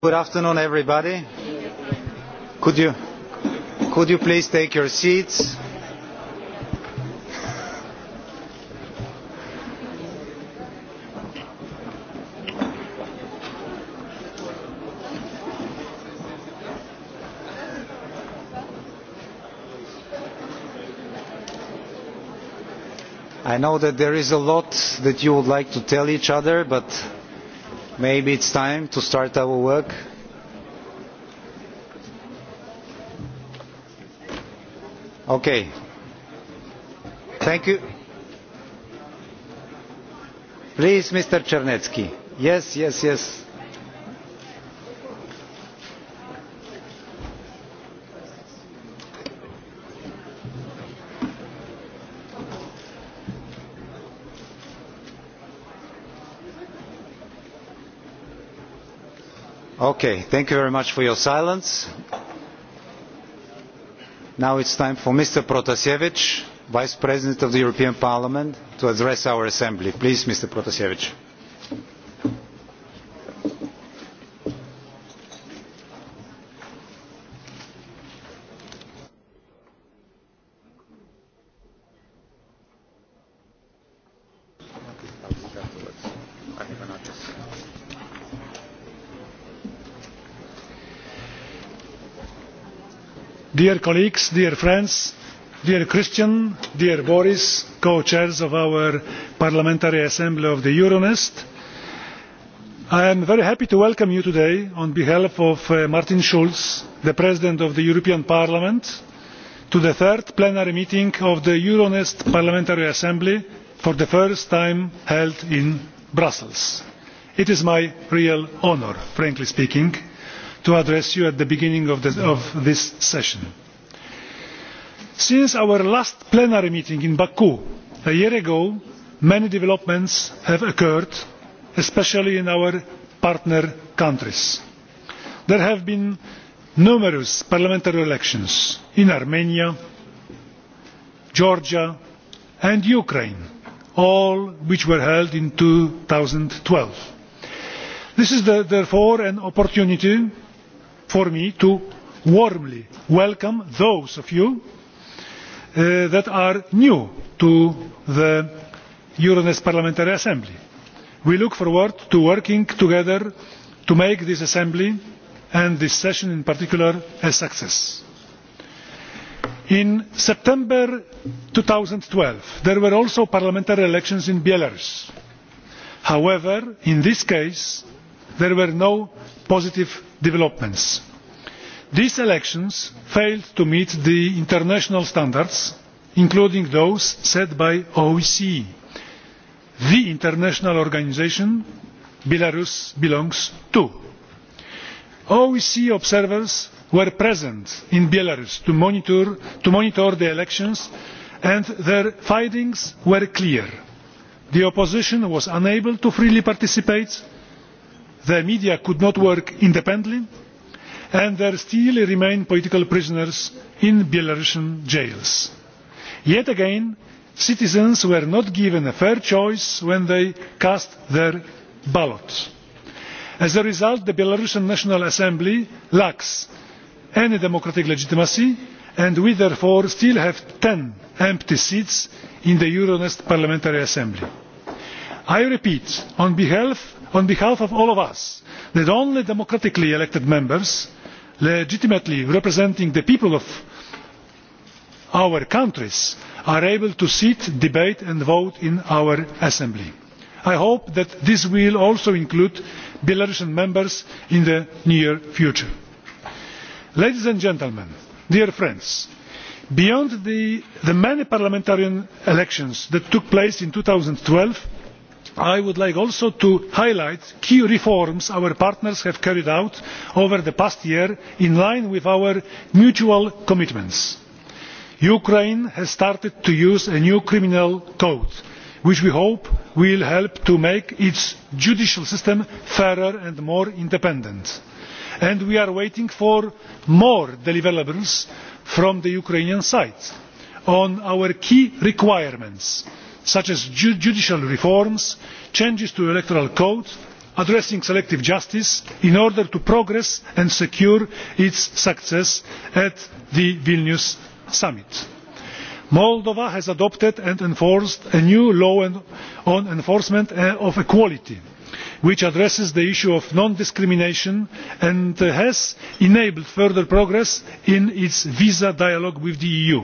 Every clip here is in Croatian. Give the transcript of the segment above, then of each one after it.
Good afternoon, everybody. Could you, could you please take your seats? I know that there is a lot that you would like to tell each other, but Maybe it's time to start our work. Okay. Thank you. Please, Mr. Czernetsky. Yes, yes, yes. thank you very much for your silence. Now it's time for Mr. Protasevich, Vice President of the European Parliament, to address our Assembly. Please, Mr. Protasevich. dear colleagues dear friends dear christian dear boris co chairs of our parliamentary assembly of the euronest i am very happy to welcome you today on behalf of uh, martin schulz the president of the european parliament to the third plenary meeting of the euronest parliamentary assembly for the first time held in brussels. it is my real honour frankly speaking to address you at the beginning of, of this session. since our last plenary meeting in baku a year ago many developments have occurred especially in our partner countries. there have been numerous parliamentary elections in armenia georgia and ukraine all which were held in. 2012. twelve this is therefore an opportunity for me to warmly welcome those of you uh, that are new to the euronest parliamentary assembly. we look forward to working together to make this assembly and this session in particular a success. in september two thousand and twelve there were also parliamentary elections in belarus. however in this case there were no positive developments. these elections failed to meet the international standards including those set by the oece the international organisation belarus belongs to. oec observers were present in belarus to monitor, to monitor the elections and their findings were clear. the opposition was unable to freely participate the media could not work independently and there still remain political prisoners in belarusian jails. yet again citizens were not given a fair choice when they cast their ballot. as a result the belarusian national assembly lacks any democratic legitimacy and we therefore still have ten empty seats in the euronest parliamentary assembly. i repeat on behalf on behalf of all of us that only democratically elected members legitimately representing the people of our countries are able to sit debate and vote in our assembly. i hope that this will also include belarusian members in the near future. ladies and gentlemen dear friends beyond the, many parliamentary elections that took place in two thousand twelve i would like also to highlight key reforms our partners have carried out over the past year in line with our mutual commitments. ukraine has started to use a new criminal code which we hope will help to make its judicial system fairer and more independent and we are waiting for more deliverables from the ukrainian side on our key requirements such as judicial reforms changes to the electoral code addressing selective justice in order to progress and secure its success at the vilnius summit. moldova has adopted and enforced a new law on enforcement eh, of equality which addresses the issue of non discrimination and has enabled further progress in its visa dialogue with the eu.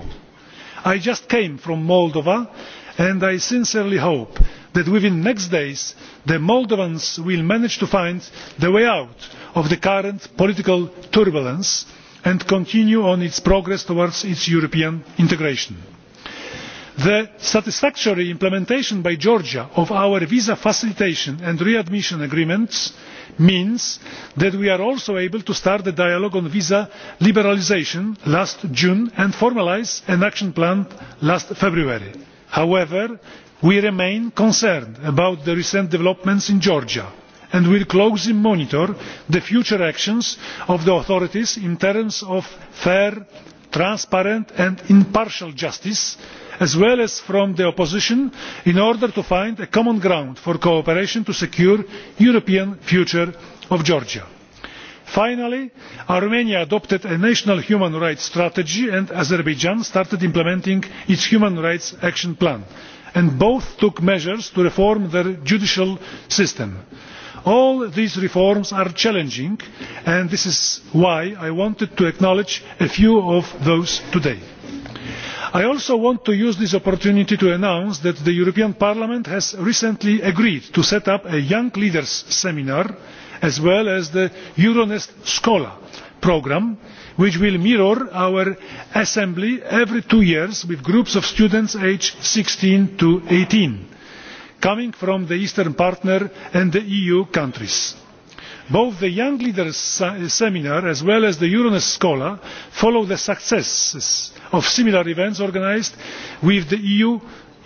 i just came from moldova and i sincerely hope that within the next days the moldovans will manage to find the way out of the current political turbulence and continue on its progress towards its european integration. the satisfactory implementation by georgia of our visa facilitation and readmission agreements means that we are also able to start the dialogue on visa liberalisation last june and formalise an action plan last february however we remain concerned about the recent developments in georgia and will closely monitor the future actions of the authorities in terms of fair transparent and impartial justice as well as from the opposition in order to find common ground for cooperation to secure the european future of georgia finally armenia adopted a national human rights strategy and azerbaijan started implementing its human rights action plan and both took measures to reform their judicial system. all these reforms are challenging and this is why i wanted to acknowledge a few of those today. i also want to use this opportunity to announce that the european parliament has recently agreed to set up a young leaders seminar as well as the euronest scola programme which will mirror our assembly every two years with groups of students aged sixteen to eighteen coming from the eastern partner and the eu countries. both the young leaders seminar as well as the euronest scola follow the successes of similar events organised with the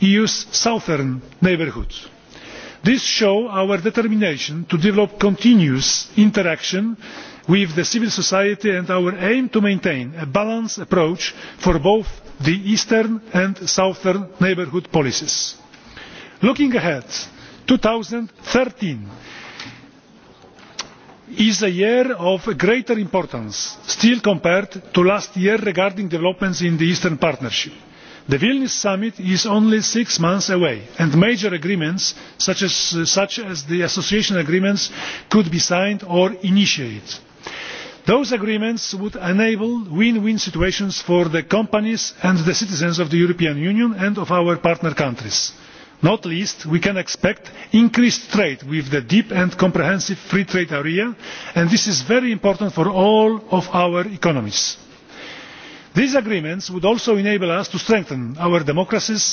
eu's e southern neighbourhood. This shows our determination to develop continuous interaction with the civil society and our aim to maintain a balanced approach for both the eastern and southern neighbourhood policies. Looking ahead, 2013 is a year of greater importance still compared to last year regarding developments in the Eastern Partnership the vilnius summit is only six months away and major agreements such as, the association agreements could be signed or initiated. those agreements would enable win win situations for the companies and the citizens of the european union and of our partner countries. not least we can expect increased trade with the deep and comprehensive free trade area and this is very important for all of our economies these agreements would also enable us to strengthen our democracies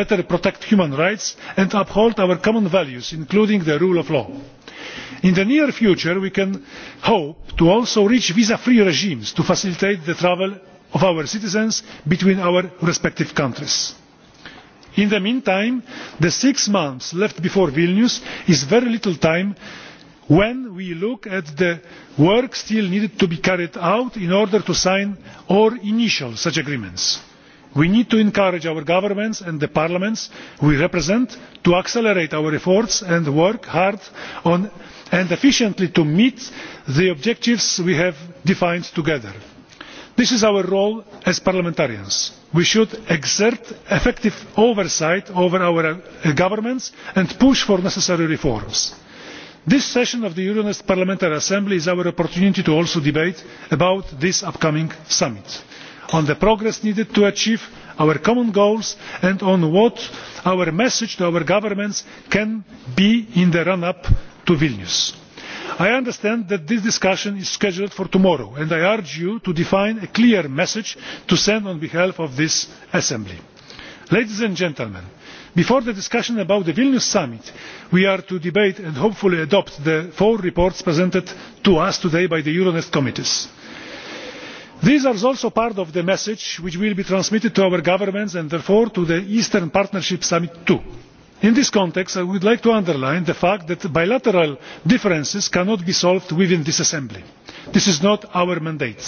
better protect human rights and uphold our common values including the rule of law. in the near future we can hope to also reach visa free regimes to facilitate the travel of our citizens between our respective countries. in the meantime the six months left before vilnius is very little time when we look at the work still needed to be carried out in order to sign or initial such agreements. we need to encourage our governments and the parliaments we represent to accelerate our efforts and work hard and efficiently to meet the objectives we have defined together. this is our role as parliamentarians. we should exert effective oversight over our uh, governments and push for necessary reforms this session of the euronest parliamentary assembly is our opportunity to also debate about this upcoming summit on the progress needed to achieve our common goals and on what our message to our governments can be in the run up to vilnius. i understand that this discussion is scheduled for tomorrow and i urge you to define a clear message to send on behalf of this assembly. ladies and gentlemen before the discussion about the vilnius summit we are to debate and hopefully adopt the four reports presented to us today by the euronest committees. these are also part of the message which will be transmitted to our governments and therefore to the eastern partnership summit too. in this context i would like to underline the fact that bilateral differences cannot be solved within this assembly. this is not our mandate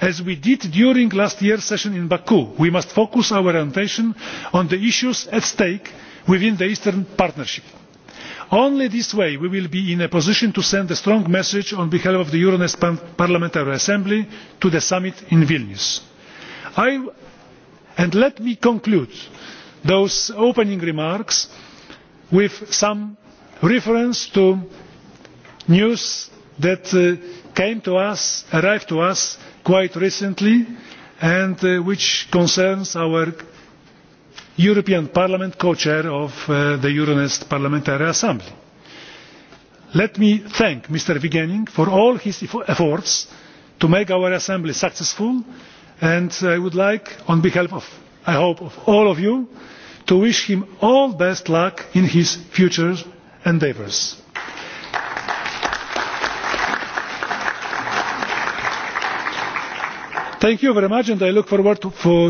as we did during last year's session in baku we must focus our attention on the issues at stake within the eastern partnership. only this way will we be in a position to send a strong message on behalf of the euronest parliamentary assembly to the summit in vilnius. let me conclude those opening remarks with some reference to news that uh, came to us arrived to us quite recently and uh, which concerns our European Parliament co chair of uh, the Euronest Parliamentary Assembly. Let me thank Mr Vigenin for all his efforts to make our Assembly successful and I would like, on behalf of I hope of all of you, to wish him all the best luck in his future endeavours. thank you very much and i look forward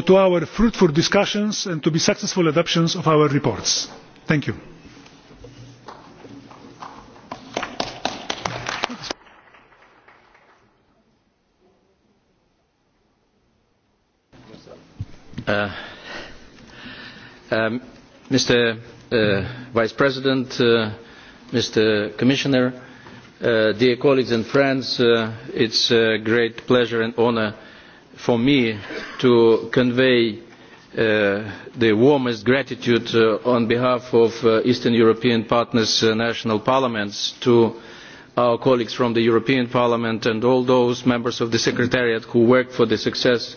to, our fruitful discussions and to the successful adoption of our reports. thank you. Uh, mr um, uh, vice president uh, mr commissioner uh, dear colleagues and friends it is a great pleasure and honor for me to convey uh, the warmest gratitude uh, on behalf of uh, Eastern European partners' national parliaments to our colleagues from the European Parliament and all those members of the Secretariat who worked for the success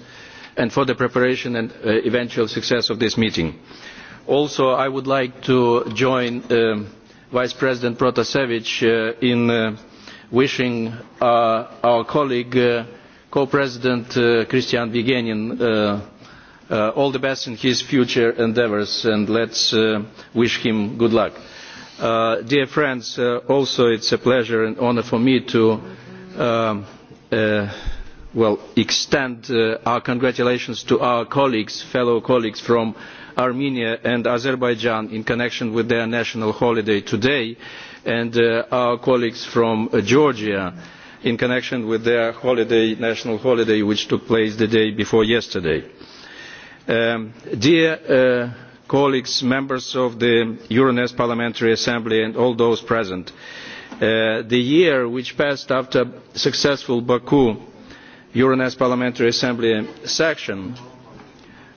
and for the preparation and eventual success of this meeting. Also, I would like to join um, Vice President Protasevich in wishing our colleague co-president uh, Christian Vigenin uh, uh, all the best in his future endeavours and let's wish him good luck. Dear friends, also is a pleasure and honour for me to um, extend our congratulations to our colleagues, fellow colleagues from Armenia and Azerbaijan in connection with their national holiday today and our colleagues from Georgia in connection with their holiday, national holiday which took place the day before yesterday. Um, dear uh, colleagues, members of the Euronest Parliamentary Assembly and all those present, uh, the year which passed after successful Baku Euronest Parliamentary Assembly session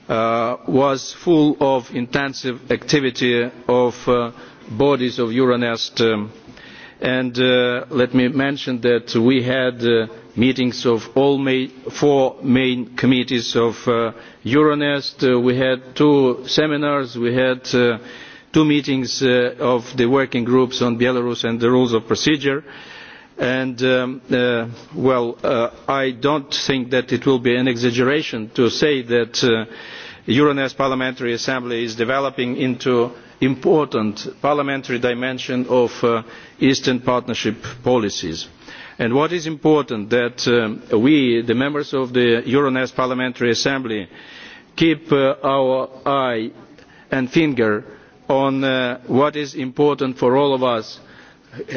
uh, was full of intensive activity of bodies of Euronest um, and uh, let me mention that we had uh, meetings of all four main committees of uh, euronest we had two seminars we had two meetings of the working groups on belarus and the rules of procedure and um, well i do not think that it will be an exaggeration to say that euronest parliamentary assembly is developing into important parliamentary dimension of uh, eastern partnership policies and what is important is that uh, we the members of the euronest parliamentary assembly keep uh, our eye and finger on what is important for all of us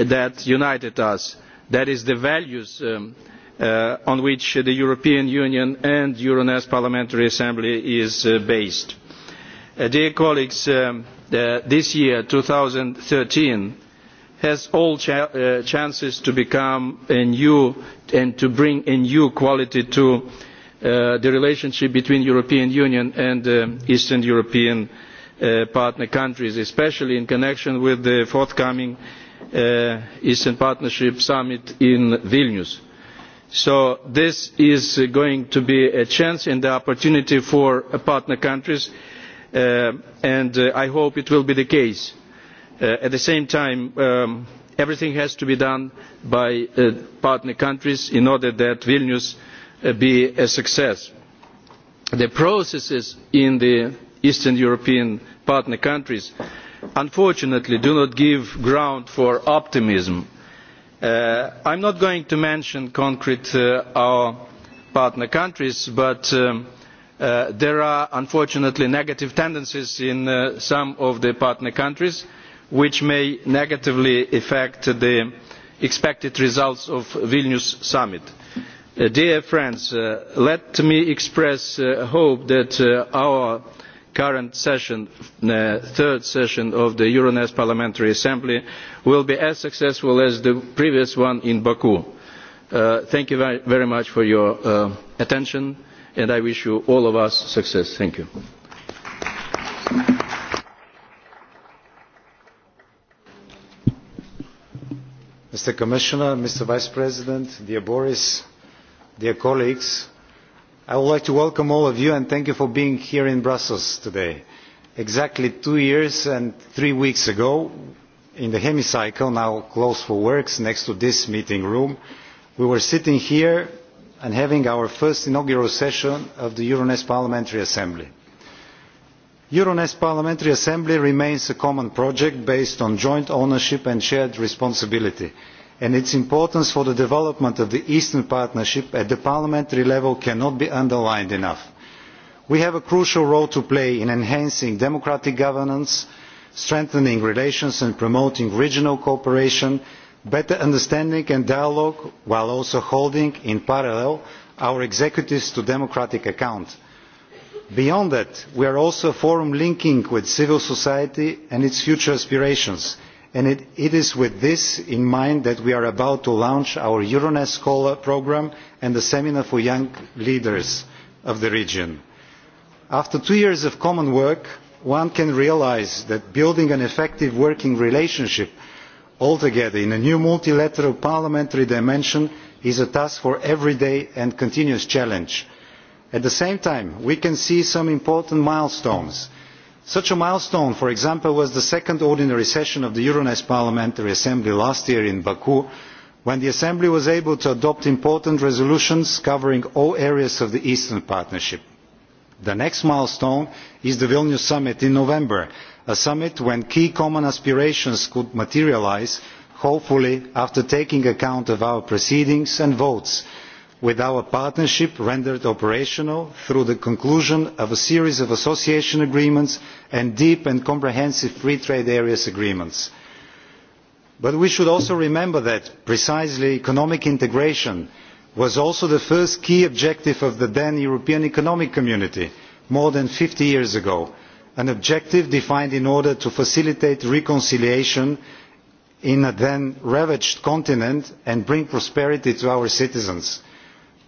that united us that is the values um, on which the European Union and Euronest Parliamentary Assembly is based. dear colleagues, um, Uh, this year 2013 has all uh, chances to become a new and to bring a new quality to uh, the relationship between the European Union and Eastern European partner countries, especially in connection with the forthcoming Eastern Partnership Summit in Vilnius. So this is going to be a chance and the opportunity for partner countries Uh, and uh, i hope it will be the case. Uh, at the same time um, everything has to be done by partner countries in order that vilnius be a success. the processes in the eastern european partner countries unfortunately do not give ground for optimism. i am not going to mention concrete our partner countries but um, Uh, there are unfortunately negative tendencies in uh, some of the partner countries which may negatively affect the expected results of the vilnius summit. Uh, dear friends let me express hope that our current session third session of the euronest parliamentary assembly will be as successful as the previous one in baku. thank you very much for your attention and I wish you all of us success. Thank you. Mr. Commissioner, Mr. Vice President, dear Boris, dear colleagues, I would like to welcome all of you and thank you for being here in Brussels today. Exactly two years and three weeks ago, in the hemicycle, now closed for works, next to this meeting room, we were sitting here and having our first inaugural session of the euronest parliamentary assembly. euronest parliamentary assembly remains a common project based on joint ownership and shared responsibility and its importance for the development of the eastern partnership at the parliamentary level cannot be underlined enough. we have a crucial role to play in enhancing democratic governance strengthening relations and promoting regional cooperation better understanding and dialogue while also holding in parallel our executives to democratic account. beyond that we are also a forum linking with civil society and its future aspirations and it, is with this in mind that we are about to launch our euronest scholar programme and the seminar for young leaders of the region. after two years of common work one can realise that building an effective working relationship altogether in a new multilateral parliamentary dimension is a task for every day and continuous challenge. at the same time we can see some important milestones. such a milestone for example was the second ordinary session of the euronest parliamentary assembly last year in baku when the assembly was able to adopt important resolutions covering all areas of the eastern partnership. the next milestone is the vilnius summit in november a summit when key common aspirations could materialise hopefully after taking account of our proceedings and votes with our partnership rendered operational through the conclusion of a series of association agreements and deep and comprehensive free trade areas agreements. but we should also remember that precisely economic integration was also the first key objective of the then european economic community more than fifty years ago an objective defined in order to facilitate reconciliation in a then ravaged continent and bring prosperity to our citizens.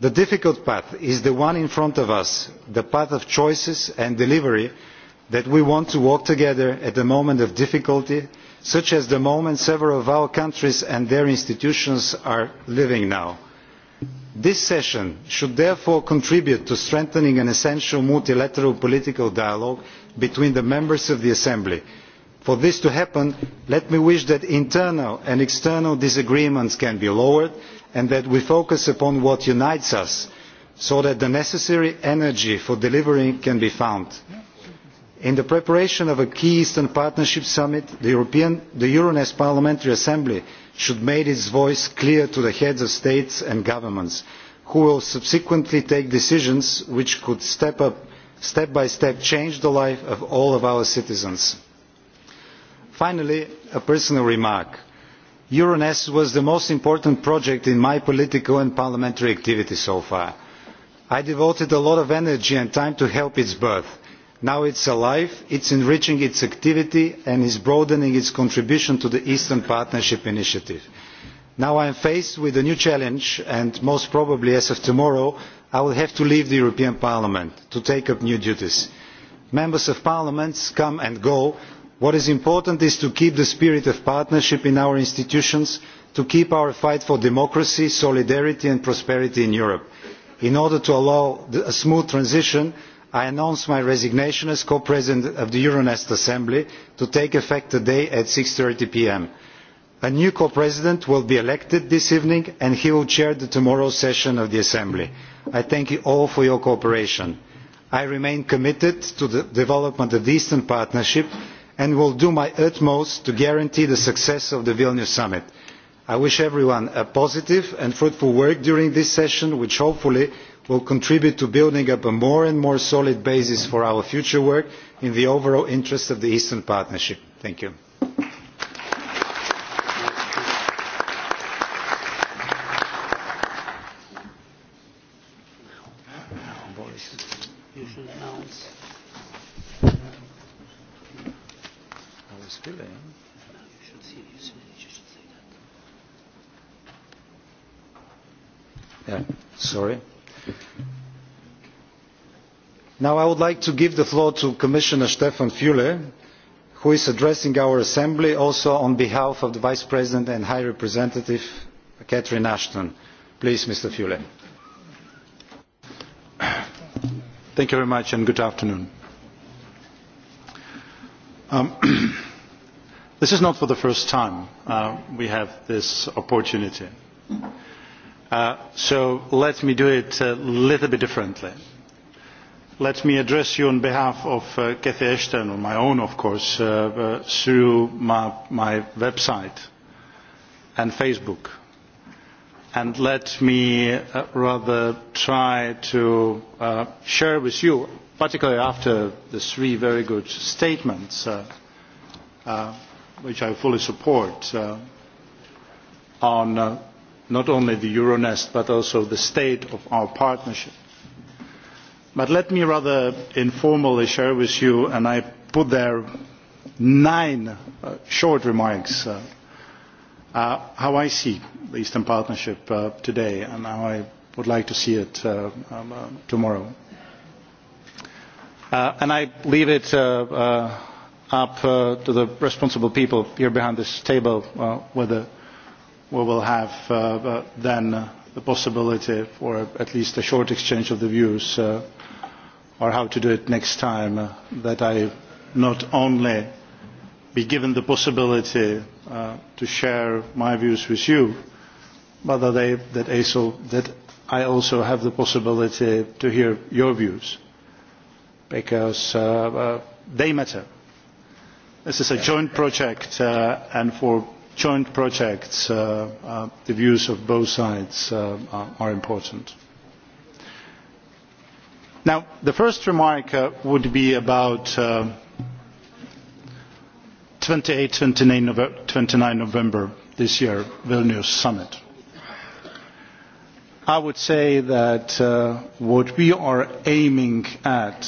the difficult path is the one in front of us the path of choices and delivery that we want to walk together at a moment of difficulty such as the moment several of our countries and their institutions are living now. this session should therefore contribute to strengthening an essential multilateral political dialogue between the members of the assembly. for this to happen let me wish that internal and external disagreements can be lowered and that we focus upon what unites us so that the necessary energy for delivering can be found. in the preparation of a key eastern partnership summit the, the euronest parliamentary assembly should make its voice clear to the heads of states and governments who will subsequently take decisions which could step up step by step change the life of all of our citizens. finally a personal remark euronest was the most important project in my political and parliamentary activity so far. i devoted a lot of energy and time to help its birth. now it is alive it is enriching its activity and is broadening its contribution to the eastern partnership initiative. now i am faced with a new challenge and most probably as of tomorrow i will have to leave the european parliament to take up new duties. members of parliament come and go. what is important is to keep the spirit of partnership in our institutions to keep our fight for democracy solidarity and prosperity in europe. in order to allow a smooth transition i announce my resignation as co president of the euronest assembly to take effect today at. six thirty pm. a new co president will be elected this evening and he will chair tomorrow's session of the assembly i thank you all for your cooperation. i remain committed to the development of the eastern partnership and will do my utmost to guarantee the success of the vilnius summit. i wish everyone a positive and fruitful work during this session which hopefully will contribute to building up a more and more solid basis for our future work in the overall interest of the eastern partnership. thank you. Stille, ja? Yeah, sorry. Now I would like to give the floor to Commissioner Stefan Fule, who is addressing our Assembly also on behalf of the Vice President and High Representative Catherine Ashton. Please, Mr. Fule. Thank you very much and good afternoon. Um, This is not for the first time uh, we have this opportunity. Uh, so let me do it a little bit differently. Let me address you on behalf of uh, Cathy Ashton, on my own of course, through my, my website and Facebook. And let me rather try to share with you, particularly after the three very good statements which I fully support, uh, on uh, not only the Euronest but also the state of our partnership. But let me rather informally share with you and I put there nine uh, short remarks how I see the Eastern Partnership today and how I would like to see it um, tomorrow. And I leave it up uh, to the responsible people here behind this table uh, whether we will have uh, uh then the possibility for at least a short exchange of the views or how to do it next time that I not only be given the possibility to share my views with you but that that, ASO, that I also have the possibility to hear your views because they matter This is a joint project uh, and for joint projects uh, uh, the views of both sides are important. Now the first remark would be about twenty eight twenty nine november this year vilnius summit i would say that what we are aiming at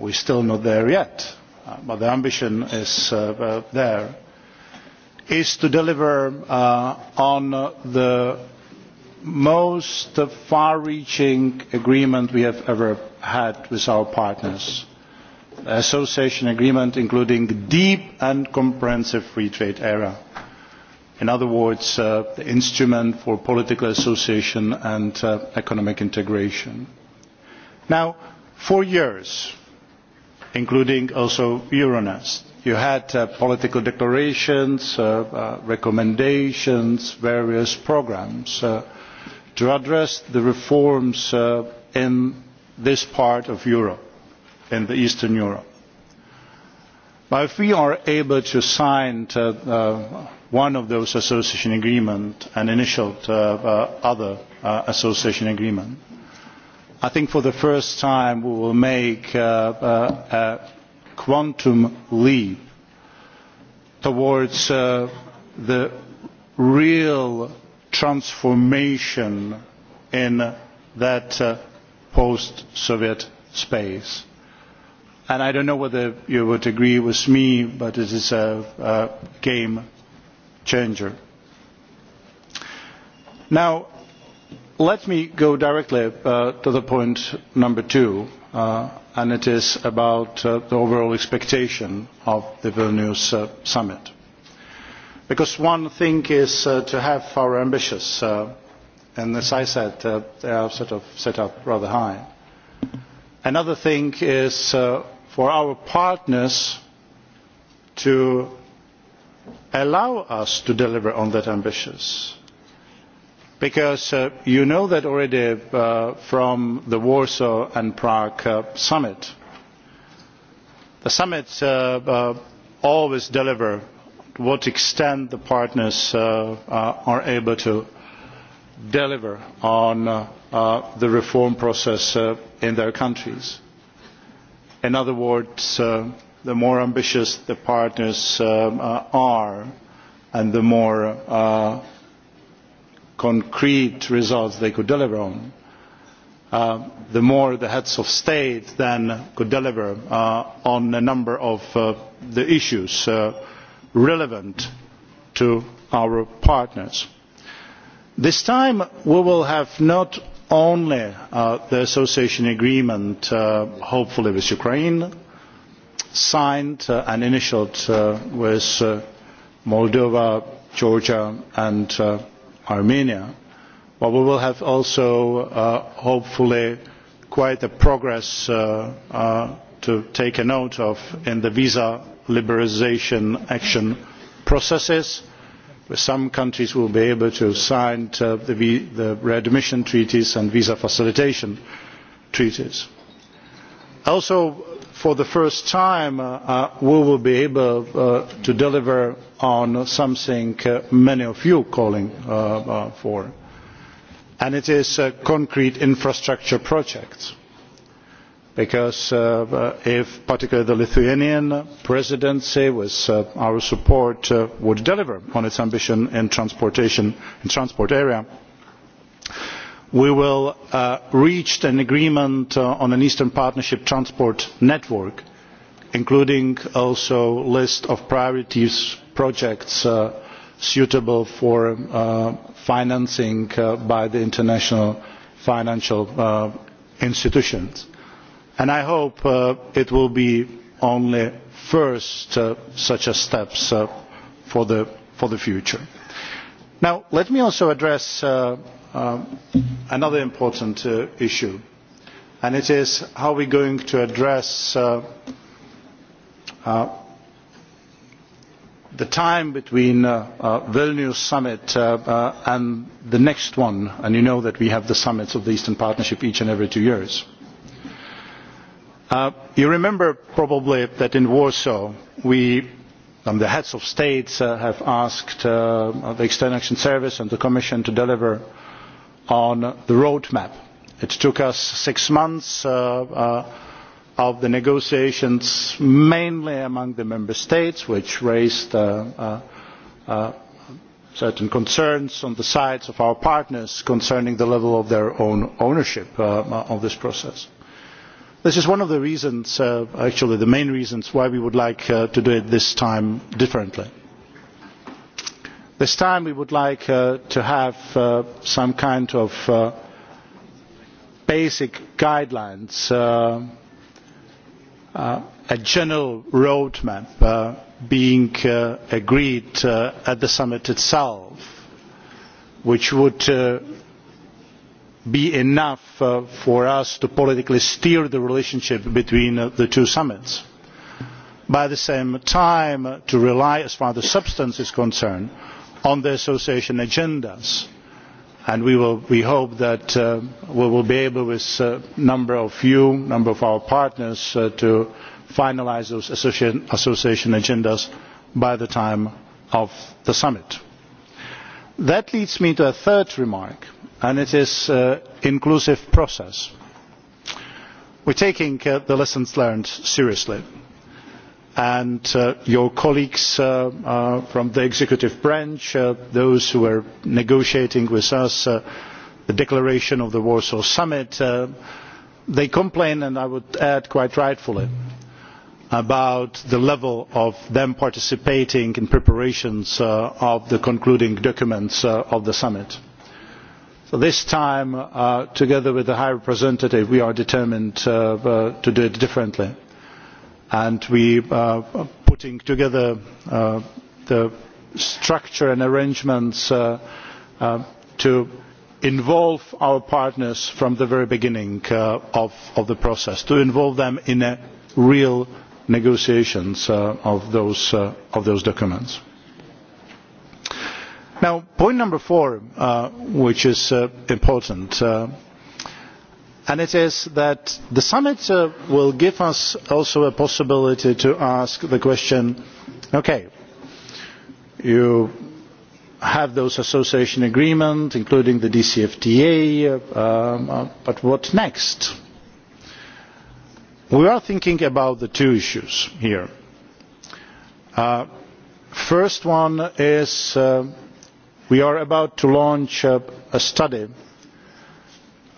we are still not there yet Uh, but the ambition is uh, uh, there is to deliver on the most far reaching agreement we have ever had with our partners the association agreement including deep and comprehensive free trade area in other words the instrument for political association and economic integration. now for years including also euronest. you had uh, political declarations uh, uh, recommendations various programmes to address the reforms in this part of europe in eastern europe. But if we are able to sign one of those association agreements and initial other association agreements i think for the first time we will make a quantum leap towards uh, the real transformation in that uh, post soviet space and i don't know whether you would agree with me but it is a game changer. now let me go directly uh, to the point number two uh, and it is about uh, the overall expectation of the vilnius summit because one thing is to have our ambitions and as i said they are sort of set up rather high another thing is for our partners to allow us to deliver on that ambitions because uh, you know that already uh, from the warsaw and prague uh, summit the summits always deliver to what extent the partners are able to deliver on the reform process in their countries. in other words the more ambitious the partners are and the more concrete results they could deliver on uh, the more the heads of state then could deliver uh, on a number of uh, the issues relevant to our partners. this time we will have not only the association agreement hopefully with ukraine signed and initialled with moldova georgia and Armenia, but we will have also uh, hopefully quite a progress uh, uh, to take note of in the visa liberalisation action processes. Some countries will be able to sign the readmission treaties and visa facilitation treaties also for the first time uh, uh, we will be able uh, to deliver on something many of you are calling for and it is concrete infrastructure projects because if particularly the lithuanian presidency with our support would deliver on its ambition in the transport area we will uh, reach an agreement uh, on an eastern partnership transport network including also a list of priority projects uh, suitable for financing by the international financial institutions. And i hope it will be only the first such steps for the, for the future. now let me also address Um, another important uh, issue and it is how we are going to address uh, uh, the time between the vilnius summit and the next one and you know that we have the summits of the eastern partnership each and every two years. you remember probably that in warsaw we and um, the heads of state have asked the external action service and the commission to deliver on the road map. it took us six months uh, uh, of the negotiations mainly among the member states which raised uh, certain concerns on the sides of our partners concerning the level of their own ownership of this process. this is one of the reasons actually the main reason why we would like to do it this time differently this time we would like uh, to have uh, some kind of uh, basic guidelines a general road map being agreed at the summit itself which would be enough for us to politically steer the relationship between the two summits but at the same time to rely as far as the substance is concerned on the association agendas and we, hope that uh, we will be able with a uh, number of you a number of our partners uh, to finalise those association, agendas by the time of the summit. that leads me to a third remark and it is the inclusive process. we are taking the lessons learned seriously and uh, your colleagues uh, uh, from the executive branch those who were negotiating with us the declaration of the warsaw summit they complain and i would add quite rightfully about the level of them participating in preparations of the concluding documents of the summit. So this time together with the high representative we are determined to do it differently and we are uh, putting together uh, the structure and arrangements uh, to involve our partners from the very beginning of, the process to involve them in a real negotiations of, those, documents. point number four, which is important, and it is that the summit uh, will give us also a possibility to ask the question okay you have those association agreements including the dcfta uh, um, uh, but what next? we are thinking about the two issues here. the uh, first one is we are about to launch a study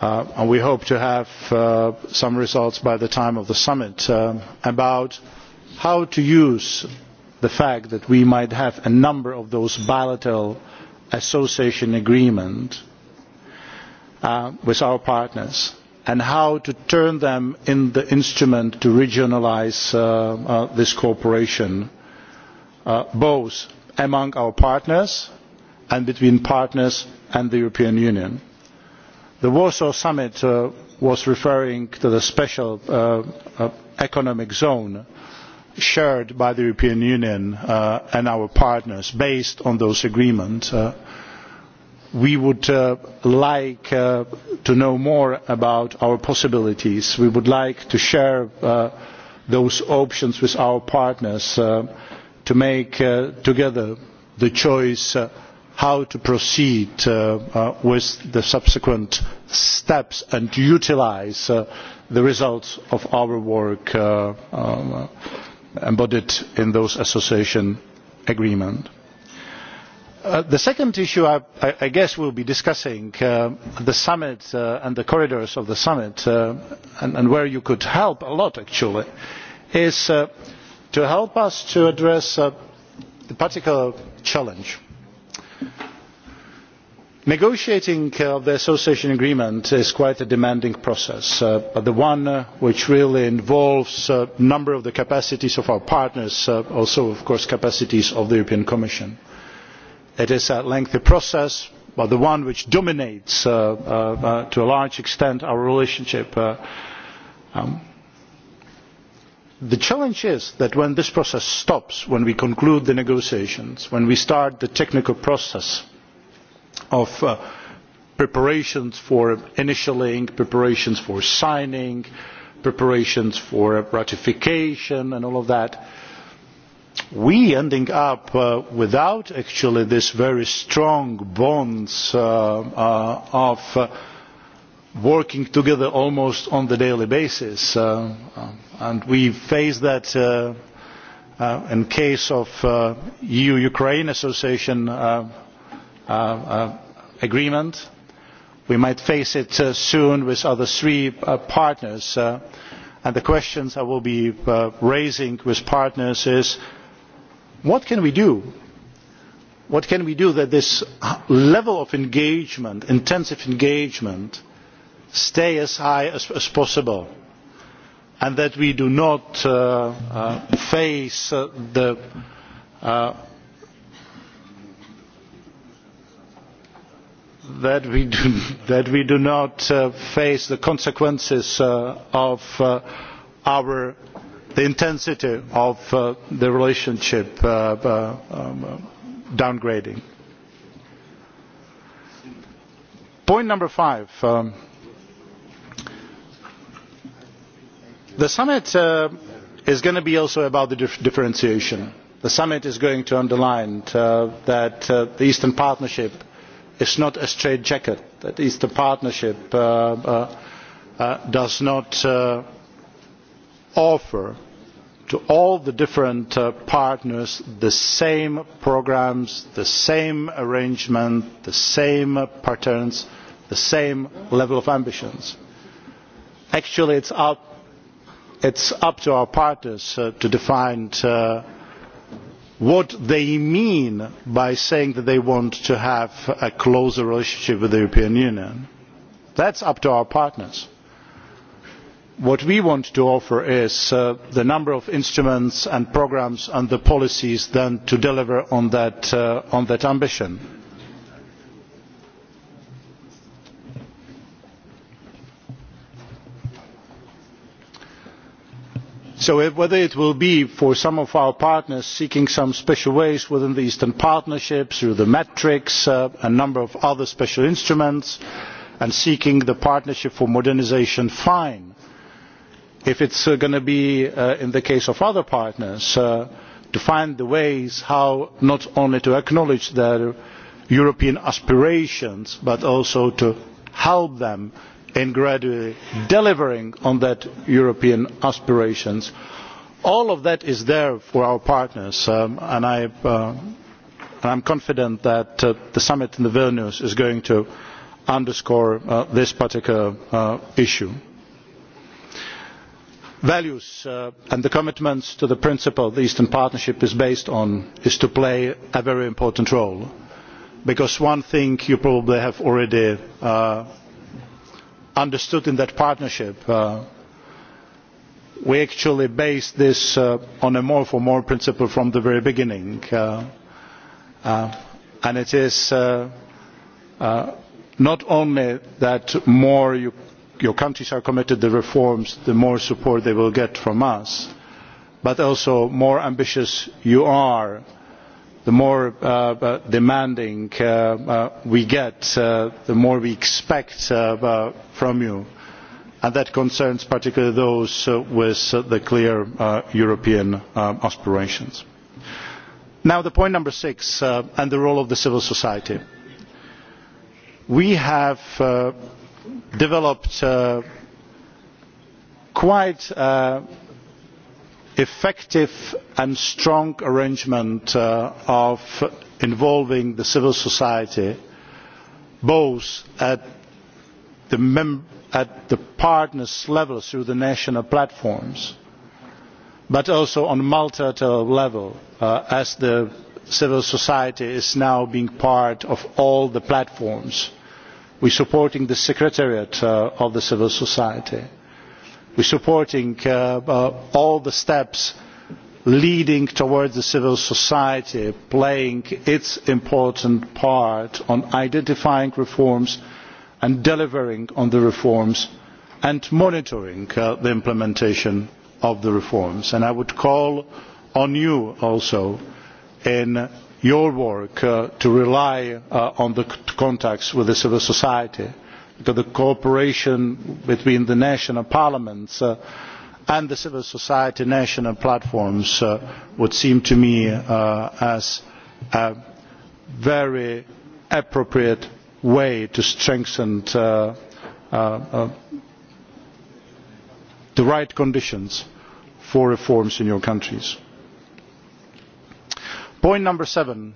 Uh, and we hope to have uh, some results by the time of the summit uh, about how to use the fact that we might have a number of those bilateral association agreements with our partners and how to turn them into the instrument to regionalise this cooperation both among our partners and between partners and the european union the warsaw summit uh, was referring to the special uh, uh, economic zone shared by the european union and our partners based on those agreements. we would like to know more about our possibilities. we would like to share those options with our partners to make together the choice how to proceed uh, uh, with the subsequent steps and to utilise uh, the results of our work embodied in those association agreements. the second issue I, guess we will be discussing at the summit and the corridors of the summit and, where you could help a lot actually is to help us to address the particular challenge negotiating uh, the association agreement is quite a demanding process uh, but the one uh, which really involves a number of the capacities of our partners also of course capacities of the european commission. it is a lengthy process but the one which dominates to a large extent our relationship. Um, the challenge is that when this process stops when we conclude the negotiations when we start the technical process of uh, preparations for initialling preparations for signing preparations for ratification and all of that we end up uh, without actually these very strong bonds uh, of working together almost on a daily basis uh, uh, and we face that uh, in the case of the eu ukraine association agreement we might face it soon with the other three partners and the questions i will be raising with partners is what can we do? what can we do that this level of engagement intensive engagement stay as high as, possible and that we do not uh, uh, face uh, the that we do, not face the consequences of our the intensity of the relationship um, downgrading point number five. Um, the summit uh, is going to be also about the differentiation. the summit is going to underline uh, that uh, the eastern partnership is not a straitjacket that the eastern partnership does not offer to all the different partners the same programmes the same arrangements the same patterns the same level of ambitions. actually it is it is up to our partners uh, to define uh, what they mean by saying that they want to have a closer relationship with the european union. that is up to our partners. what we want to offer is uh, the number of instruments and programmes and the policies then to deliver on that ambition whether it will be for some of our partners seeking some special ways within the eastern partnership through the metrics and uh, a number of other special instruments and seeking the partnership for modernisation fine if it is uh, going to be uh, in the case of other partners to find the ways how not only to acknowledge their european aspirations but also to help them in gradually delivering on that european aspirations all of that is there for our partners um, and i uh, am confident that uh, the summit in vilnius is going to underscore uh, this particular issue. values and the commitments to the principle the eastern partnership is based on is to play a very important role because one thing you probably have already understood in that partnership uh, we actually based this uh, on a more for more principle from the very beginning uh, and it is not only that more your countries are committed to reforms the more support they will get from us but also the more ambitious you are the more uh, uh, demanding uh, we get the more we expect from you and that concerns particularly those with the clear european um, aspirations. now the point number six and the role of civil society. we have developed quite effective and strong arrangement uh, of involving the civil society both at the, partners' level through the national platforms but also on a multilateral level uh, as the civil society is now being part of all the platforms. we are supporting the secretariat uh, of the civil society we are supporting uh, uh, all the steps leading towards civil society playing its important part in identifying reforms and delivering on the reforms and monitoring uh, the implementation of the reforms. i would call on you also in your work to rely on the contacts with civil society to the cooperation between the national parliaments uh, and the civil society national platforms uh, would seem to me uh, as a very appropriate way to strengthen the right conditions for reforms in your countries. point number seven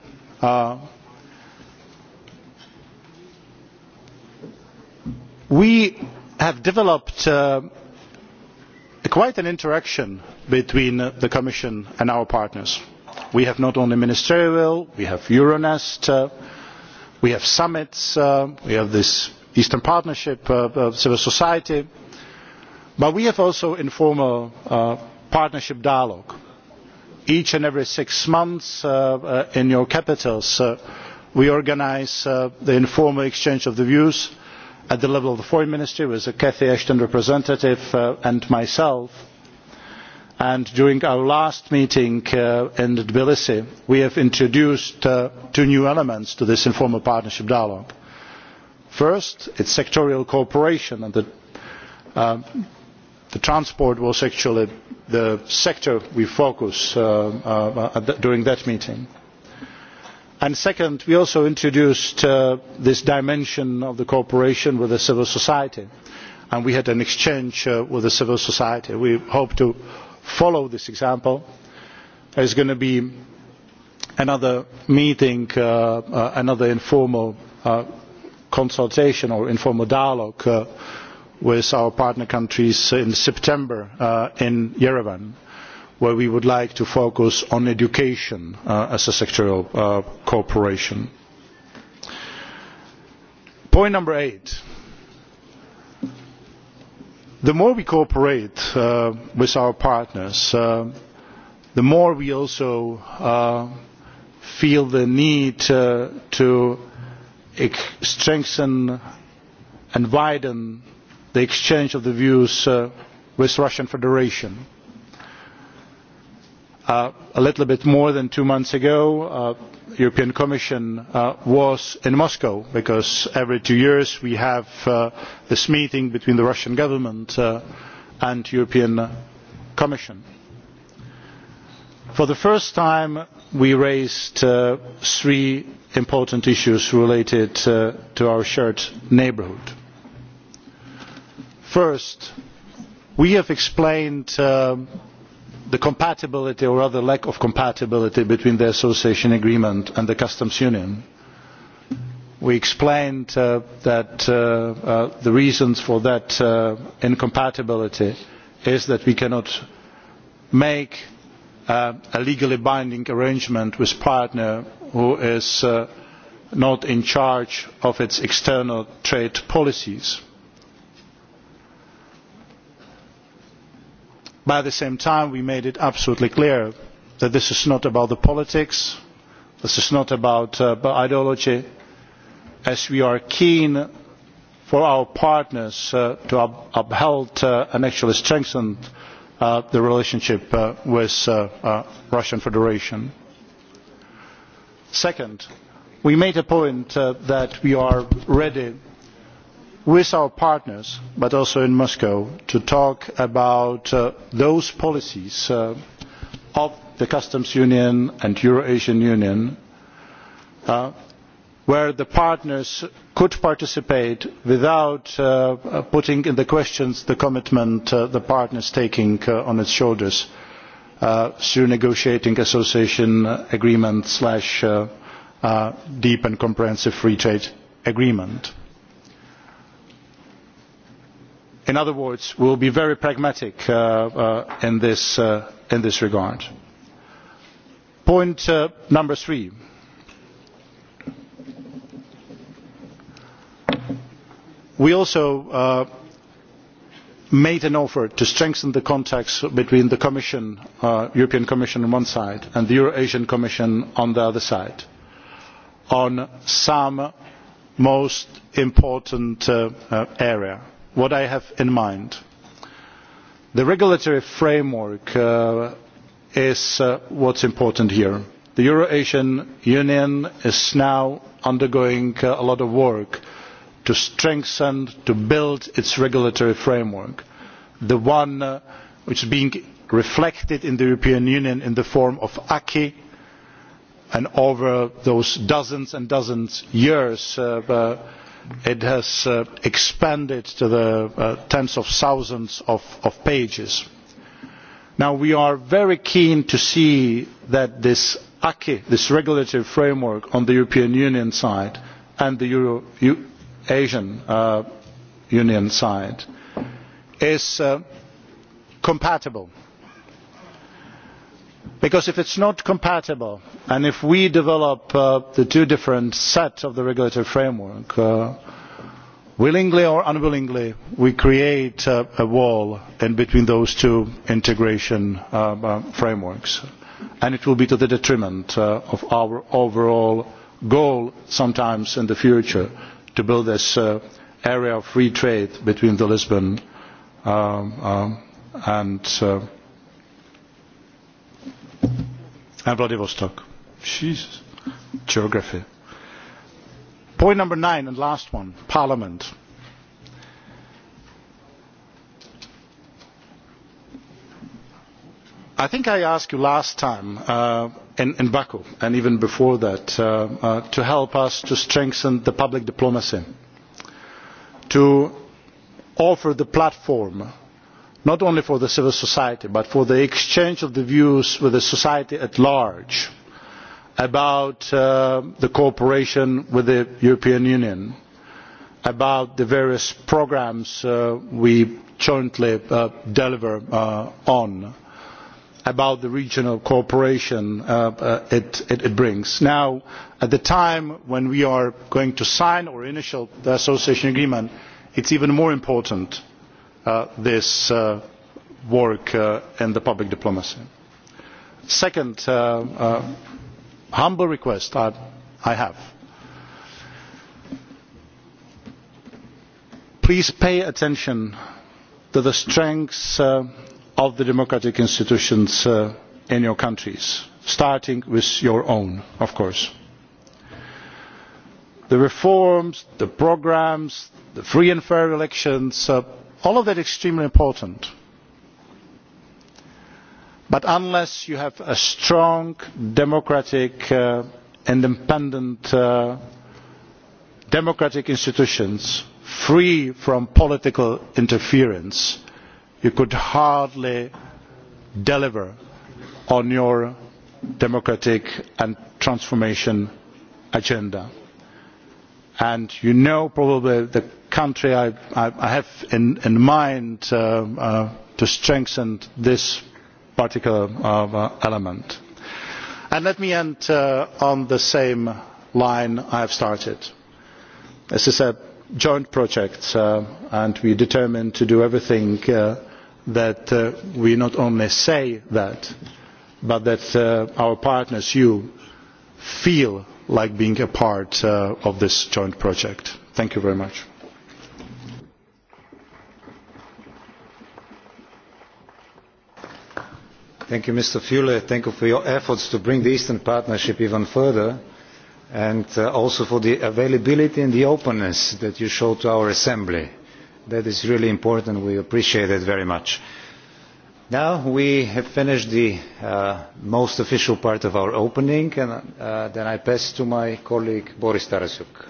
we have developed uh, quite an interaction between uh, the commission and our partners. we have not only ministerial we have euronest uh, we have summits we have this eastern partnership of civil society but we have also informal partnership dialogue. each and every six months in your capitals we organise the informal exchange of the views at the level of the foreign ministry with the cathy ashton representative uh, and myself and during our last meeting uh, in tbilisi we have introduced uh, two new elements to this informal partnership dialogue. first it is sectoral cooperation and um, the, transport was actually the sector we focused on during that meeting And second we also introduced uh, this dimension of the cooperation with civil society and we had an exchange uh, with with civil society. we hope to follow this example. there is going to be another meeting uh, another informal consultation or informal dialogue with our partner countries in september in yerevan where we would like to focus on education uh, as a sectoral uh, cooperation. Point number eight the more we cooperate uh, with our partners the more we also feel the need to strengthen and widen the exchange of the views with the russian federation. Uh, a little bit more than two months ago the uh, european commission uh, was in moscow because every two years we have this meeting between the russian government and the european commission. for the first time we raised three important issues related to our shared neighbourhood. first we have explained um, the compatibility or rather lack of compatibility between the association agreement and the customs union. we explained uh, that uh, uh, the reasons for that incompatibility is that we cannot make a legally binding arrangement with a partner who is not in charge of its external trade policies but at the same time we made it absolutely clear that this is not about the politics this is not about uh, ideology as we are keen for our partners uh, to uphold uh, and actually strengthen the relationship with the russian federation. second we made a point that we are ready with our partners but also in moscow to talk about uh, those policies uh, of the customs union and eurasian union uh, where the partners could participate without putting into question the commitment the partners is taking on its shoulders through negotiating association agreements deep and comprehensive free trade agreement in other words we will be very pragmatic uh, uh, uh, in this, regard. point number three we also made an offer to strengthen the contacts between the commission, european commission on one side and the euro asian commission on the other side on some most important areas what i have in mind. the regulatory framework uh, is uh, what is important here. the eurasian union is now undergoing uh, a lot of work to strengthen to build its regulatory framework the one which is being reflected in the european union in the form of acquis and over those dozens and dozens of years it has uh, expanded to the uh, tens of thousands of, pages. we are very keen to see that this acquis this regulatory framework on the european union side and the Euro asian uh, union side is compatible because if it is not compatible and if we develop uh, the two different sets of the regulatory framework uh, willingly or unwillingly we create a wall in between those two integration uh, frameworks and it will be to the detriment of our overall goal sometimes in the future to build this area of free trade between the lisbon um, um, and and Vladivostok. geography. Point number nine and last one, Parliament. I think I asked you last time uh, in, in Baku and even before that uh, uh, to help us to strengthen the public diplomacy, to offer the platform not only for the civil society but for the exchange of the views with the society at large about uh, the cooperation with the european union about the various programmes uh, we jointly uh, deliver on about the regional cooperation it, brings. now at the time when we are going to sign our initial association agreement it is even more important Uh, this uh, work uh, in the public diplomacy. second humble request i, I have please pay attention to the strengths of the democratic institutions in your countries starting with your own of course. the reforms the programmes the free and fair elections all of that is extremely important but unless you have a strong democratic uh, independent uh, democratic institutions free from political interference you could hardly deliver on your democratic and transformation agenda. and you know probably that country i, have in, mind uh, uh, to strengthen this particular uh, element. And let me end on the same line i have started. this is a joint project and we are determined to do everything that we not only say that but that our partners you feel like being a part of this joint project. thank you very much. Thank you, Mr. Fule. Thank you for your efforts to bring the Eastern Partnership even further and uh, also for the availability and the openness that you show to our Assembly. That is really important. We appreciate it very much. Now we have finished the uh, most official part of our opening and uh, then I pass to my colleague Boris Tarasuk.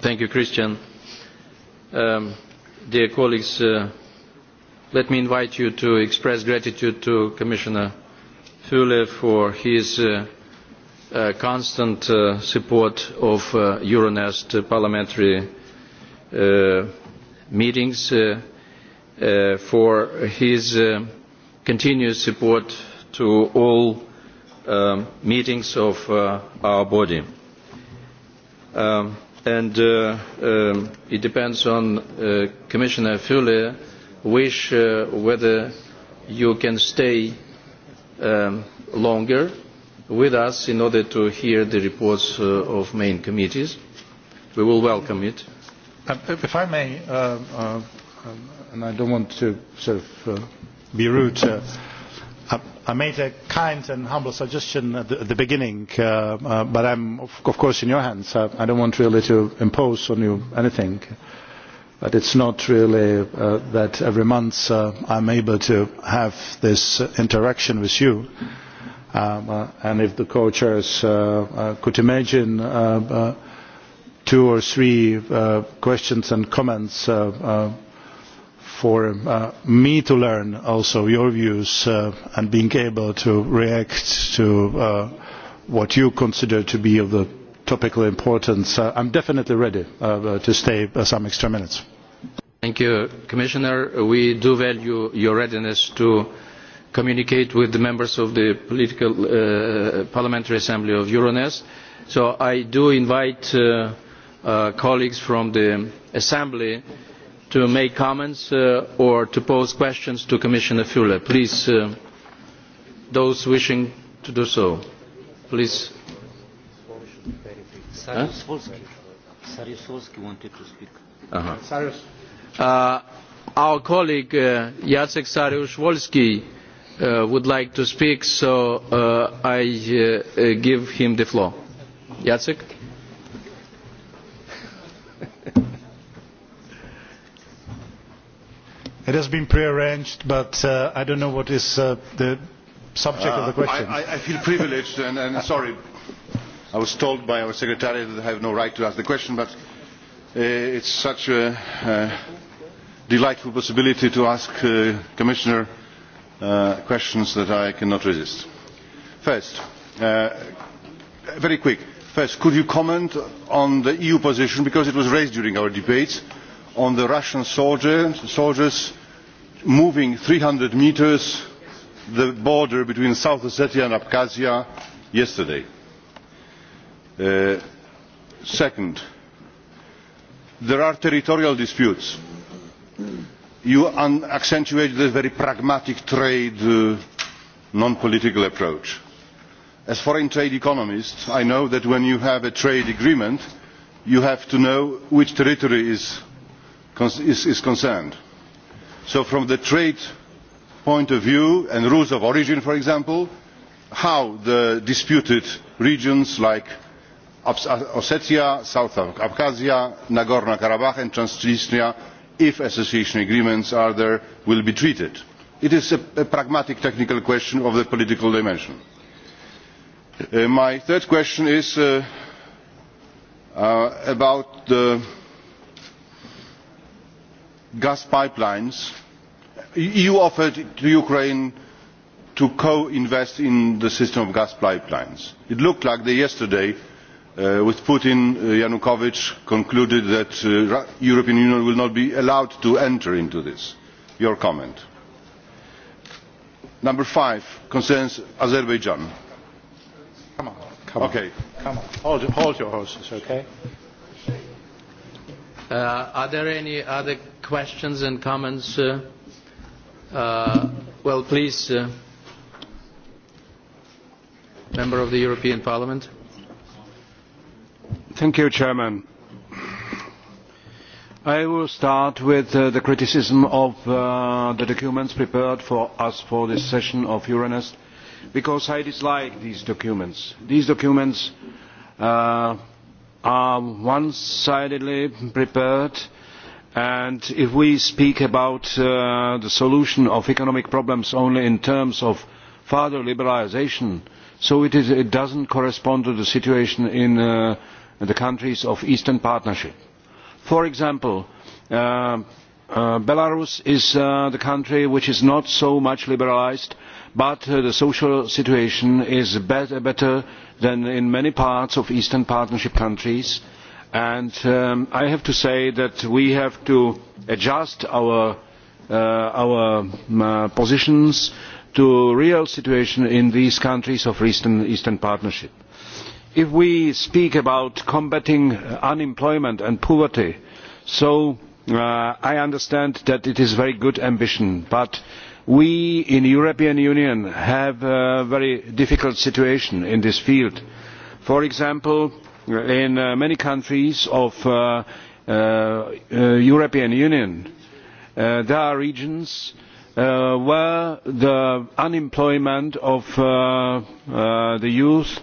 Thank you, Christian Um, dear colleagues, uh, let me invite you to express gratitude to Commissioner Fule for his uh, uh, constant support of Euronest parliamentary meetings, for his continuous support to all um, meetings of our body. Um, and uh, um, it depends on uh, Commissioner Fuller wish uh, whether you can stay um, longer with us in order to hear the reports of main committees. We will welcome it. Um, if I may, and I don't want to sort be rude, i made a kind and humble suggestion at the, at the beginning, uh, uh, but I'm of, of course in your hands. I, I don't want really to impose on you anything. But it's not really uh, that every month uh, I'm able to have this interaction with you. Um, uh, and if the co-chairs uh, uh, could imagine uh, two or three questions and comments for uh, me to learn also your views uh, and being able to react to uh, what you consider to be of the topical importance. I am definitely ready to stay some extra minutes. Thank you, Commissioner. We do value your readiness to communicate with the members of the political parliamentary assembly of Euronest. So I do invite colleagues from the assembly to make comments uh, or to pose questions to Commissioner Fule. Please, uh, those wishing to do so, please. Uh-huh. Uh, our colleague Jacek Sarius Wolski would like to speak, so I give him the floor. Jacek? It has been prearranged, but I uh, I don't know what is uh, the subject of the uh, question. I, I feel privileged and, and sorry. I was told by our secretariat that I have no right to ask the question, but it is such a delightful possibility to ask the Commissioner questions that I cannot resist. First very quick first could you comment on the eu position because it was raised during our debates on the Russian soldiers moving 300 metres the border between South Ossetia and Abkhazia yesterday. Uh, second, there are territorial disputes. You accentuate the very pragmatic trade, uh, non-political approach. As foreign trade economists, I know that when you have a trade agreement, you have to know which territory is is, concerned. so from the trade point of view and rules of origin for example how the disputed regions like ossetia south abkhazia nagorno karabakh and transnistria if association agreements are there will be treated. it is a, pragmatic technical question of the political dimension. Uh, my third question is uh, uh, about the gas pipelines the eu offered to ukraine to co invest in the system of gas pipelines. it looked like yesterday uh, with putin uh, yanukovych concluded that the uh, european union will not be allowed to enter into this. your comment? number five concerns azerbaijan. Come Hold, hold your horses, okay? Uh, are there any other questions and comments? Uh, uh, well, please, member of the European Parliament. Thank you, Chairman. I will start with uh, the criticism of uh, the documents prepared for us for this session of Euronest because I dislike these documents. These documents uh, are one sidedly prepared and if we speak about uh, the solution of economic problems only in terms of further liberalisation so it, does not correspond to the situation in uh, the countries of the eastern partnership. for example uh, belarus is the country which is not so much liberalised but uh, the social situation is better, than in many parts of eastern partnership countries and um, i have to say that we have to adjust our, uh, um, uh, positions to the real situation in these countries of eastern, partnership. if we speak about combating unemployment and poverty so i understand that it is a very good ambition but we in the european union have a very difficult situation in this field. for example in uh, many countries of the uh, uh, european union there are regions where the unemployment of the youth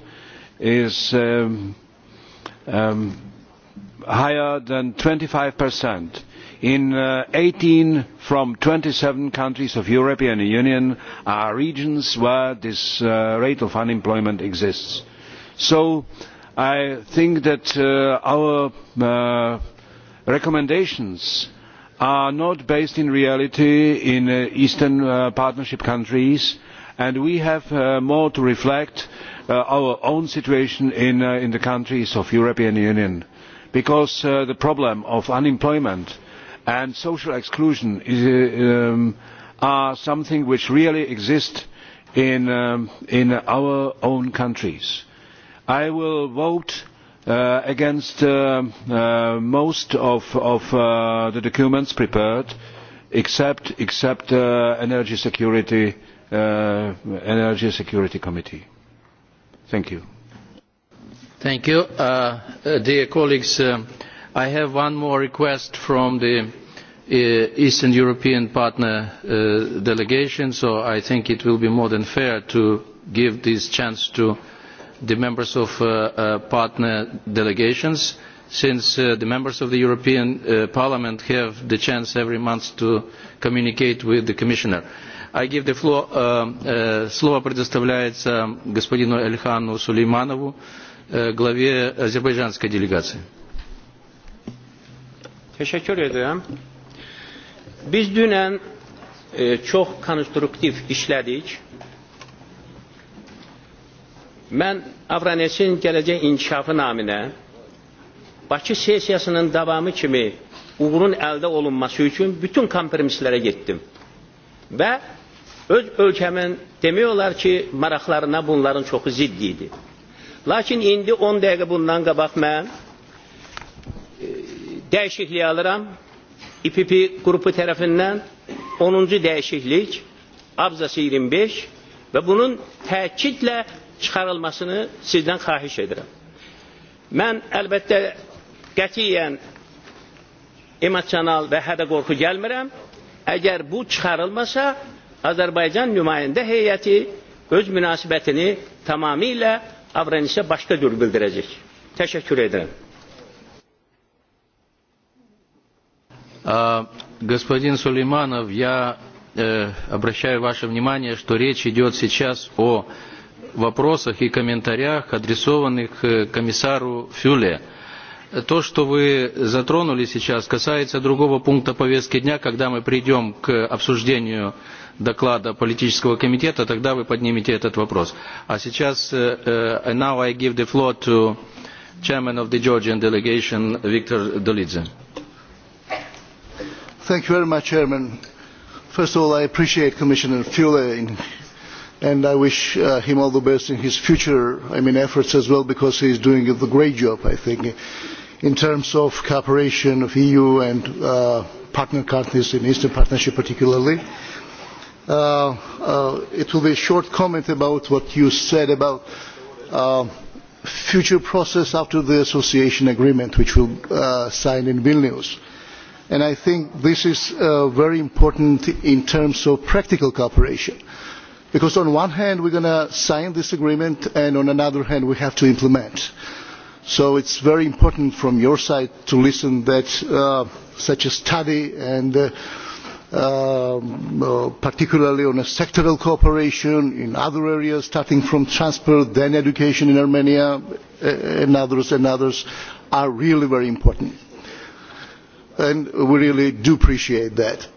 is um, um, higher than twenty five in uh, of 18 twenty seven countries of the European Union are regions where this uh, rate of unemployment exists. So I think that uh, our recommendations are not based in reality in Eastern Partnership countries and we have more to reflect our own situation in the countries of the European Union because the problem of unemployment and social exclusion um, are something which really exists um, in, our own countries. I will vote uh, against uh, uh, most of, the documents prepared except, the energy security energy security committee. Thank you. dear colleagues, i have one more request from the uh, eastern european partner uh, delegation so i think it will be more than fair to give this chance to the members of uh, partner delegations since the members of the european parliament have the chance every month to communicate with the commissioner. i give the floor слово предоставляется господину эльхану сулейманову э, главе азербайджанской делегации. Teşekkür ederim. Biz dünen e, çok konstruktif işledik. Ben Avranes'in geleceği inkişafı namine Bakı sesiyasının davamı kimi uğurun elde olunması için bütün kompromislere gittim. Ve öz ölkəmin demiyorlar ki, maraqlarına bunların çoxu ziddiydi. Lakin indi 10 dəqiqə bundan qabaq mən Değişikliği alıram. İPP grubu tarafından 10. değişiklik abzası 25 ve bunun tehkitle çıxarılmasını sizden kahiş edirəm. Mən elbette qətiyyən emosional və hədə qorxu gəlmirəm. Əgər bu çıxarılmasa, Azərbaycan nümayəndə heyəti öz münasibətini tamamilə Avranis'e başqa cür bildirəcək. Təşəkkür edirəm. господин сулейманов я обращаю ваше внимание что речь идет сейчас о вопросах и комментариях адресованных комиссару фюле то что вы затронули сейчас касается другого пункта повестки дня когда мы придем к обсуждению доклада политического комитета тогда вы поднимете этот вопрос а сейчас now i give the floor to chairman of the georgian delegation Thank you very much, Chairman. First of all, I appreciate Commissioner Fule and I wish uh, him all the best in his future I mean, efforts as well because he is doing a great job, I think, in terms of cooperation of EU and uh, partner countries in Eastern Partnership particularly. Uh, uh, it will be a short comment about what you said about future process after the association agreement which will sign in Vilnius and i think this is uh, very important in terms of practical cooperation because on one hand we are going to sign this agreement and on another hand we have to implement so it is very important from your side to listen that uh, such a study and uh, um, particularly on sectoral cooperation in other areas starting from transport then education in armenia and others and others are really very important and we really do appreciate that.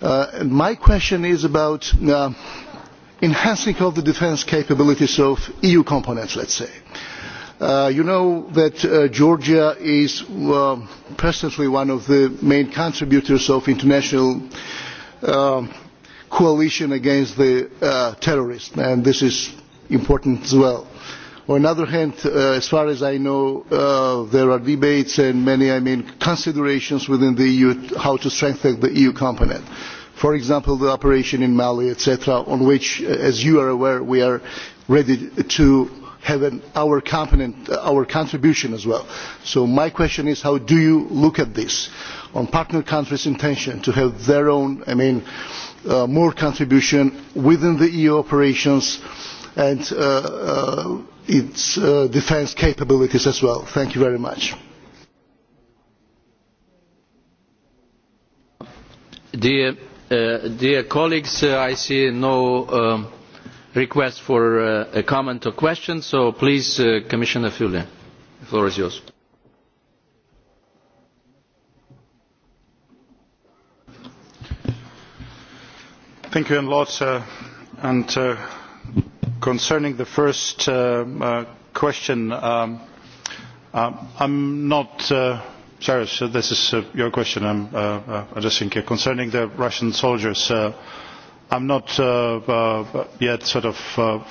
Uh, my question is about uh, enhancing of the defence capabilities of eu components let us say. Uh, you know that georgia is presently one of the main contributors of international um, coalition against the terrorists and this is important as well on the other hand uh, as far as i know uh, there are debates and many i mean considerations within the eu how to strengthen the eu component for example the operation in mali etc on which uh, as you are aware we are ready to have our component our contribution as well. so my question is how do you look at this on partner countries' intention to have their own i mean more contribution within the eu operations and its uh, defence capabilities as well. Thank you very much. Dear, uh, colleagues, uh, I see no um, request for uh, a comment or question, so please, Commissioner Fule, the floor is yours. Thank you a lot, and concerning the first uh, uh, question i am um, uh, not sorry, this is your question I am addressing here. Concerning the Russian soldiers, I am not yet sort of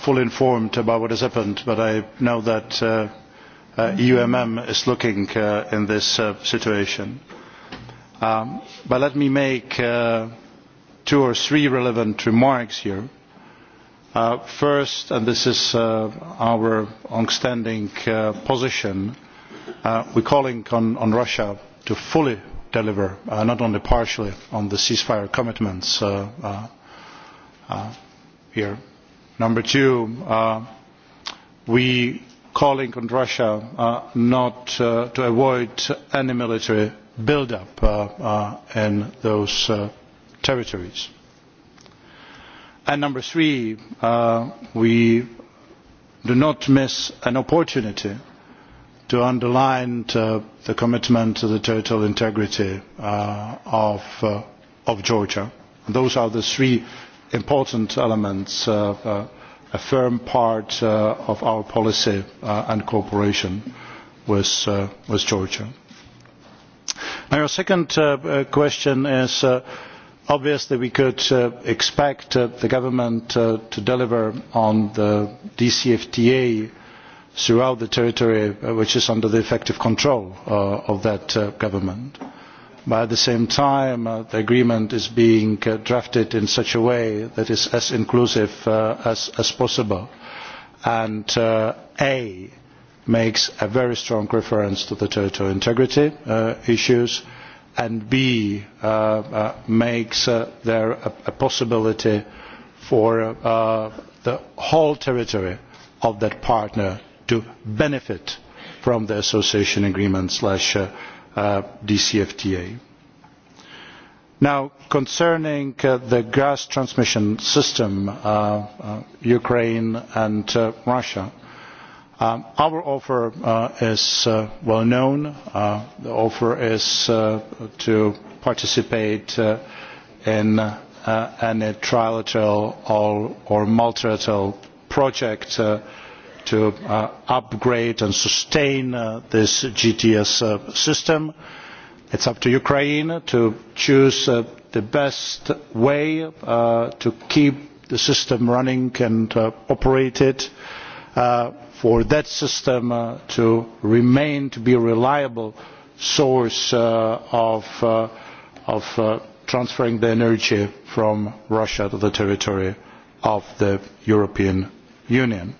fully informed about what has happened, but I know that EUMM is looking in this situation. Um, but let me make two or three relevant remarks here. Uh, first, and this is uh, our long-standing uh, position, we are calling on, Russia to fully deliver, not only partially, on the ceasefire commitments here. Number two, we are calling on Russia not to avoid any military build-up in those territories and number three uh, we do not miss an opportunity to underline the commitment to the territorial integrity uh, uh, of, georgia. those are the three important elements a firm part of our policy and cooperation with, georgia. your second question is obviously we could uh, expect uh, the government uh, to deliver on the dcfta throughout the territory which is under the effective control of that government but at the same time the agreement is being drafted in such a way that is as inclusive as, as possible and a makes a very strong reference to the territorial integrity issues and b uh, uh, makes uh, there a possibility for the whole territory of that partner to benefit from the association agreement dcfta. now concerning the gas transmission system ukraine and russia Um, our offer uh, is uh, well known. Uh, the offer is to participate in any trilateral or, multilateral project to upgrade and sustain this GTS system. It is up to Ukraine to choose the best way to keep the system running and operated for that system uh, to remain to be a reliable source uh, of, uh, transferring the energy from Russia to the territory of the European Union.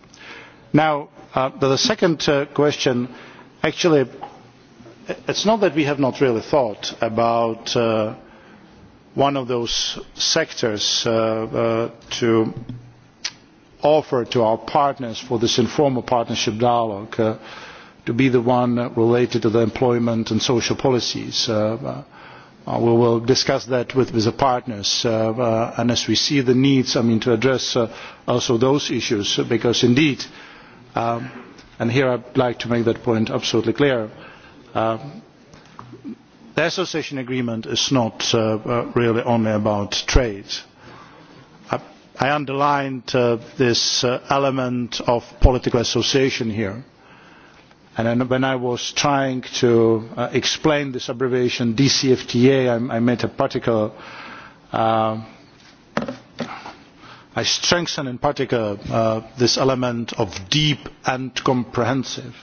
Now the second question actually it is not that we have not really thought about one of those sectors to offer to our partners for this informal partnership dialogue uh, to be the one related to the employment and social policies. Uh, uh, we will discuss that with, with the partners and as we see the needs I to address also those issues because indeed, um, and here I would like to make that point absolutely clear, um, the association agreement is not really only about trade i underlined uh, this uh, element of political association here and when i was trying to uh, explain this abbreviation dcfta i, I made a particular i strengthened in particular this element of deep and comprehensive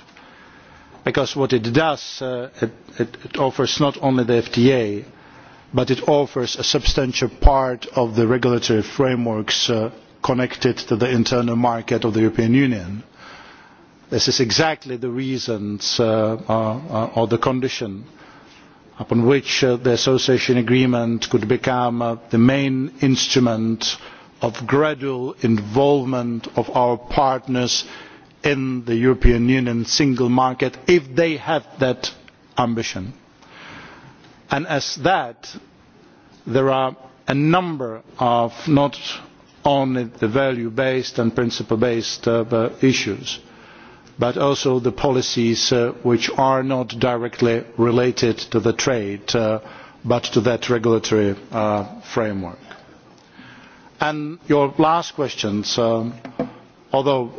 because what it does it, it offers not only the fta but it offers a substantial part of the regulatory frameworks uh, connected to the internal market of the european union. this is exactly the reason uh, uh, or the condition upon which the association agreement could become the main instrument of gradual involvement of our partners in the european union single market if they have that ambition and as that there are a number of not only the value based and principle based uh, uh, issues but also the policies uh, which are not directly related to the trade but to that regulatory framework. And your last question although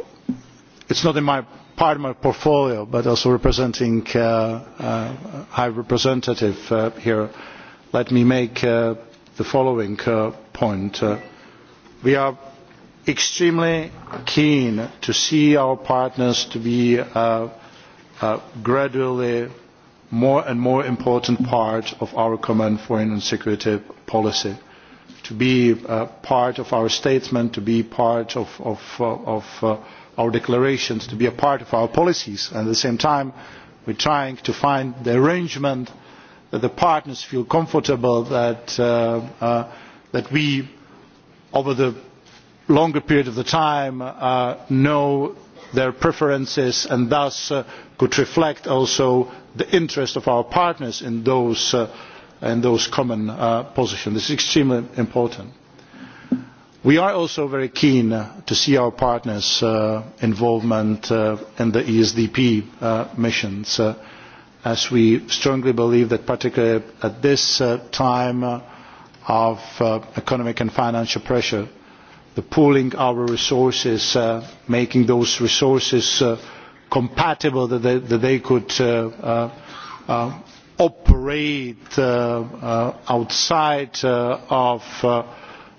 it is not in my part of my portfolio but also representing uh, uh, high representative uh, here let me make the following point we are extremely keen to see our partners to be gradually more and more important part of our common foreign and security policy to be part of our statement to be part of of of our declarations to be a part of our policies and at the same time we are trying to find the arrangement that the partners feel comfortable that, uh, uh, we over the longer period of the time uh, know their preferences and thus could reflect also the interest of our partners in those common positions. this is extremely important we are also very keen uh, to see our partners' uh, involvement uh, in the esdp missions as we strongly believe that particularly at this time of economic and financial pressure the pooling our resources making those resources compatible that that they could operate outside of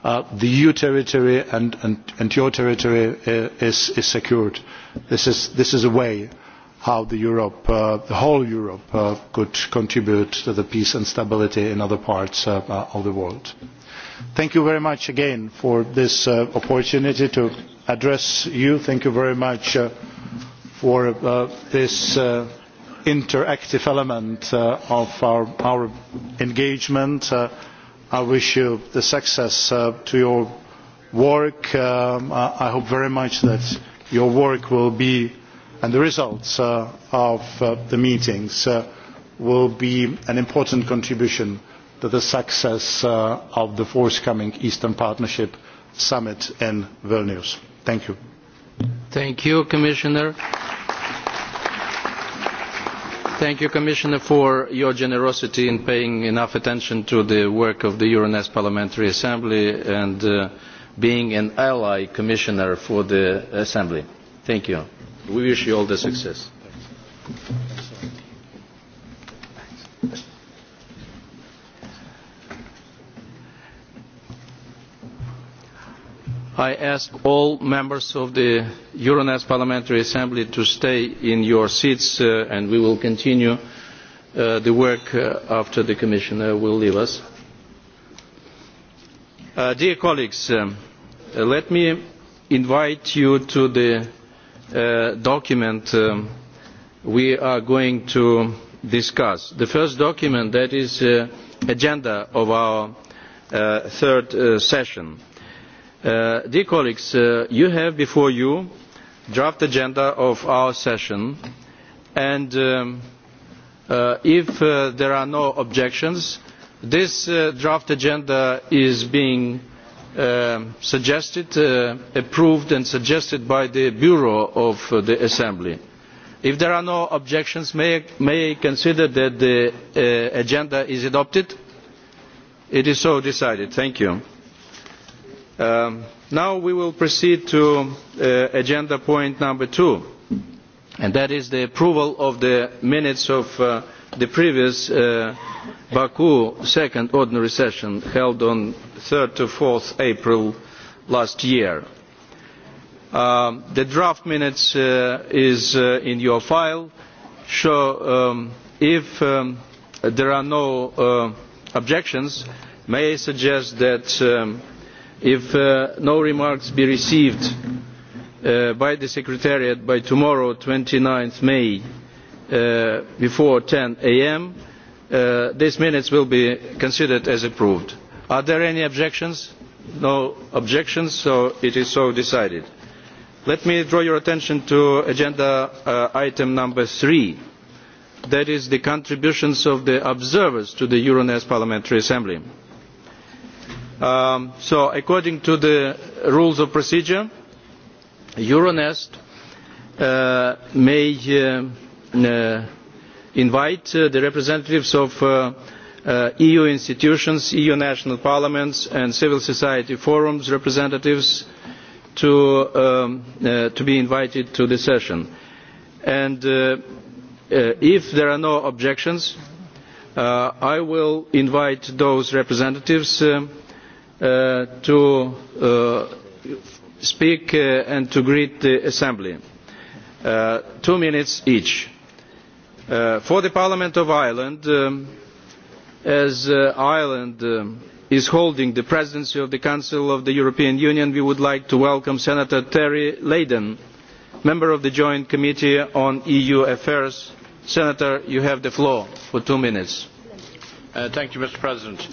Uh, the eu territory and, and, your territory is, secured. This is, a way how the, Europe, uh, the whole europe uh, could contribute to the peace and stability in other parts of the world. thank you very much again for this opportunity to address you. thank you very much for this interactive element of our engagement. I wish you success uh, to your work. Um, I hope very much that your work will be and the results uh, of uh, the meetings will be an important contribution to the success of the forthcoming Eastern Partnership Summit in Vilnius. Thank you. Thank you, Commissioner. Thank you, Commissioner, for your generosity in paying enough attention to the work of the Euronest Parliamentary Assembly and uh, being an ally commissioner for the Assembly. Thank you. We wish you all the success. I ask all members of the Euronest Parliamentary Assembly to stay in your seats uh, and we will continue uh, the work uh, after the Commissioner will leave us. Dear colleagues, um, let me invite you to the document um, we are going to discuss. The first document that is the agenda of our third session Uh, dear colleagues, uh, you have before you the draft agenda of our session and um, uh, if there are no objections, this draft agenda is being um, suggested, approved and suggested by the Bureau of the Assembly. If there are no objections, may may I consider that the agenda is adopted? It is so decided. Thank you. Um, now we will proceed to uh, agenda point number two and that is the approval of the minutes of uh, the previous uh, baku second ordinary session held on 3rd to 4 april last year um, the draft minutes is in your file so um, if there are no objections may i suggest that if uh, no remarks be received uh, by the secretariat by tomorrow twenty nine may uh, before 10 a.m. these minutes will be considered as approved. are there any objections? no objections so it is so decided. let me draw your attention to agenda item number three that is the contributions of the observers to the euronest parliamentary assembly. Um, so according to the rules of procedure euronest uh, may uh, uh, invite the representatives of eu institutions eu national parliaments and civil society forums representatives to, um, to be invited to the session and if there are no objections i will invite those representatives Uh, to uh, speak uh, and to greet the assembly two minutes each. for the parliament of ireland um, as ireland um, is holding the presidency of the council of the european union we would like to welcome senator terry Leyden, member of the joint committee on eu affairs. senator you have the floor for two minutes. mr president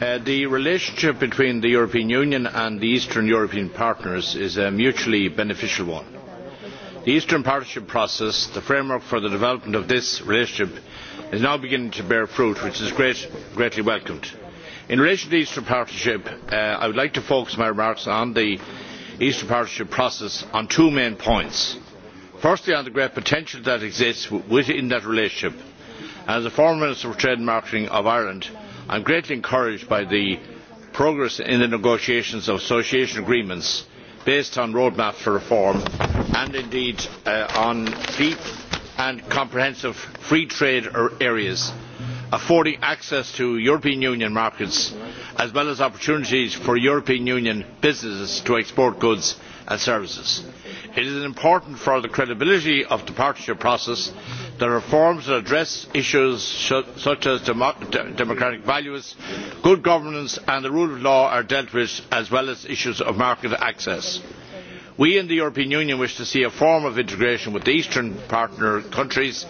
Uh, the relationship between the European Union and the Eastern European partners is a mutually beneficial one. The Eastern Partnership process, the framework for the development of this relationship, is now beginning to bear fruit, which is greatly welcomed. In relation to the Eastern Partnership, uh, I would like to focus my remarks on the Eastern Partnership process on two main points. Firstly, on the great potential that exists within that relationship. As a former Minister for Trade and Marketing of Ireland, i am greatly encouraged by the progress in the negotiations of association agreements based on roadmaps for reform and indeed uh, on deep and comprehensive free trade areas affording access to european union markets as well as opportunities for european union businesses to export goods and services it is important for the credibility of the partnership process that reforms that address issues such as democratic values good governance and the rule of law are dealt with as well as issues of market access. we in the european union wish to see a form of integration with the eastern partner countries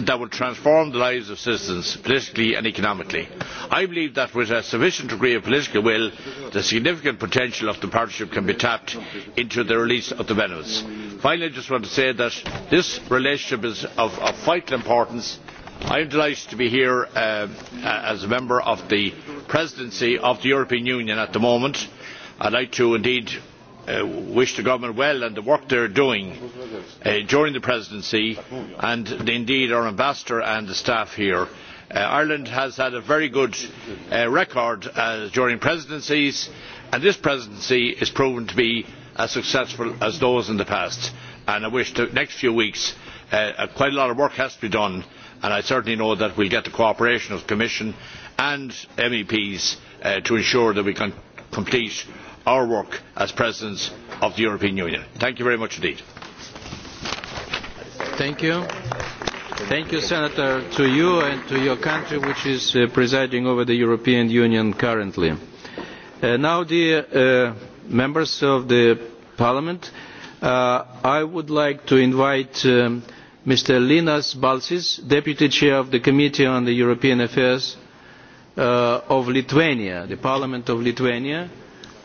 that will transform the lives of citizens politically and economically. i believe that with a sufficient degree of political will the significant potential of the partnership can be tapped into the release of the benefits. finally i just want to say that this relationship is of, vital importance. i am delighted to be here uh, uh, as a member of the presidency of the european union at the moment and like to indeed Uh, wish the government well and the work they are doing uh, during the presidency and indeed our ambassador and the staff here. Uh, ireland has had a very good record during presidencies and this presidency is proven to be as successful as those in the past and i wish the next few weeks quite a lot of work has to be done and i certainly know that we will get the cooperation of the commission and meps to ensure that we can complete our work as presidents of the european union. thank you very much indeed. thank you. senator to you and to your country which is uh, presiding over the european union currently. Uh, now dear uh, members of the parliament i would like to invite mr um, linas Balsis, deputy chair of the committee on the european affairs of lithuania the parliament of lithuania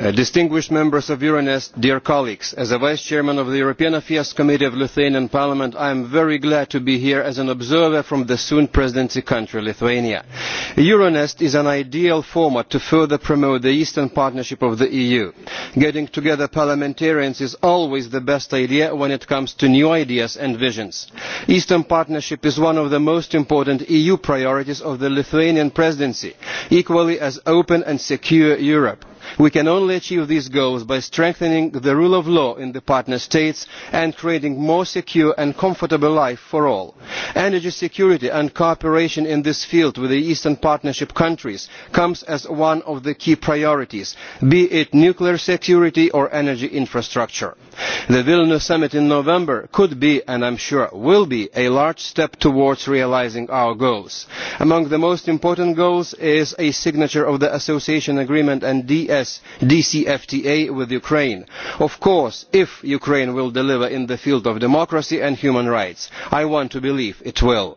Uh, distinguished members of euronest dear colleagues as a vice chairman of the european affairs committee of the lithuanian parliament i am very glad to be here as an observer from the soon presidency country lithuania. euronest is an ideal format to further promote the eastern partnership of the eu. getting together parliamentarians is always the best idea when it comes to new ideas and visions. the eastern partnership is one of the most important eu priorities of the lithuanian presidency equally as open and secure europe we can only achieve these goals by strengthening the rule of law in the partner states and creating a more secure and comfortable life for all. energy security and cooperation in this field with the eastern partnership countries comes as one of the key priorities be it nuclear security or energy infrastructure. the vilnius summit in november could be and i am sure will be a large step towards realising our goals. among the most important goals is a signature of the association agreement and dcfta with ukraine. of course if ukraine will deliver in the field of democracy and human rights i want to believe it will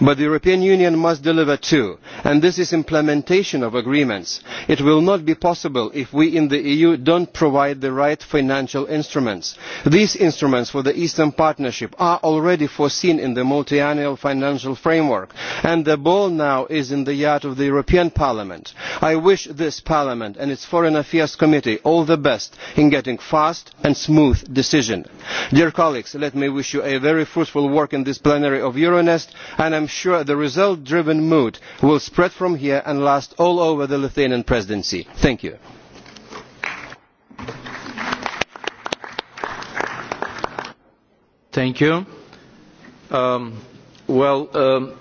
but the european union must deliver too and this is implementation of agreements. it will not be possible if we in the eu do not provide the right financial instruments. these instruments for the eastern partnership are already foreseen in the multiannual financial framework and the ball now is in the yard of the european parliament. i wish this parliament and its foreign affairs committee all the best in getting a fast and smooth decision. dear colleagues let me wish you a very fruitful work in this plenary of euronest and i am sure the result driven mood will spread from here and last all over the lithuanian presidency. thank you. Thank you. Um, well, um,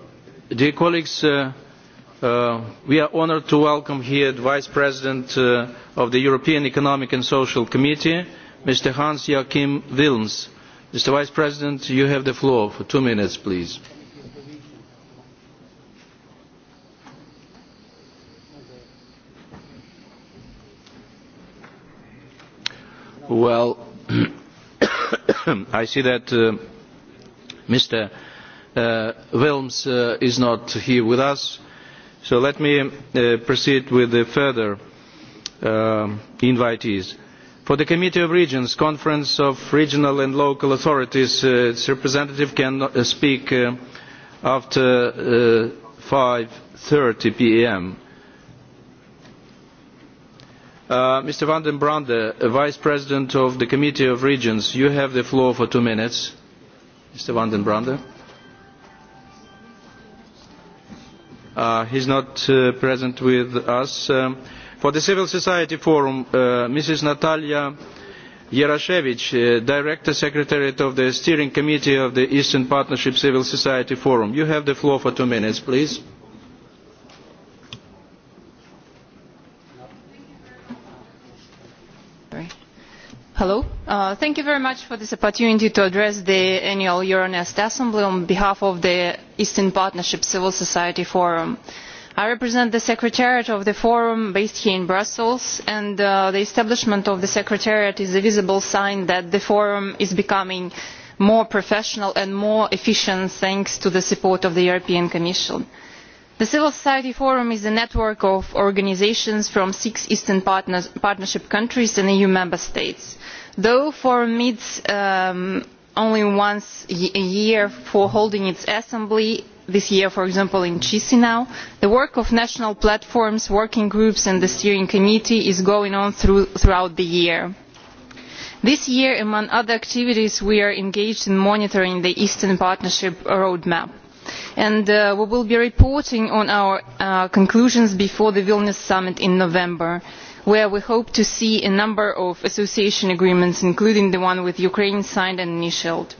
dear colleagues uh, uh, we are honoured to welcome here the vice president uh, of the european economic and social committee mr hans joachim wilms. mr vice president you have the floor for two minutes please. Well, I see that uh, Mr. Uh, Wilms uh, is not here with us, so let me proceed with the further invitees. For the Committee of Regions Conference of Regional and Local Authorities, its representative can speak after 5.30 p.m. Uh, Mr van den Brande, Vice President of the Committee of Regions, you have the floor for two minutes. Mr van den Brande. Uh, he is not uh, present with us. Um, for the Civil Society Forum, Ms Mrs. Natalia Yerashevich, Director Secretariat of the Steering Committee of the Eastern Partnership Civil Society Forum. You have the floor for two minutes, please. Hello. Uh, thank you very much for this opportunity to address the annual Euronest Assembly on behalf of the Eastern Partnership Civil Society Forum. I represent the Secretariat of the Forum based here in Brussels and uh, the establishment of the Secretariat is a visible sign that the Forum is becoming more professional and more efficient thanks to the support of the European Commission. The Civil Society Forum is a network of organisations from six Eastern Partnership countries and EU Member States though forum meets only once a year for holding its assembly this year for example in chiinu the work of national platforms working groups and the steering committee is going on throughout the year. this year among other activities we are engaged in monitoring the eastern partnership roadmap and uh, we will be reporting on our uh, conclusions before the vilnius summit in november where we hope to see a number of association agreements including the one with ukraine signed and initialled.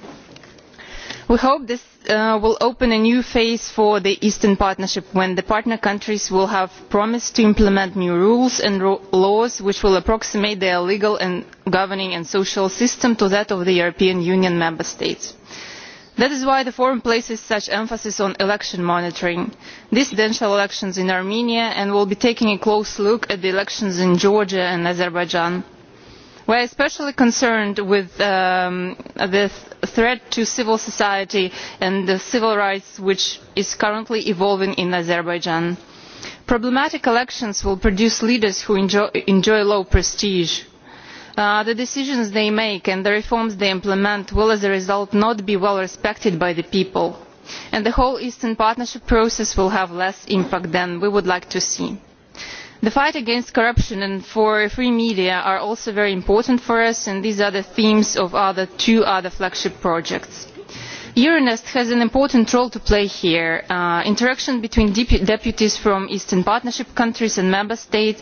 we hope this uh, will open a new phase for the eastern partnership when the partner countries will have promised to implement new rules and laws which will approximate their legal and governing and social system to that of the european union member states that is why the forum places such emphasis on election monitoring these elections in armenia and will be taking a close look at the elections in georgia and azerbaijan. we are especially concerned with um, the threat to civil society and the civil rights which is currently evolving in azerbaijan. problematic elections will produce leaders who enjoy low prestige Uh, the decisions they make and the reforms they implement will as a result not be well respected by the people and the whole eastern partnership process will have less impact than we would like to see. the fight against corruption and for free media are also very important for us and these are the themes of other two other flagship projects. euronest has an important role to play here. Uh, interaction between deputies from eastern partnership countries and member states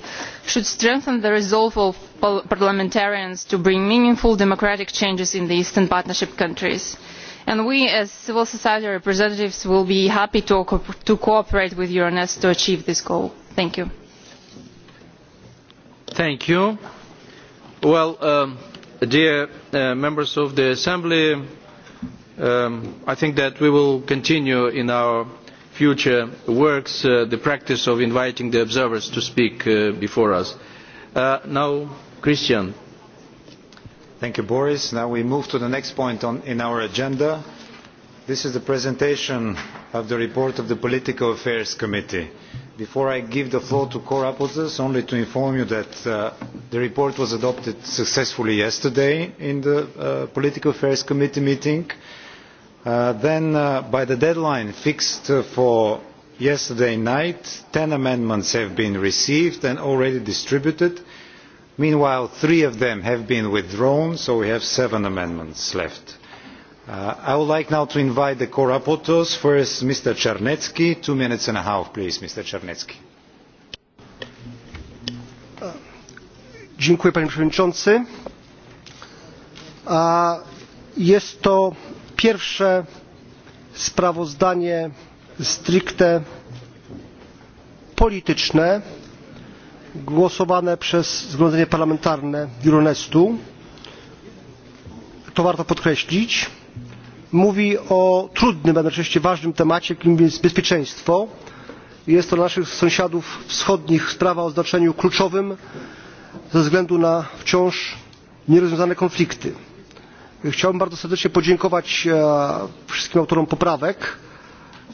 should strengthen the resolve of parliamentarians to bring meaningful democratic changes in the eastern partnership countries and we as civil society representatives will be happy to, cooperate with euronest to achieve this goal. thank you. thank you. well um, dear uh, members of the assembly um, i think that we will continue in our future works uh, the practice of inviting the observers to speak uh, before us. now Christian. Thank you, Boris. Now we move to the next point on, in our agenda. This is the presentation of the report of the Political Affairs Committee. Before I give the floor to co-rapporteurs, only to inform you that uh, the report was adopted successfully yesterday in the uh, Political Affairs Committee meeting. Uh, then, by the deadline fixed for yesterday night, ten amendments have been received and already distributed meanwhile three of them have been withdrawn so we have seven amendments left. Uh, i would like now to invite the co rapporteurs first mr czarnecki two minutes and a half please mr czarnecki. Uh, dziękuję, panie przewodniczący! Uh, jest to pierwsze sprawozdanie stricte polityczne głosowane przez zgromadzenie parlamentarne euronestu to warto podkreślić mówi o trudnym a jednocześnie ważnym temacie jakim jest bezpieczeństwo. jest to dla naszych sąsiadów wschodnich sprawa o znaczeniu kluczowym ze względu na wciąż nierozwiązane konflikty. chciałbym bardzo serdecznie podziękować e, wszystkim autorom poprawek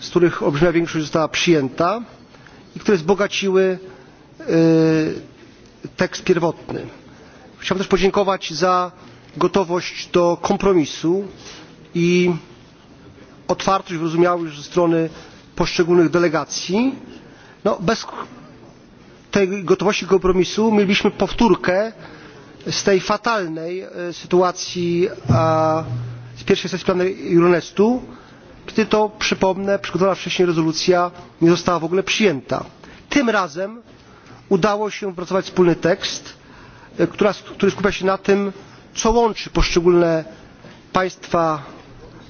z których olbrzymia większość została przyjęta i które wzbogaciły E, tekst pierwotny. chciałbym też podziękować za gotowość do kompromisu i otwartość wyrozumiałość ze strony poszczególnych delegacji. bez tej gotowości kompromisu mielibyśmy powtórkę z tej fatalnej e, sytuacji z pierwszej sesji plenarnej euronestu gdy to przypomnę przygotowana wcześniej rezolucja nie została w ogóle przyjęta. tym razem udało się opracować wspólny tekst e, który skupia się na tym co łączy poszczególne państwa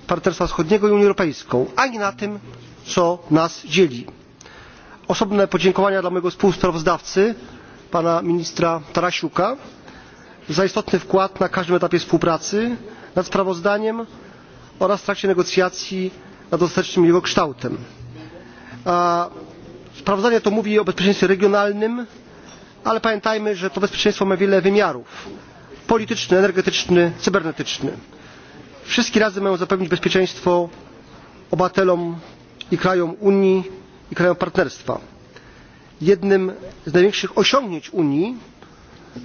partnerstwa wschodniego i unię europejską a nie na tym co nas dzieli. osobne podziękowania dla mojego współsprawozdawcy pana ministra tarasiuka za istotny wkład na każdym etapie współpracy nad sprawozdaniem oraz w trakcie negocjacji nad ostatecznym jego kształtem sprawozdanie to mówi o bezpieczeństwie regionalnym ale pamiętajmy że to bezpieczeństwo ma wiele wymiarów polityczny energetyczny cybernetyczny. wszystkie razem mają zapewnić bezpieczeństwo obywatelom i krajom unii i krajom partnerstwa. jednym z największych osiągnięć unii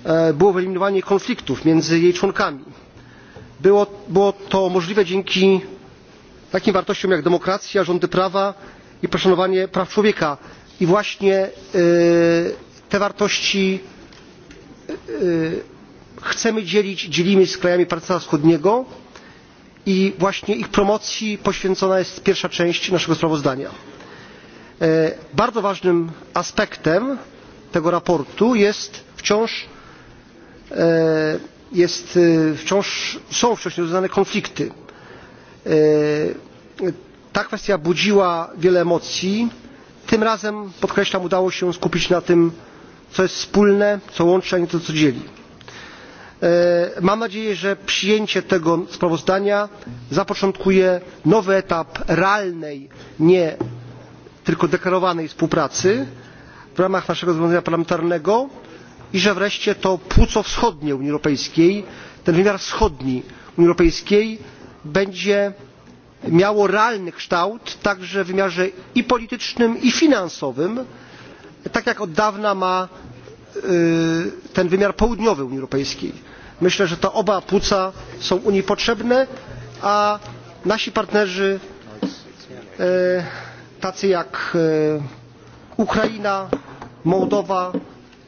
e, było wyeliminowanie konfliktów między jej członkami. było, to możliwe dzięki takim wartościom jak demokracja rządy prawa i poszanowanie praw człowieka i właśnie e, te wartości e, chcemy dzielić dzielimy z krajami partnerstwa wschodniego i właśnie ich promocji poświęcona jest pierwsza część naszego sprawozdania. E, bardzo ważnym aspektem tego sprawozdania jest wciąż, jest wciąż są wciąż nierozwiązane konflikty. ta kwestia budziła wiele emocji tym razem podkreślam udało się skupić na tym co jest wspólne co łączy a nie to co dzieli. E, mam nadzieję że przyjęcie tego sprawozdania zapoczątkuje nowy etap realnej nie tylko deklarowanej współpracy w ramach naszego zgromadzenia parlamentarnego i że wreszcie to płuco wschodnie unii europejskiej ten wymiar wschodni unii europejskiej będzie miało realny kształt także w wymiarze i politycznym i finansowym tak jak od dawna ma ten wymiar południowy unii europejskiej. myślę że to oba płuca są unii potrzebne a nasi partnerzy tacy jak ukraina mołdowa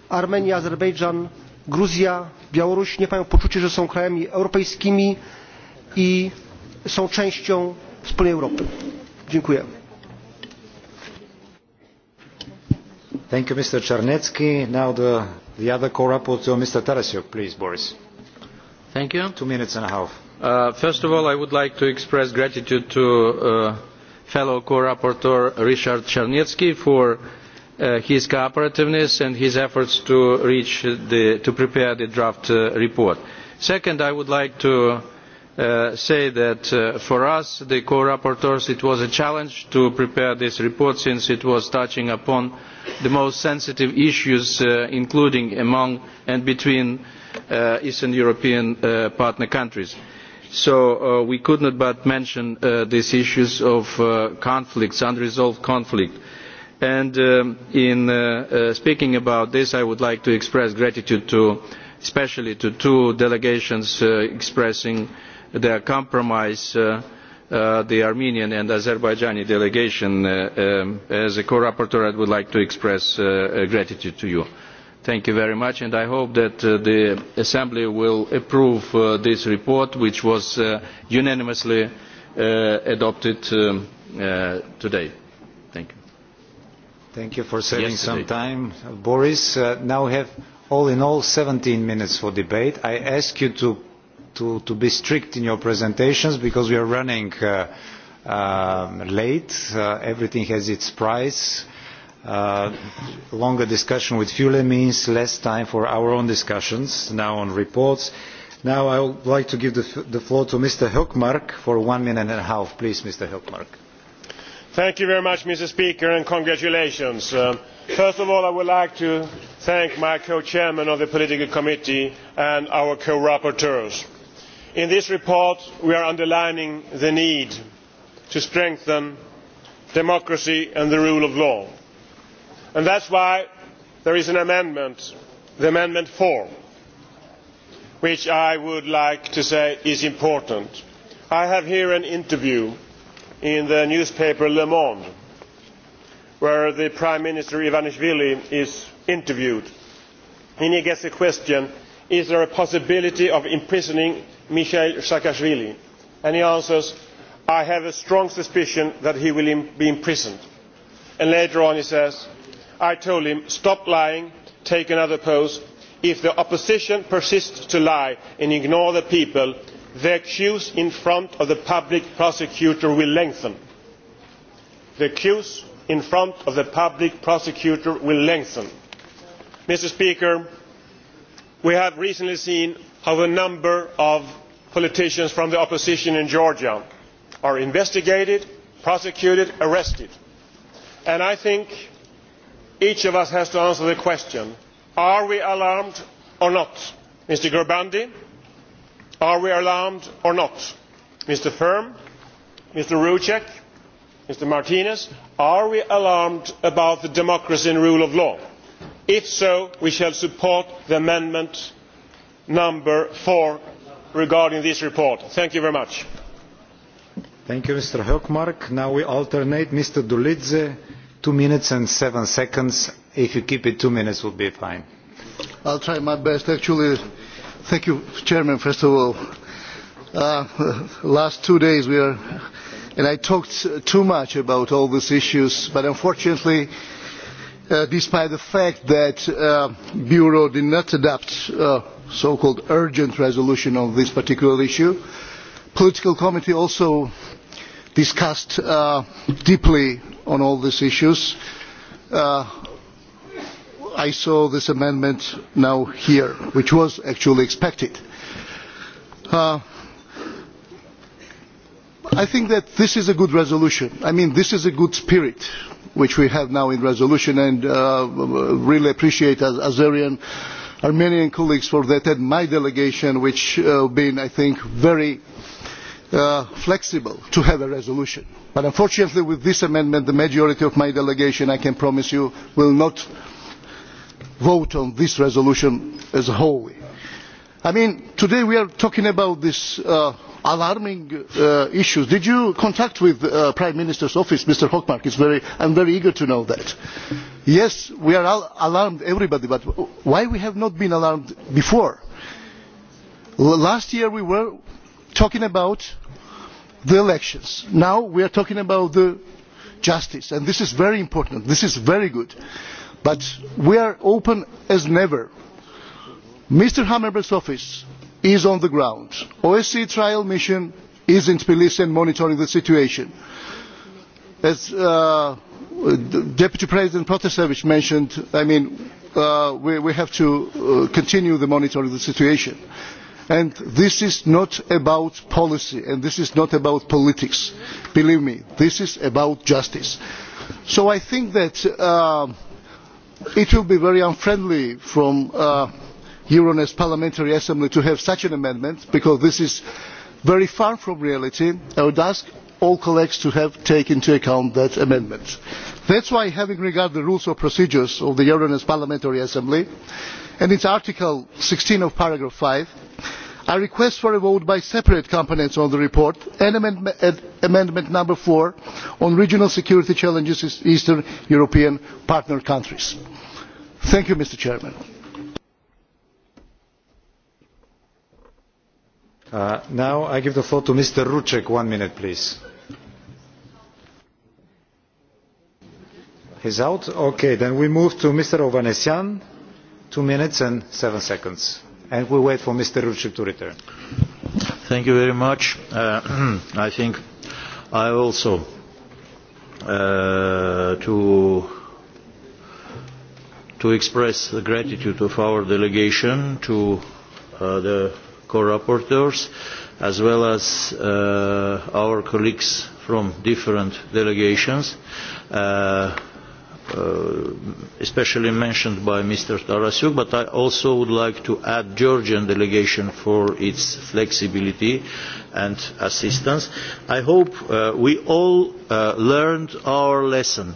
armenia azerbejdżan gruzja białoruś nie mają poczucia że są krajami europejskimi i są częścią wspólnej europy. dziękuję. first of all, I would like to express gratitude to uh, fellow co-rapporteur Richard Czarnecki for uh, his cooperativeness and his efforts to, reach the, to prepare the draft uh, report. Second, I would like to Uh, say that uh, for us the co rapporteurs it was a challenge to prepare this report since it was touching upon the most sensitive issues uh, including among and between eastern european partner countries. so we could not but mention these issues of conflicts unresolved conflict. Um, in speaking about this i would like to express gratitude especially to two delegations expressing their compromise uh, uh, the Armenian and Azerbaijani delegation. Uh, um, as a co-rapporteur, I would like to express gratitude to you. Thank you very much, and I hope that the Assembly will approve this report, which was unanimously adopted um, today. Thank you. Thank you for saving some time, Boris. Now we have all in all 17 minutes for debate. I ask you to to, to be strict in your presentations because we are running uh, um, late. Uh, everything has its price. Uh, longer discussion with Fule means less time for our own discussions now on reports. Now I would like to give the, floor to Mr. Hökmark for one minute and a half. Please, Mr. Hökmark. Thank you very much, Mr. Speaker, and congratulations. Um, first of all i would like to thank my co chairman of the political committee and our co rapporteurs in this report we are underlining the need to strengthen democracy and the rule of law and that is why there is an amendment amendment four which i would like to say is important. i have here an interview in the newspaper le monde where the prime minister ivanishvili is interviewed and he gets the question is there a possibility of imprisoning mikhail saakashvili and he answers i have a strong suspicion that he will be imprisoned'. and later on he says i told him stop lying take another post. if the opposition persists to lie and ignore the people the queues in front of the public prosecutor will lengthen. the queues in front of the public prosecutor will lengthen. mr speaker we have recently seen how a number of politicians from the opposition in georgia are investigated prosecuted arrested and i think each of us has to answer the question are we alarmed or not? mr gerbrandy are we alarmed or not? mr firm mr rouek mr martinez are we alarmed about the democracy and rule of law? if so we shall support amendment four regarding this report. thank you very much. thank you mr hkmark. now we alternate mr dolidze two minutes and seven seconds. if you keep it two minutes will be fine. i'll try my best. actually thank you chairman first of all. Uh, last two days we are and i talked too much about all these issues but unfortunately Uh, despite the fact that the uh, bureau did not adopt a uh, so called urgent resolution on this particular issue the political committee also discussed deeply on all these issues. i saw this amendment now here which was actually expected. i think that this is a good resolution. i mean this is a good spirit which we have now in resolution and uh, really appreciate as Azerian Armenian colleagues for that and my delegation which uh, been I think very uh, flexible to have a resolution. But unfortunately with this amendment the majority of my delegation I can promise you will not vote on this resolution as a whole i mean today we are talking about these uh, alarming issue. Uh, issues. did you contact with the uh, prime minister's office mr hkmark? i am very eager to know that. yes we are alarmed everybody but why have we have not been alarmed before? last year we were talking about the elections. now we are talking about the justice and this is very important. this is very good. but we are open as never mr hammerberg's office is on the ground. the osce trial mission is in tbilisi and monitoring the situation. as uh, deputy president protasevich mentioned uh, we, have to uh, continue the monitoring of the situation and this is not about policy and this is not about politics believe me this is about justice. so i think that it will be very unfriendly from euronest parliamentary assembly to have such an amendment because this is very far from reality. i would ask all colleagues to have taken into account that amendment. that is why having regard to the rules of procedure of the euronest parliamentary assembly and its article sixteen of paragraph five i request for a vote by separate components on the report and amendment number four on regional security challenges in eastern european partner countries. thank you mr president. Uh, now I give the floor to Mr. Rucek. One minute, please. He's out? Okay, then we move to Mr. Ovanesyan. Two minutes and seven seconds. And we wait for Mr. Rucek to return. Thank you very much. Uh, I think I also uh, to to express the gratitude of our delegation to the co-rapporteurs as well as uh, our colleagues from different delegations uh, uh, especially mentioned by Mr. Tarasuk, but I also would like to add Georgian delegation for its flexibility and assistance. I hope we all learned our lesson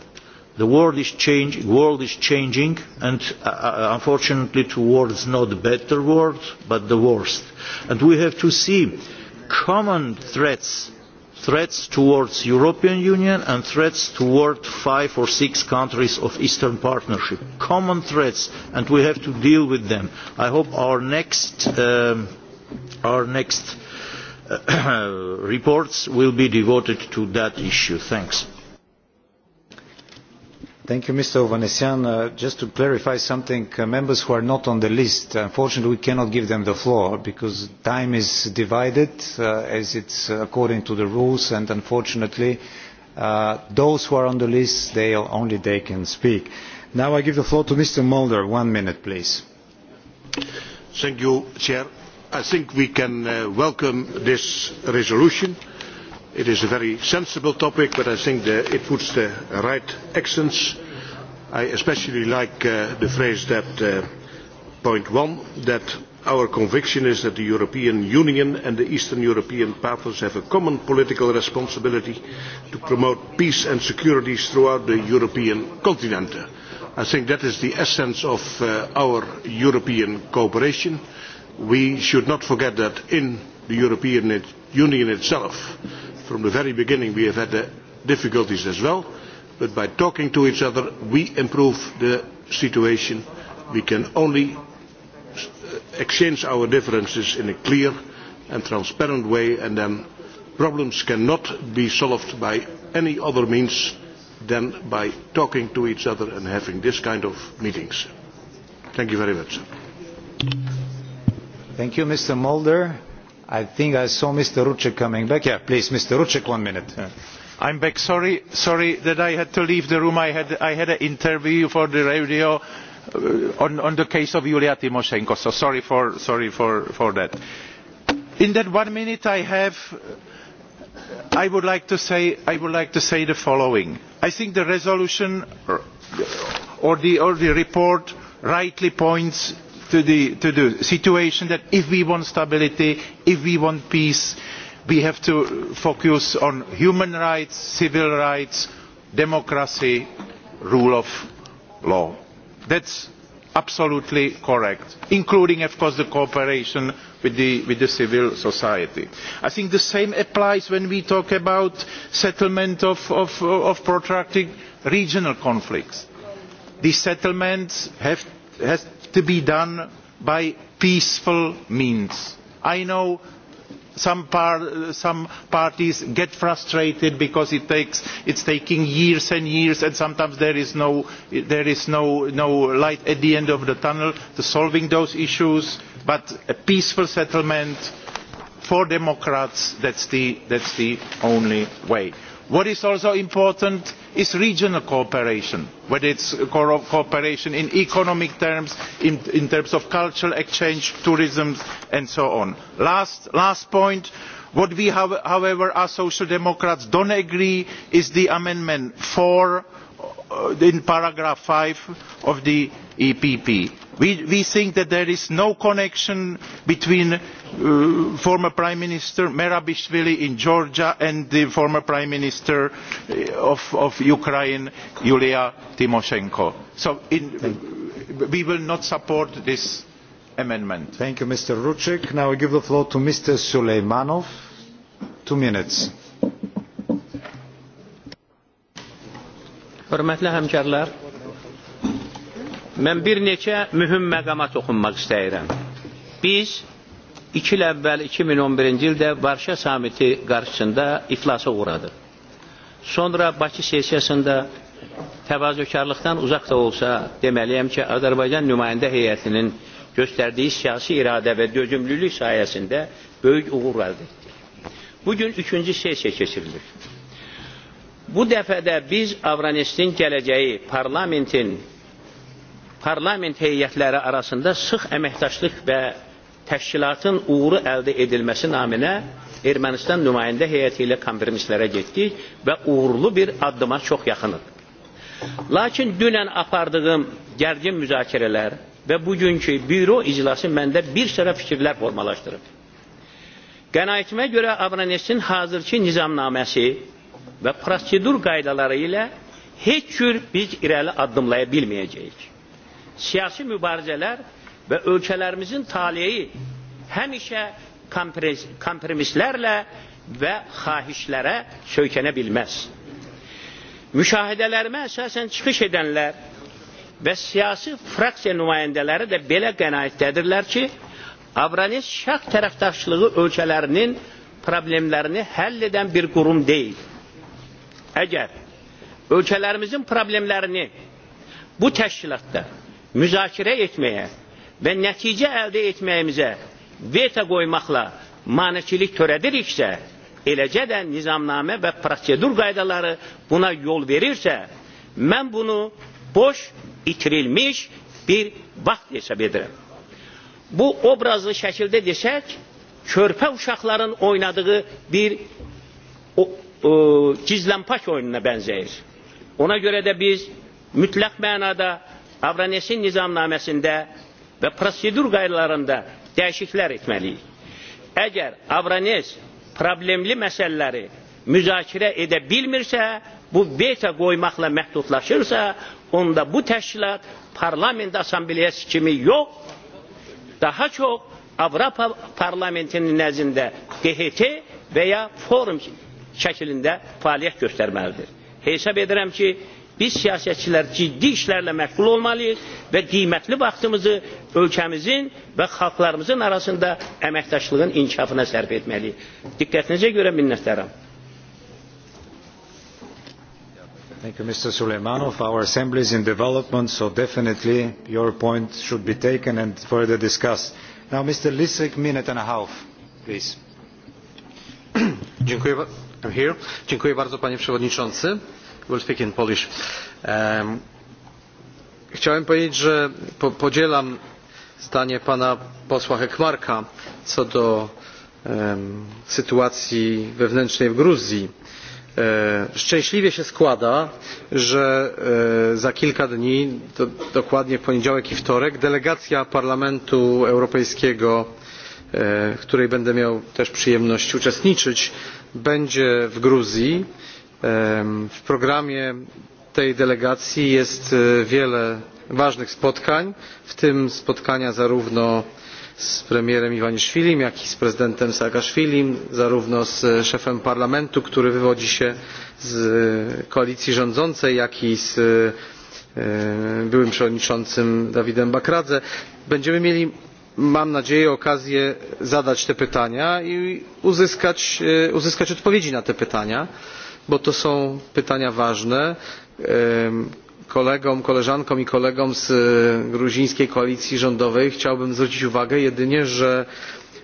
the world is, change, world is changing and uh, uh unfortunately towards not a better world but the worst and we have to see common threats threats towards european union and threats towards five or six countries of eastern partnership common threats and we have to deal with them. i hope our next, um, our next uh, reports will be devoted to that issue. thanks. Mr. Ovanesian. Uh, just to clarify something, uh, members who are not on the list, unfortunately, we cannot give them the floor because time is divided uh, as is according to the rules, and unfortunately, those who are on the list, only they can speak. Now I give the floor to Mr. Mulder. One minute, please. I think we can welcome this resolution It is a very sensible topic, but I think it puts the right accents. I especially like uh, the phrase that uh, point one, that our conviction is that the European Union and the Eastern European partners have a common political responsibility to promote peace and security throughout the European continent. I think that is the essence of uh, our European cooperation. We should not forget that in the European Union itself from the very beginning we have had uh, difficulties as well but by talking to each other we improve the situation. we can only uh, exchange our differences in a clear and transparent way and then problems cannot be solved by any other means than by talking to each other and having this kind of meetings. thank you very much. Thank you, Mr. Mulder. I think I saw Mr. Rucek coming back. please, Mr. Rucek, one minute. I I'm back. Sorry, sorry that I had to leave the room. I had, I had an interview for the radio uh, on, on the case of Yulia Tymoshenko, so sorry for, sorry for, for that. In that one minute I have, I would, like to say, I would like to say the following. I think the resolution or the, or the report rightly points to the, to the situation that if we want stability, if we want peace, we have to focus on human rights, civil rights, democracy, rule of law. That's absolutely correct, including of course the cooperation with the, with the civil society. I think the same applies when we talk about settlement of, of, protracted regional conflicts. These settlements have, have to be done by peaceful means. i know some, some parties get frustrated because it is taking years and years and sometimes there is, no, light at the end of the tunnel to solving those issues but a peaceful settlement for democrats that is the, the only way. what is also important is regional cooperation whether it is cooperation in economic terms in, terms of cultural exchange tourism and so on. last, last point what we however as social democrats do not agree with is the amendment four uh, in paragraph five of the epp we, think that there is no connection between uh, former prime minister merabishvili in georgia and the former prime minister uh, of, ukraine yulia tymoshenko. so we will not support this amendment. thank you mr rouek. now i give the floor to mr suleimanov. two minutes. Mən bir neçə mühüm məqama toxunmaq istəyirəm. Biz 2 il əvvəl 2011-ci ildə Varşa samiti qarşısında iflasa uğradıq. Sonra Bakı sessiyasında təvazökarlıqdan uzaq da olsa deməliyəm ki, Azərbaycan nümayəndə heyətinin göstərdiyi siyasi iradə və dözümlülük sayəsində böyük uğur əldə etdik. Bugün üçüncü sessiya keçirilir. Bu dəfədə biz Avranistin gələcəyi parlamentin parlament heyətləri arasında sıx əməkdaşlıq və təşkilatın uğuru əldə edilməsi naminə Ermənistan nümayəndə heyəti ilə kompromislərə getdik və uğurlu bir addıma çox yaxınıq. Lakin dünən apardığım gərgin müzakirələr və bugünkü büro iclası məndə bir sıra fikirlər formalaşdırıb. Qənaətimə görə Avranesin hazırki nizamnaməsi və prosedur qaydaları ilə heç cür biz irəli addımlaya bilməyəcəyik siyasi mübarizeler ve ülkelerimizin talihi hemişe kompromislerle ve hahişlere sökenebilmez. Müşahedelerime esasen çıkış edenler ve siyasi fraksiya nümayendeleri de belə qənaətdədirlər ki, Avranis şəx tərəfdaşlığı ölkələrinin problemlərini həll edən bir qurum deyil. Əgər ölkələrimizin problemlərini bu təşkilatda Müzakirə etmeye ve netice elde etməyimizə veto koymakla manikilik törədiriksə, eləcə də nizamname və prosedur qaydaları buna yol verirsə, mən bunu boş, itirilmiş bir vaxt hesab edirəm. Bu obrazlı şəkildə desək, körpə uşaqların oynadığı bir o, o, gizlənpaç oyununa bənzəyir. Ona görə də biz mütləq mənada Avranesin nizamnaməsində və prosedur qaydalarında dəyişiklər etməliyik. Əgər Avranes problemli məsələləri müzakirə edə bilmirsə, bu veto qoymaqla məhdudlaşırsa, onda bu təşkilat parlament asambleyası kimi yox, daha çox Avropa parlamentinin nəzində DHT və ya forum şəklində fəaliyyət göstərməlidir. Hesab edirəm ki, biz siyasetçiler ciddi işlerle meşgul olmalıyız ve kıymetli vaktimizi ülkemizin ve halklarımızın arasında emektaşlığın inkişafına sərf etmeliyiz. Dikkatinize göre minnettarım. Thank you, Mr. Suleymanov. Our assembly is in development, so definitely your point should be taken and further discussed. Now, Mr. Lisek, minute and a half, please. Dziękuję. I'm here. Dziękuję bardzo, panie przewodniczący chciałem powiedzieć, że podzielam zdanie pana posła Hekmarka co do sytuacji wewnętrznej w Gruzji. E, szczęśliwie się składa, że e, za kilka dni, dokładnie w poniedziałek i wtorek, delegacja Parlamentu Europejskiego e, w której będę miał też przyjemność uczestniczyć będzie w gruzji w programie tej delegacji jest e, wiele ważnych spotkań w tym spotkania zarówno z premierem iwaniszwilim jak i z prezydentem saakaszwilim zarówno z e, szefem parlamentu który wywodzi się z e, koalicji rządzącej jak i z byłym przewodniczącym davidem bakradze. będziemy mieli mam nadzieję okazję zadać te pytania i uzyskać, uzyskać odpowiedzi na te pytania bo to są pytania ważne kolegom koleżankom i kolegom z e, gruzińskiej koalicji rządowej chciałbym zwrócić uwagę jedynie że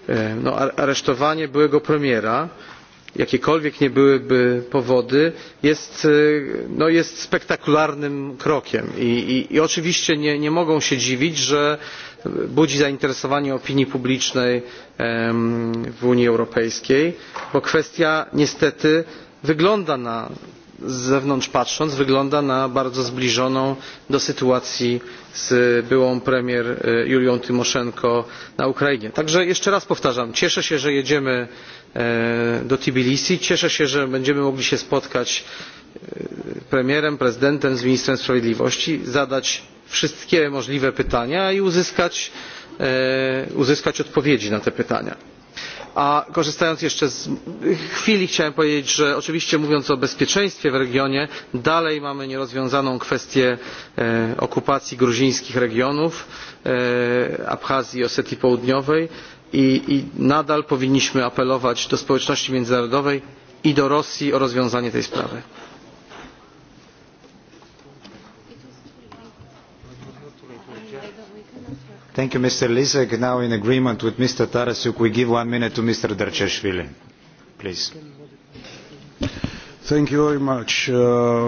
e, aresztowanie byłego premiera jakiekolwiek nie byłyby powody jest, e, spektakularnym krokiem i, oczywiście nie mogą się dziwić że budzi zainteresowanie opinii publicznej w unii europejskiej bo kwestia niestety wygląda na z zewnątrz patrząc wygląda na bardzo zbliżoną do sytuacji z byłą premier e, julią tymoszenko na ukrainie. także jeszcze raz powtarzam cieszę się że jedziemy e, do tbilisi cieszę się że będziemy mogli się spotkać z e, premierem prezydentem z ministrem sprawiedliwości zadać wszystkie możliwe pytania i uzyskać odpowiedzi na te pytania a korzystając jeszcze z chwili chciałem powiedzieć że oczywiście mówiąc o bezpieczeństwie w regionie dalej mamy nierozwiązaną kwestię e, okupacji gruzińskich regionów e, abchazji i osetii południowej i, i nadal powinniśmy apelować do społeczności międzynarodowej i do rosji o rozwiązanie tej sprawy. Thank you, Mr. Lisek. Now, in agreement with Mr. Tarasuk, we give one minute to Mr. Darcheshvili. Please. Thank you very much. Uh,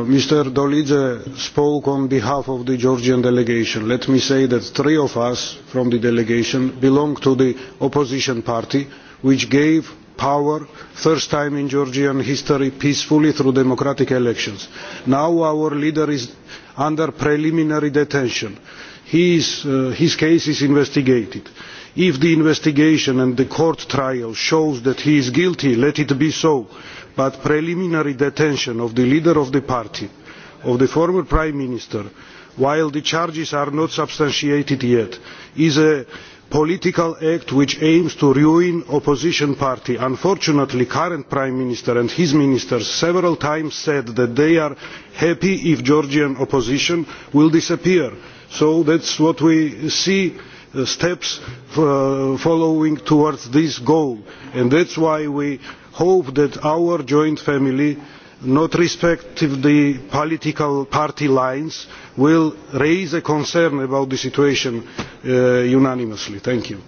Mr. Dolidze spoke on behalf of the Georgian delegation. Let me say that three of us from the delegation belong to the opposition party, which gave power first time in Georgian history peacefully through democratic elections. Now our leader is under preliminary detention Uh, his, case is investigated. If the investigation and the court trial shows that he is guilty, let it be so. But preliminary detention of the leader of the party, of the former Prime Minister, while the charges are not substantiated yet, is a political act which aims to ruin opposition party. Unfortunately, the current Prime Minister and his ministers several times said that they are happy if Georgian opposition will disappear so that is what we see uh, steps uh, following towards this goal and that is why we hope that our joint family not respecting the political party lines will raise a concern about the situation uh, unanimously. Thank you.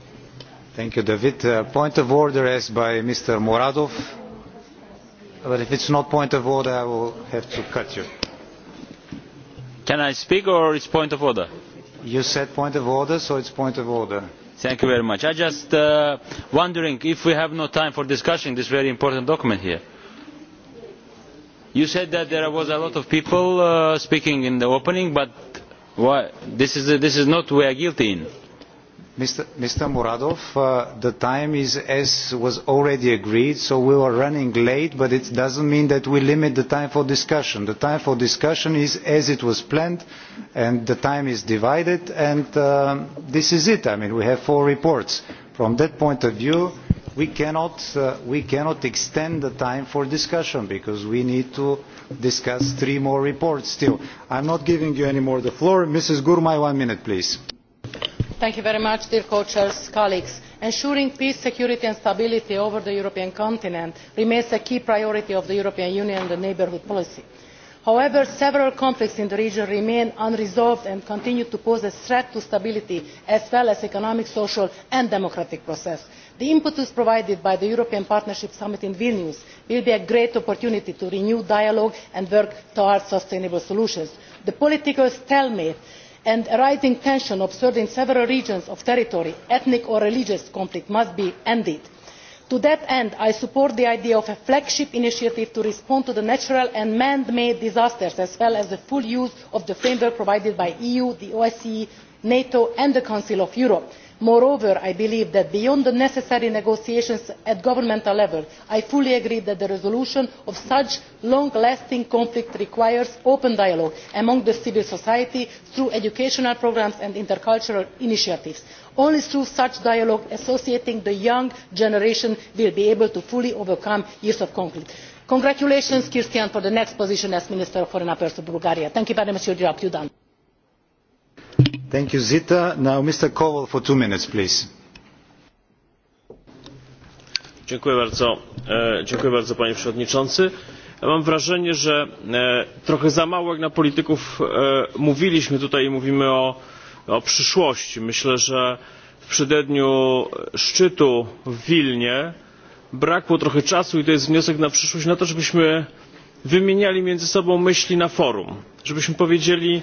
Thank you, David. point of order as by Mr. Moradov. But if is not point of order, I will have to cut you. Can I speak or it's point of order? You said point of order, so it's point of order. Thank you very much. I just uh, wondering if we have no time for discussing this very important document here. You said that there was a lot of people uh, speaking in the opening, but why? This, is, uh, this is not we are guilty in Mr. Muradov, uh, the time is as was already agreed, so we are running late, but it doesn't mean that we limit the time for discussion. The time for discussion is as it was planned, and the time is divided, and uh, this is it. I mean, we have four reports. From that point of view, we cannot, uh, we cannot extend the time for discussion because we need to discuss three more reports still. I'm not giving you any more the floor. Mrs. Gurmai, one minute, please ensuring peace security and stability over the european continent remains a key priority of the european union and the neighbourhood policy. however several conflicts in the region remain unresolved and continue to pose a threat to stability as well as economic social and democratic process. the impetus provided by the european partnership summit in vilnius will be a great opportunity to renew dialogue and work towards sustainable solutions. the political stalemate and rising tension observed in several regions of territory ethnic or religious conflict must be ended. to that end i support the idea of a flagship initiative to respond to the natural and man made disasters as well as the full use of the framework provided by e the eu the osce nato and the council of europe moreover i believe that beyond the necessary negotiations at governmental level i fully agree that the resolution of such long lasting conflict requires open dialogue among civil society through educational programmes and intercultural initiatives. only through such dialogue associating the young generation will we be able to fully overcome years of conflict. congratulations cristian for the next position as minister of foreign affairs of bulgaria. thank you very much for your job done. Dziękuję bardzo, panie przewodniczący. mam wrażenie, że e, trochę za mało jak na polityków e, mówiliśmy tutaj i mówimy o, o przyszłości. Myślę, że w przededniu szczytu w Wilnie brakło trochę czasu i to jest wniosek na przyszłość na to, żebyśmy wymieniali między sobą myśli na forum, żebyśmy powiedzieli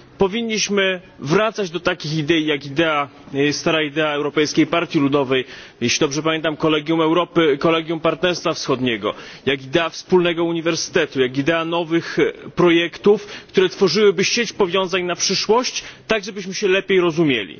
powinniśmy wracać do takich idei jak e, stara idea europejskiej partii ludowej jeśli dobrze pamiętam kolegium europy kolegium partnerstwa wschodniego jak idea wspólnego uniwersytetu jak idea nowych e, projektów które tworzyłyby sieć powiązań na przyszłość tak żebyśmy się lepiej rozumieli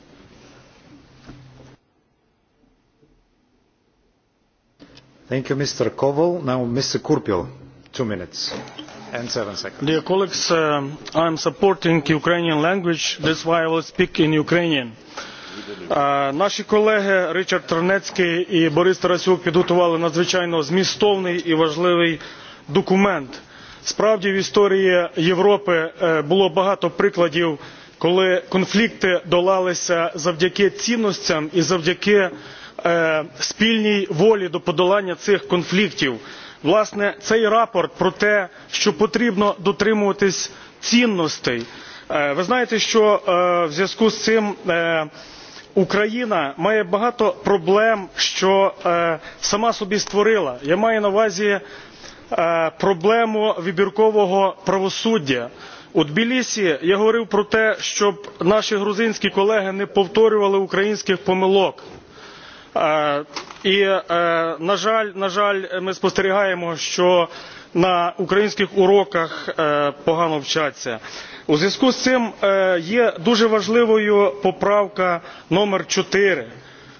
Thank you, Mr. Koval. Now, Mr. Kurpil, two minutes and seven seconds. Dear colleagues, I am supporting Ukrainian language. That's why I will speak in Ukrainian. Наші колеги річард Тернецький і Борис Тарасюк підготували надзвичайно змістовний і важливий документ. Справді в історії Європи було багато прикладів, коли конфлікти долалися завдяки цінностям і завдяки спільній волі до подолання цих конфліктів. власне цей рапорт про те що потрібно дотримуватись цінностей. ви знаєте що в зв'язку з цим україна має багато проблем що сама собі створила. я маю на увазі проблему вибіркового правосуддя. у тбілісі я говорив про те щоб наші грузинські колеги не повторювали українських помилок і на жаль на жаль ми спостерігаємо що на українських уроках погано вчаться. у зв'язку з цим є дуже важливою поправка номер чотири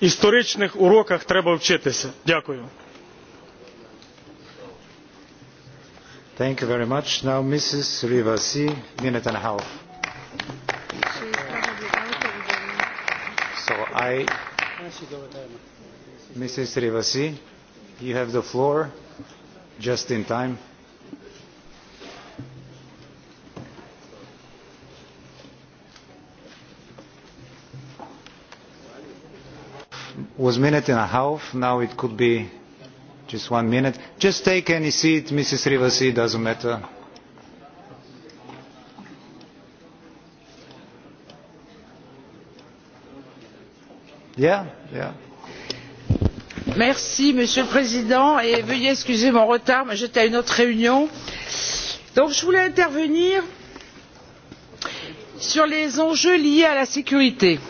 історичних уроках треба вчитися. Дякую. Thank you very much. Now Mrs. Rivasi, minute and a half. So I, Mrs. Rivasi, you have the floor just in time. was minute and a half now it could be just one minute just take any seat mrs rivasi it doesn't matter yeah yeah Merci, monsieur le président et veuillez excuser mon retard mais j'étais à une autre réunion. Donc, je voulais intervenir sur les enjeux liés à la sécurité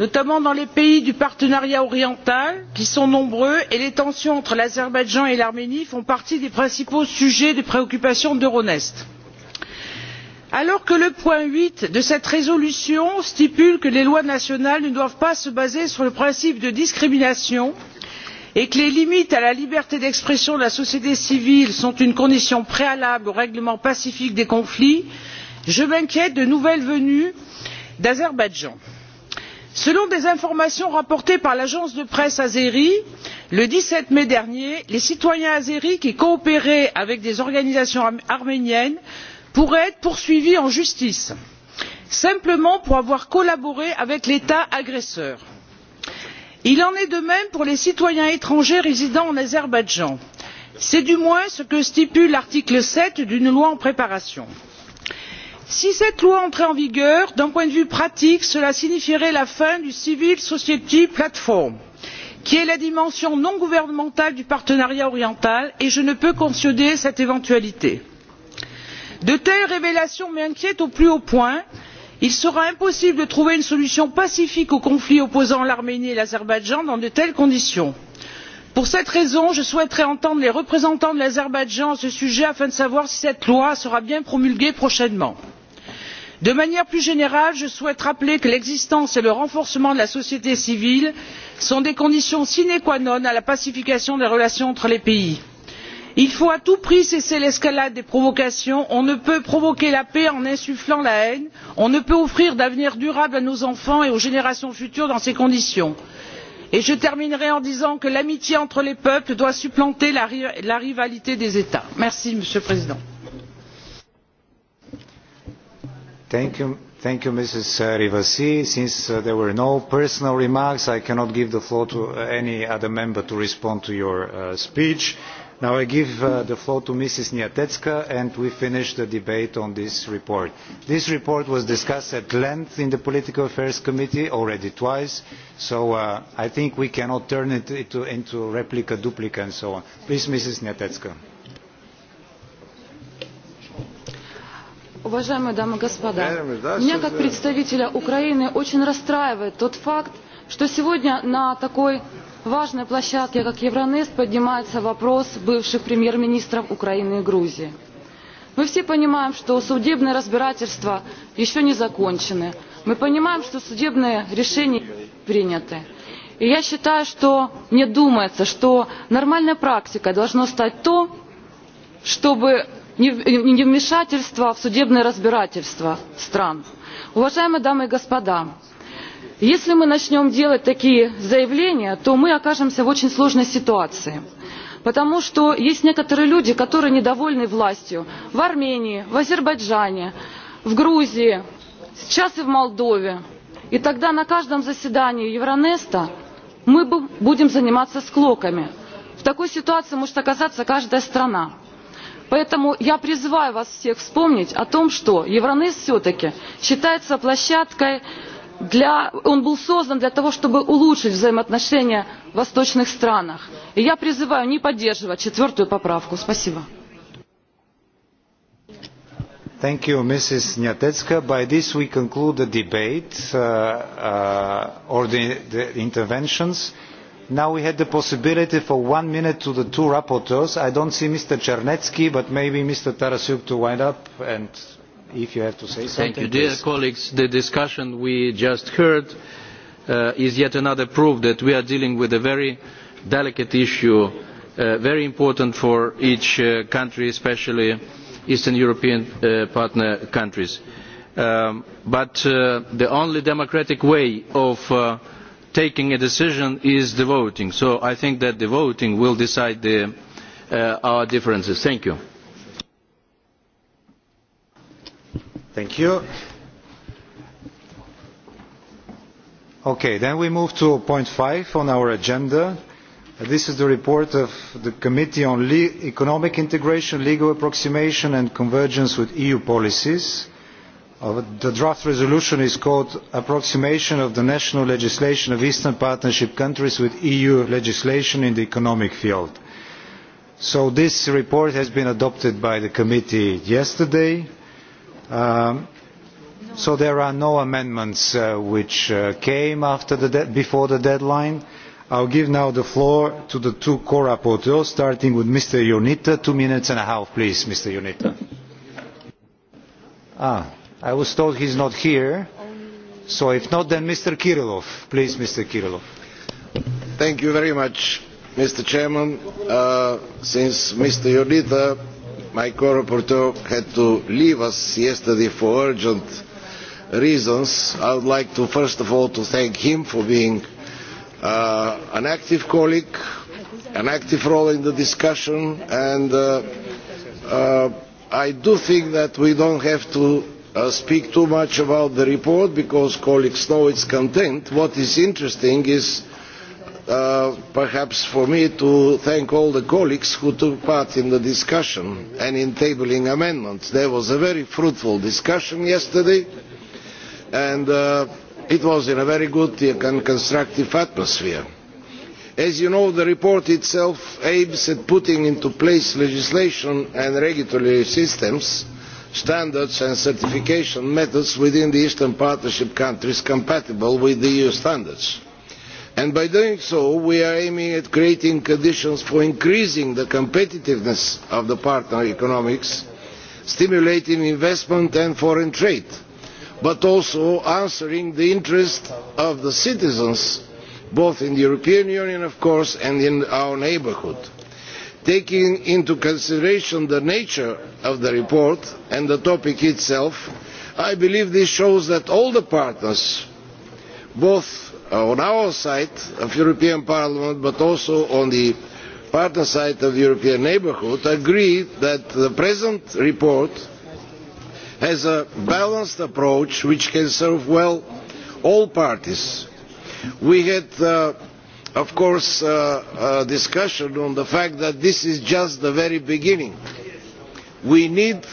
notamment dans les pays du partenariat oriental qui sont nombreux et les tensions entre l'azerbaïdjan et l'arménie font partie des principaux sujets de préoccupation d'euronest. alors que le point huit de cette résolution stipule que les lois nationales ne doivent pas se baser sur le principe de discrimination et que les limites à la liberté d'expression de la société civile sont une condition préalable au règlement pacifique des conflits je m'inquiète de nouvelles venues d'azerbaïdjan selon des informations rapportées par l'agence de presse azérie le dix sept mai dernier les citoyens azéris qui coopéraient avec des organisations arméniennes pourraient être poursuivis en justice simplement pour avoir collaboré avec l'état agresseur. il en est de même pour les citoyens étrangers résidant en azerbaïdjan c'est du moins ce que stipule l'article sept d'une loi en préparation si cette loi entrait en vigueur d'un point de vue pratique cela signifierait la fin du civil society platform qui est la dimension non gouvernementale du partenariat oriental et je ne peux cautionner cette éventualité. de telles révélations m'inquiètent au plus haut point. il sera impossible de trouver une solution pacifique au conflit opposant l'arménie et l'azerbaïdjan dans de telles conditions pour cette raison je souhaiterais entendre les représentants de l'azerbaïdjan à ce sujet afin de savoir si cette loi sera bien promulguée prochainement. de manière plus générale je souhaite rappeler que l'existence et le renforcement de la société civile sont des conditions sine qua non à la pacification des relations entre les pays. il faut à tout prix cesser l'escalade des provocations on ne peut provoquer la paix en insufflant la haine on ne peut offrir d'avenir durable à nos enfants et aux générations futures dans ces conditions et je terminerai en disant que l'amitié entre les peuples doit supplanter la, rivalité des états. merci monsieur le président. Thank you. Thank you, Mrs. Uh, Rivasi. Since uh, there were no personal remarks, I cannot give the floor to uh, any other member to respond to your speech. Now I give uh, the floor to Mrs. Niatetska and we finish the debate on this report. This report was discussed at length in the Political Affairs Committee already twice, so uh, I think we cannot turn it into, into replica, duplica and so on. Please, Mrs. Niatetska. Уважаемые дамы и господа, меня как представителя Украины очень расстраивает тот факт, что сегодня на такой важной площадке как евронест поднимается вопрос бывших премьер министров украины и грузии. мы все понимаем что судебные разбирательства еще не закончены мы понимаем что судебные решения приняты и я считаю что мне думается что нормальной практикой должно стать то чтобы вмешательство в судебные разбирательства стран. уважаемые дамы и господа если мы начнем делать такие заявления то мы окажемся в очень сложной ситуации потому что есть некоторые люди которые недовольны властью в армении в азербайджане в грузии сейчас и в молдове и тогда на каждом заседании евронеста мы будем заниматься склоками. в такой ситуации может оказаться каждая страна. поэтому я призываю вас всех вспомнить о том что Евронес все таки считается площадкой для, он был создан для того, чтобы улучшить взаимоотношения в восточных странах. И я призываю не поддерживать четвертую поправку. Спасибо. Thank you, Mrs. Nyatetska. By this we conclude the debate uh, uh, or the, the interventions. Now we had the possibility for one minute to the two rapporteurs. I don't see Mr. Czernetsky, but maybe Mr. Tarasuk to wind up and colleagues, the discussion we just heard uh, is yet another proof that we are dealing with a very delicate issue, uh, very important for each uh, country, especially Eastern European partner countries. Um, but the only democratic way of taking a decision is the voting. So I think that the voting will decide our differences. Thank you. then we move to point five on our agenda. This is the report of the Committee on Economic Integration, Legal Approximation and Convergence with EU Policies. Uh, the draft resolution is called Approximation of the National Legislation of Eastern Partnership Countries with EU Legislation in the Economic Field. So this report has been adopted by the committee yesterday Um, so there are no amendments uh, which uh, came after the de before the deadline. I'll give now the floor to the two co rapporteurs, starting with Mr Yonita. two minutes and a half, please, Mr Yonita. Ah, I was told he's not here, so if not then Mr Kirilov, please Mr Kirilov. Thank you very much, Mr Chairman. Uh, since Mr Yonita my co-rapporteur had to leave us yesterday for urgent reasons. I would like to first of all to thank him for being uh, an active colleague, an active role in the discussion and uh, uh, I do think that we do not have to speak too much about the report because colleagues know its content. What is interesting is Uh, perhaps for me to thank all the colleagues who took part in the discussion and in tabling amendments. There was a very fruitful discussion yesterday and uh, it was in a very good and constructive atmosphere. As you know, the report itself aims at putting into place legislation and regulatory systems standards and certification methods within the eastern partnership countries compatible with the eu standards and by doing so we are aiming at creating conditions for increasing the competitiveness of the partner economics stimulating investment and foreign trade but also answering the interests of the citizens both in the european union of course and in our neighbourhood. taking into consideration the nature of the report and the topic itself i believe this shows that all the partners both Uh, on our side of the European Parliament but also on the partner side of the European neighbourhood agree that the present report has a balanced approach which can serve well all parties. We had uh, of course uh, a discussion on the fact that this is just the very beginning. We need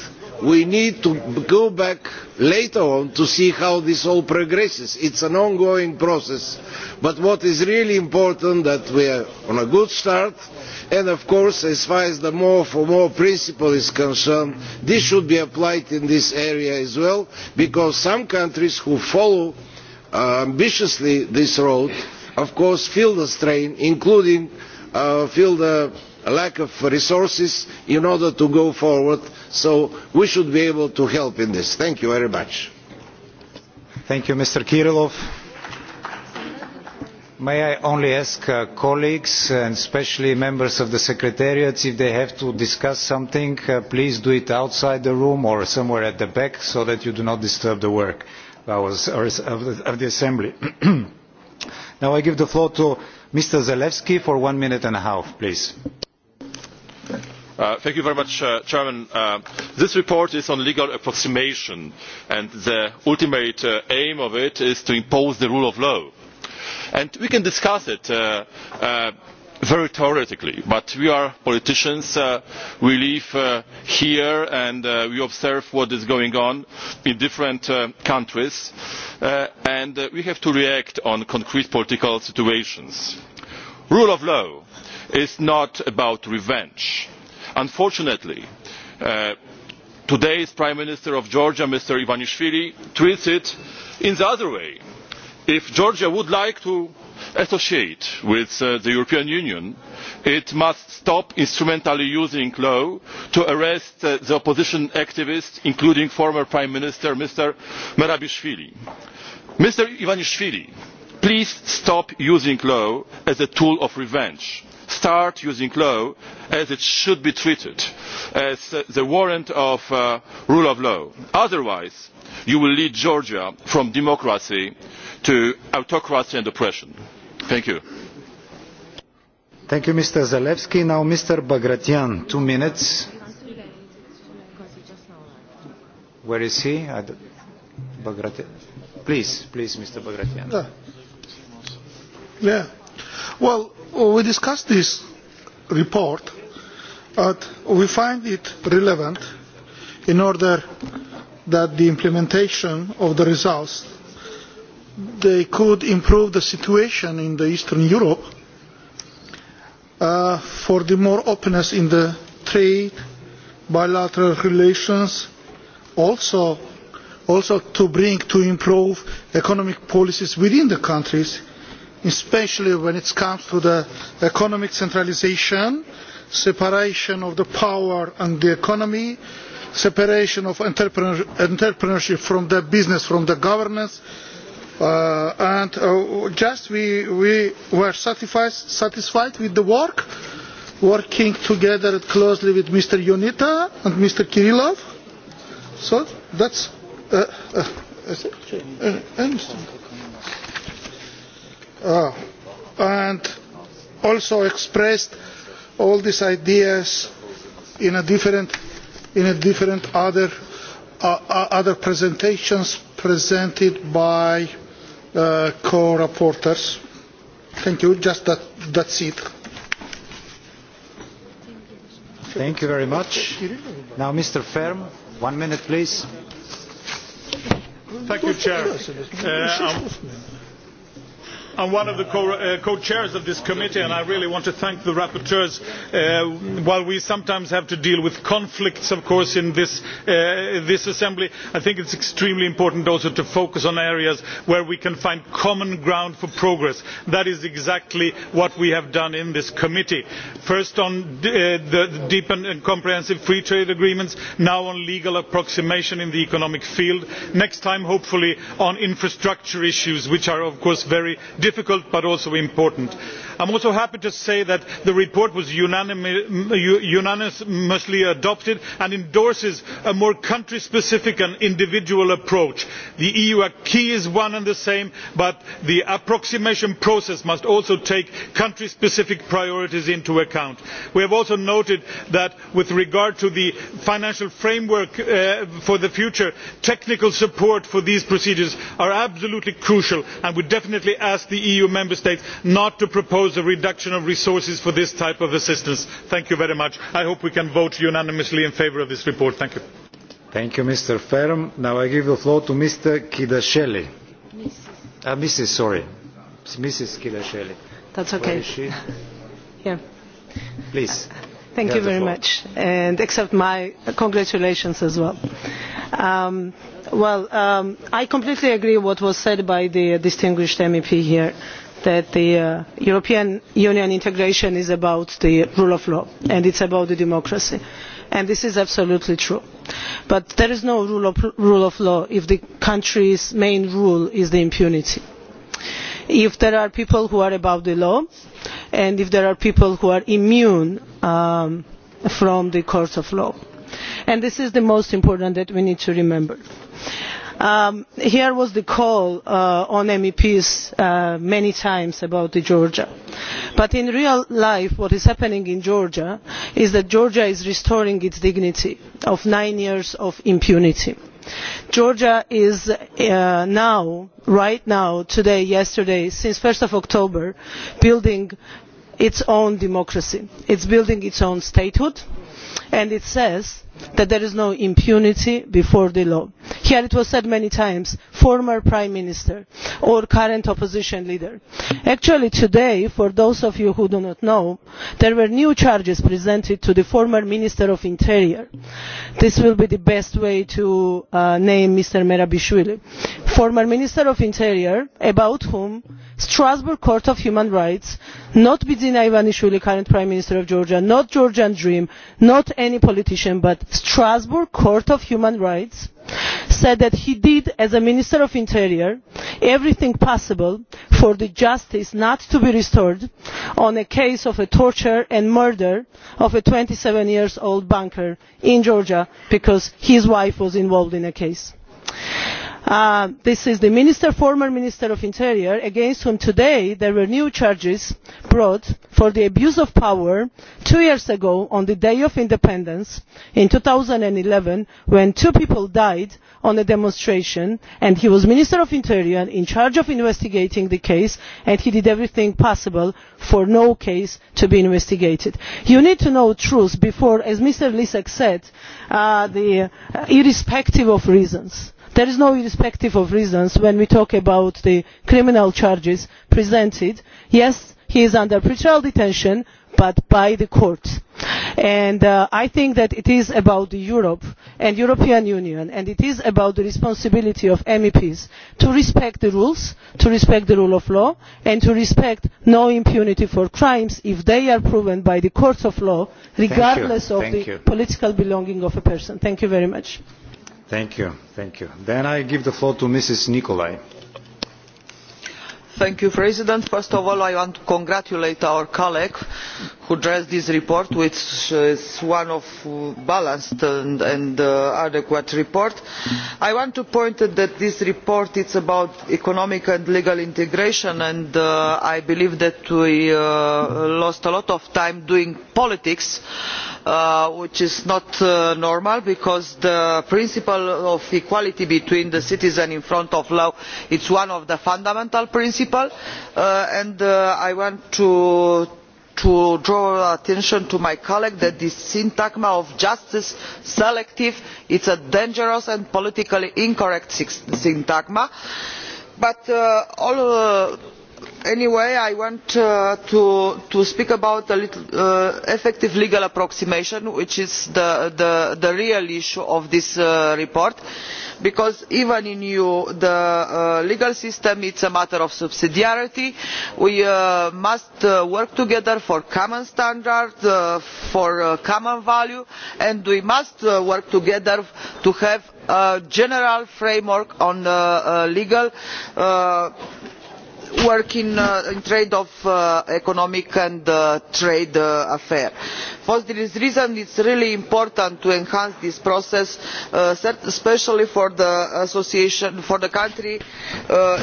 we need to go back later on to see how this all progresses. it is an ongoing process but what is really important is that we are on a good start and of course as far as the more for more principle is concerned this should be applied in this area as well because some countries who follow uh, ambitiously this road of course feel the strain including uh, feel the lack of resources in order to go forward so we should be able to help in this. thank you very much. thank you mr kirilov. may i only ask uh, colleagues and especially members of the secretariat if they have to discuss something uh, please do it outside the room or somewhere at the back so that you do not disturb the work of the assembly. now i give the floor to mr zalewski for one minute and a half please. Uh, Mr uh, President, uh, this report is on legal approximation, and the ultimate aim of it is to impose the rule of law. we can discuss it very theoretically, but we are politicians, we live here and we observe what is going on in different countries, and we have to react on concrete political situations. Rule of law is not about revenge unfortunately uh, today's prime minister of georgia mr ivanishvili treats it in the other way. if georgia would like to associate with uh, the european union it must stop instrumentally using law to arrest uh, the opposition activists including former prime minister mr merabishvili. mr ivanishvili please stop using law as a tool of revenge start using law as it should be treated as the warrant of uh, rule of law. otherwise you will lead georgia from democracy to autocracy and oppression. thank you. thank you mr zalewski. now mr bagration two minutes. where is he? Bagrat... please, please mr bagration. Yeah. Yeah Well, uh, we discussed this report, but we find it relevant in order that the implementation of the results they could improve the situation in the Eastern Europe uh, for the more openness in the trade, bilateral relations, also also to bring to improve economic policies within the countries especially when it comes to the economic centralisation separation of the power and the economy separation of entrepreneurship from the business from the governance and just we, were satisfied, with the work working together closely with Mr. Junita and Mr. Kirilov So that's Uh, and also expressed all these ideas in a different in a different other uh, uh, other presentations presented by co-rapporters thank you just that that's it thank you very much now mr ferm one minute please thank you chair uh, um, i am one of the uh, co-chairs of this committee and I really want to thank the rapporteurs. Uh, while we sometimes have to deal with conflicts of course in this, uh, this assembly, I think it is extremely important also to focus on areas where we can find common ground for progress. That is exactly what we have done in this committee. First on the deep and comprehensive free trade agreements, now on legal approximation in the economic field, next time hopefully on infrastructure issues which are of course very difficult but also important i am also happy to say that the report was unanimously adopted and endorses a more country specific and individual approach. the eu acquis is one and the same but the approximation process must also take country specific priorities into account. we have also noted that with regard to the financial framework uh, for the future technical support for these procedures is absolutely crucial and we definitely ask the eu member states not to propose propose a reduction of resources for this type of assistance. thank you very much. i hope we can vote unanimously in favour of this report. thank you. thank you mr ferm. now i give the floor to mr kidashele. mrs. Uh, sorry. mrs. kidashele. that's okay. Please. Thank you very much, and accept my congratulations as well. Um, well, um, I completely agree with what was said by the distinguished MEP here that the uh, European Union integration is about the rule of law and it is about the democracy. And this is absolutely true. But there is no rule of, law if the country's main rule is the impunity. If there are people who are above the law and if there are people who are immune um, from the court of law. And this is the most important that we need to remember. Um, here was the call uh, on meps uh, many times about georgia but in real life what is happening in georgia is that georgia is restoring its dignity of nine years of impunity. georgia is uh, now right now today yesterday since one october building its own democracy it is building its own statehood and it says that there is no impunity before the law. here it was said many times former prime minister or current opposition leader. actually today for those of you who do not know there were new charges presented to the former minister of interior. this will be the best way to uh, name mr merabishvili former minister of interior about whom strasbourg court of human rights not bidzina ivanishvili current prime minister of georgia not georgian dream not any politician but strasbourg court of human rights said that he did as a minister of interior everything possible for the justice not to be restored on a case of a torture and murder of a twenty seven year old banker in georgia because his wife was involved in a case. Uh, this is the minister, former minister of interior against whom today there were new charges brought for the abuse of power two years ago on the day of independence in two thousand and eleven when two people died on a demonstration and he was minister of interior in charge of investigating the case and he did everything possible for no case to be investigated. you need to know the truth before as mr lisek said uh, irrespective of reasons there is no irrespective of reasons when we talk about the criminal charges presented yes he is under pretrial detention but by the court. and uh, i think that it is about europe and the european union and it is about the responsibility of meps to respect the rules to respect the rule of law and to respect no impunity for crimes if they are proven by the courts of law regardless of the political belonging of a person. Thank you very much. Thank you. Thank you. Then I give the floor to Mrs. Nicolai. Thank you, President. First of all, I want to congratulate our colleague address this report which is one of balanced and, uh, adequate report. i want to point out that this report is about economic and legal integration and uh, i believe that we uh, lost a lot of time doing politics which is not normal because the principle of equality between the citizen in front of law is one of the fundamental principles and i want to to draw attention to my colleague that this syntagma of justice selective is a dangerous and politically incorrect syntagma but uh, all uh, anyway i want uh, to, speak about a little uh, effective legal approximation which is the, real issue of this uh, report because even in eu the legal system is a matter of subsidiarity. we must work together for common standards for common values and we must work together to have a general framework on legal work uh, in, trade of uh, economic and uh, trade affairs. for this reason it is really important to enhance this process especially for the association for the country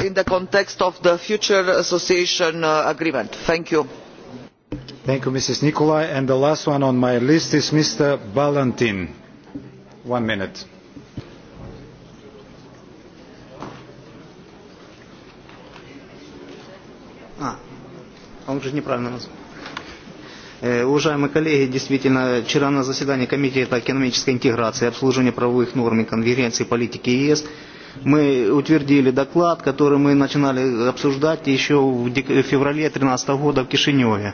in the context of the future association agreement. thank you. Thank you, Mrs. Nicolai. And the last one on my list is Mr. Valentin. One minute. Он же неправильно назвал. Уважаемые коллеги, действительно, вчера на заседании Комитета экономической интеграции и обслуживания правовых норм и конференции политики ЕС мы утвердили доклад, который мы начинали обсуждать еще в феврале 2013 года в Кишиневе.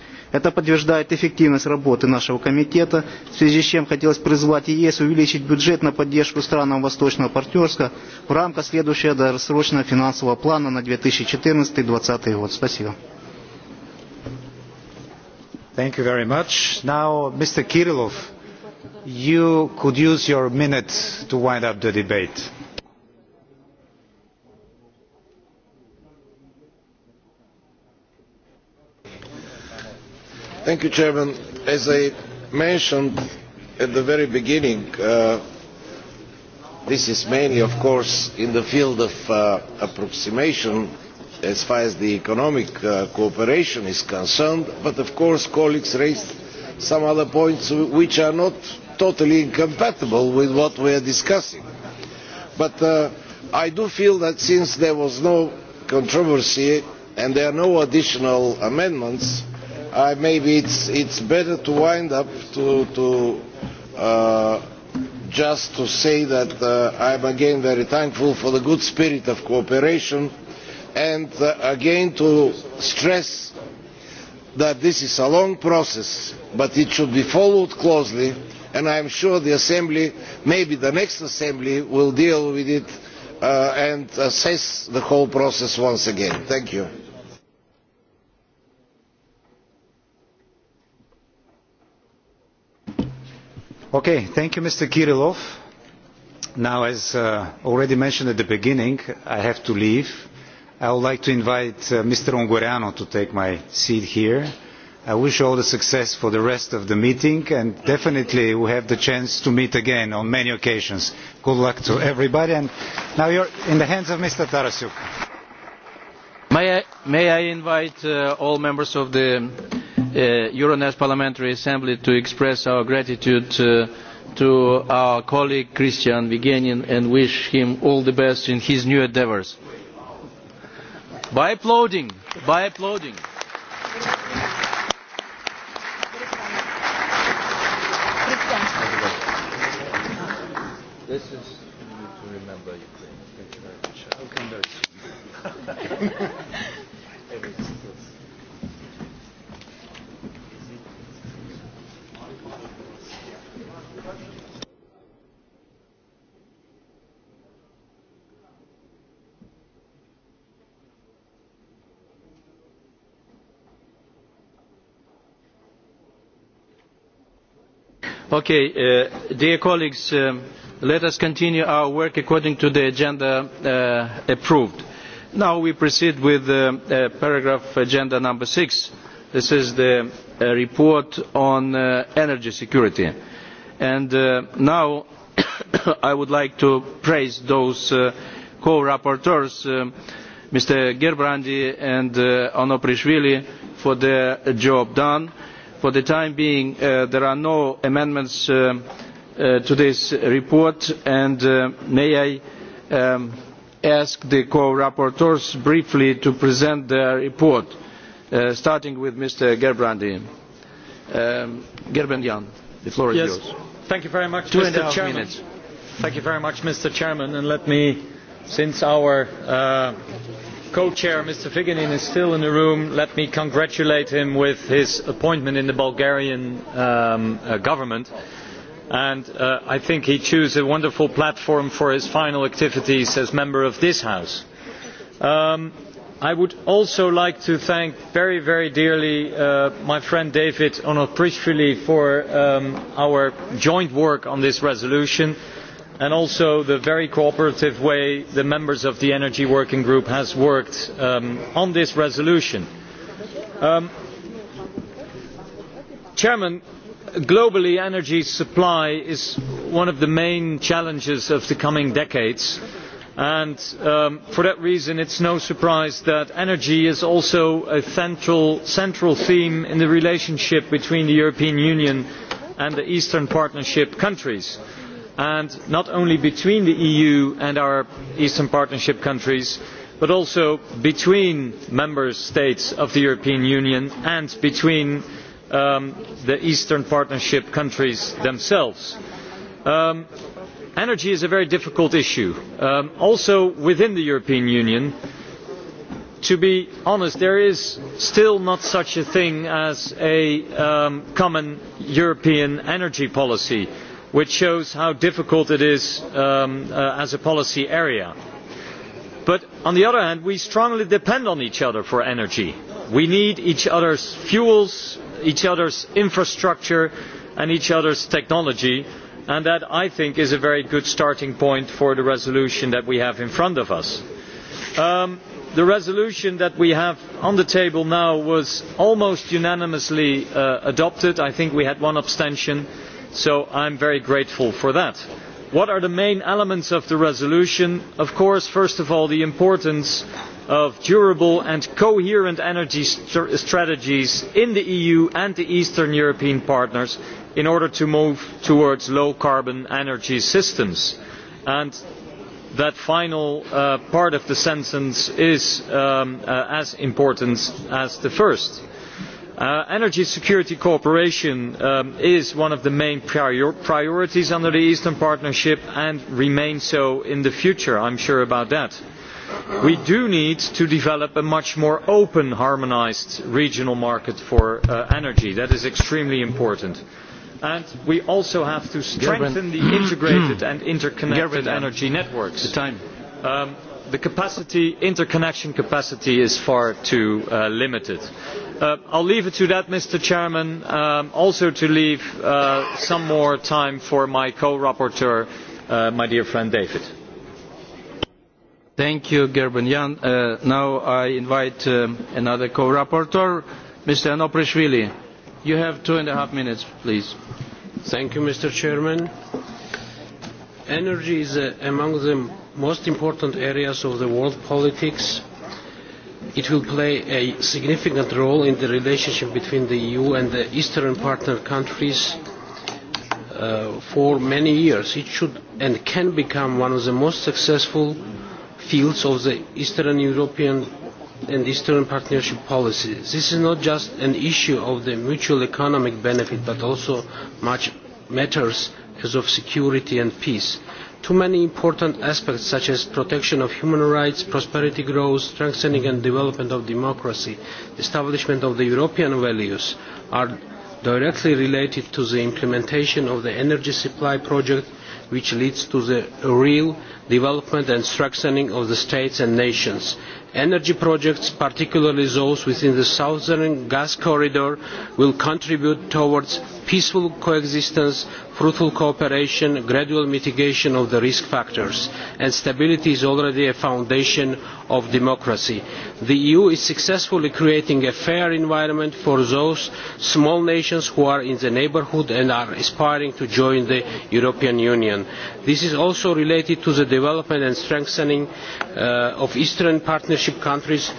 это подтверждает эффективность работы нашего комитета в связи с чем хотелось призвать ЕС увеличить бюджет на поддержку странам восточного партнерства в рамках следующего долгосрочного финансового плана на две тысячи четырнадцатый двадцатый год спасибо Thank you very much. Now, Mr. Kirillov, you could use your minute to wind up the debate. Mr President, As I mentioned at the very beginning, uh, this is mainly, of course, in the field of uh, approximation as far as economic uh, cooperation is concerned, but of course colleagues raised some other points which are not totally incompatible with what we are discussing. But I do feel that since there was no controversy and there are no additional amendments, Uh, maybe it's it's better to wind up to to uh, just to say that uh, I am again very thankful for the good spirit of cooperation and uh, again to stress that this is a long process but it should be followed closely and I am sure the Assembly, maybe the next Assembly will deal with it uh, and assess the whole process once again. Thank you. Okay, thank you, Mr. Kirilov. Now, as uh, already mentioned at the beginning, I have to leave. I would like to invite uh, Mr. Ungureanu to take my seat here. I wish all the success for the rest of the meeting and definitely we have the chance to meet again on many occasions. Good luck to everybody and now you are in the hands of Mr. Tarasuk. May I, may I invite uh, all members of the Uh, euronest parliamentary assembly to express our gratitude uh, to our colleague christian vigenin and wish him all the best in his new endeavours. by applauding by applauding Okay, uh, dear colleagues, um, let us continue our work according to the agenda uh, approved. Now we proceed with uh, paragraph agenda number six. This is the report on energy security. And now I would like to praise those co-rapporteurs, Mr. gerbrandy and Onoprishvili, for their job done for the time being uh, there are no amendments uh, uh, to this report and may i um, ask the co rapporteurs briefly to present their report starting with mr gerbrandy. Um, the floor yours. Thank you very much, mr chairman and let me since our co chair mr Vigenin is still in the room let me congratulate him with his appointment in the bulgarian um, uh, government and uh, i think he chose a wonderful platform for his final activities as member of this house. Um, i would also like to thank very very dearly uh, my friend david onoprishvili for um, our joint work on this resolution and also the very cooperative way the members of the energy working group have worked um, on this resolution. Um, chairman, globally energy supply is one of the main challenges of the coming decades and um, for that reason it is no surprise that energy is also a central, central theme in the relationship between the european union and the eastern partnership countries and not only between the eu and our eastern partnership countries but also between member states of the european union and between um, the eastern partnership countries themselves. Um, energy is a very difficult issue um, also within the european union. to be honest there is still not such a thing as a common european energy policy which shows how difficult it is um, uh, as a policy area. But on the other hand, we strongly depend on each other for energy. We need each other's fuels, each other's infrastructure and each other's technology, and that I think is a very good starting point for the resolution that we have in front of us. Um, the resolution that we have on the table now was almost unanimously uh, adopted. I think we had one abstention so i am very grateful for that. what are the main elements of the resolution? of course first of all the importance of durable and coherent energy strategies in the eu and the eastern european partners in order to move towards low carbon energy systems and that final uh, part of the sentence is um, uh, as important as the first Uh, energy security cooperation um, is one of the main priorities under the eastern partnership and remain so in the future i am sure about that. we do need to develop a much more open harmonised regional market for uh, energy that is extremely important and we also have to strengthen the integrated and interconnected uh, energy networks the capacity, interconnection capacity is far too uh, limited. I uh, will leave it to that, Mr Chairman, um, also to leave uh, some more time for my co rapporteur, my dear friend David. Thank you, Gerben Jan. Now I invite um, another co rapporteur, Mr Anoprishvili. You have two and a half minutes, please. Thank you, Mr Chairman energy is uh, among the most important areas of the world politics. It will play a significant role in the relationship between the EU and the Eastern partner countries uh, for many years. It should and can become one of the most successful fields of the Eastern European and Eastern Partnership policy. This is not just an issue of the mutual economic benefit, but also much matters because of security and peace. Too many important aspects such as protection of human rights, prosperity growth, strengthening and development of democracy, establishment of the European values are directly related to the implementation of the energy supply project which leads to the real development and strengthening of the states and nations. Energy projects, particularly those within the southern gas corridor, will contribute towards peaceful coexistence fruitful cooperation gradual mitigation of the risk factors and stability is already a foundation of democracy. the eu is successfully creating a fair environment for those small nations who are in the neighbourhood and are aspiring to join the european union. this is also related to the development and strengthening uh, of eastern partnership countries.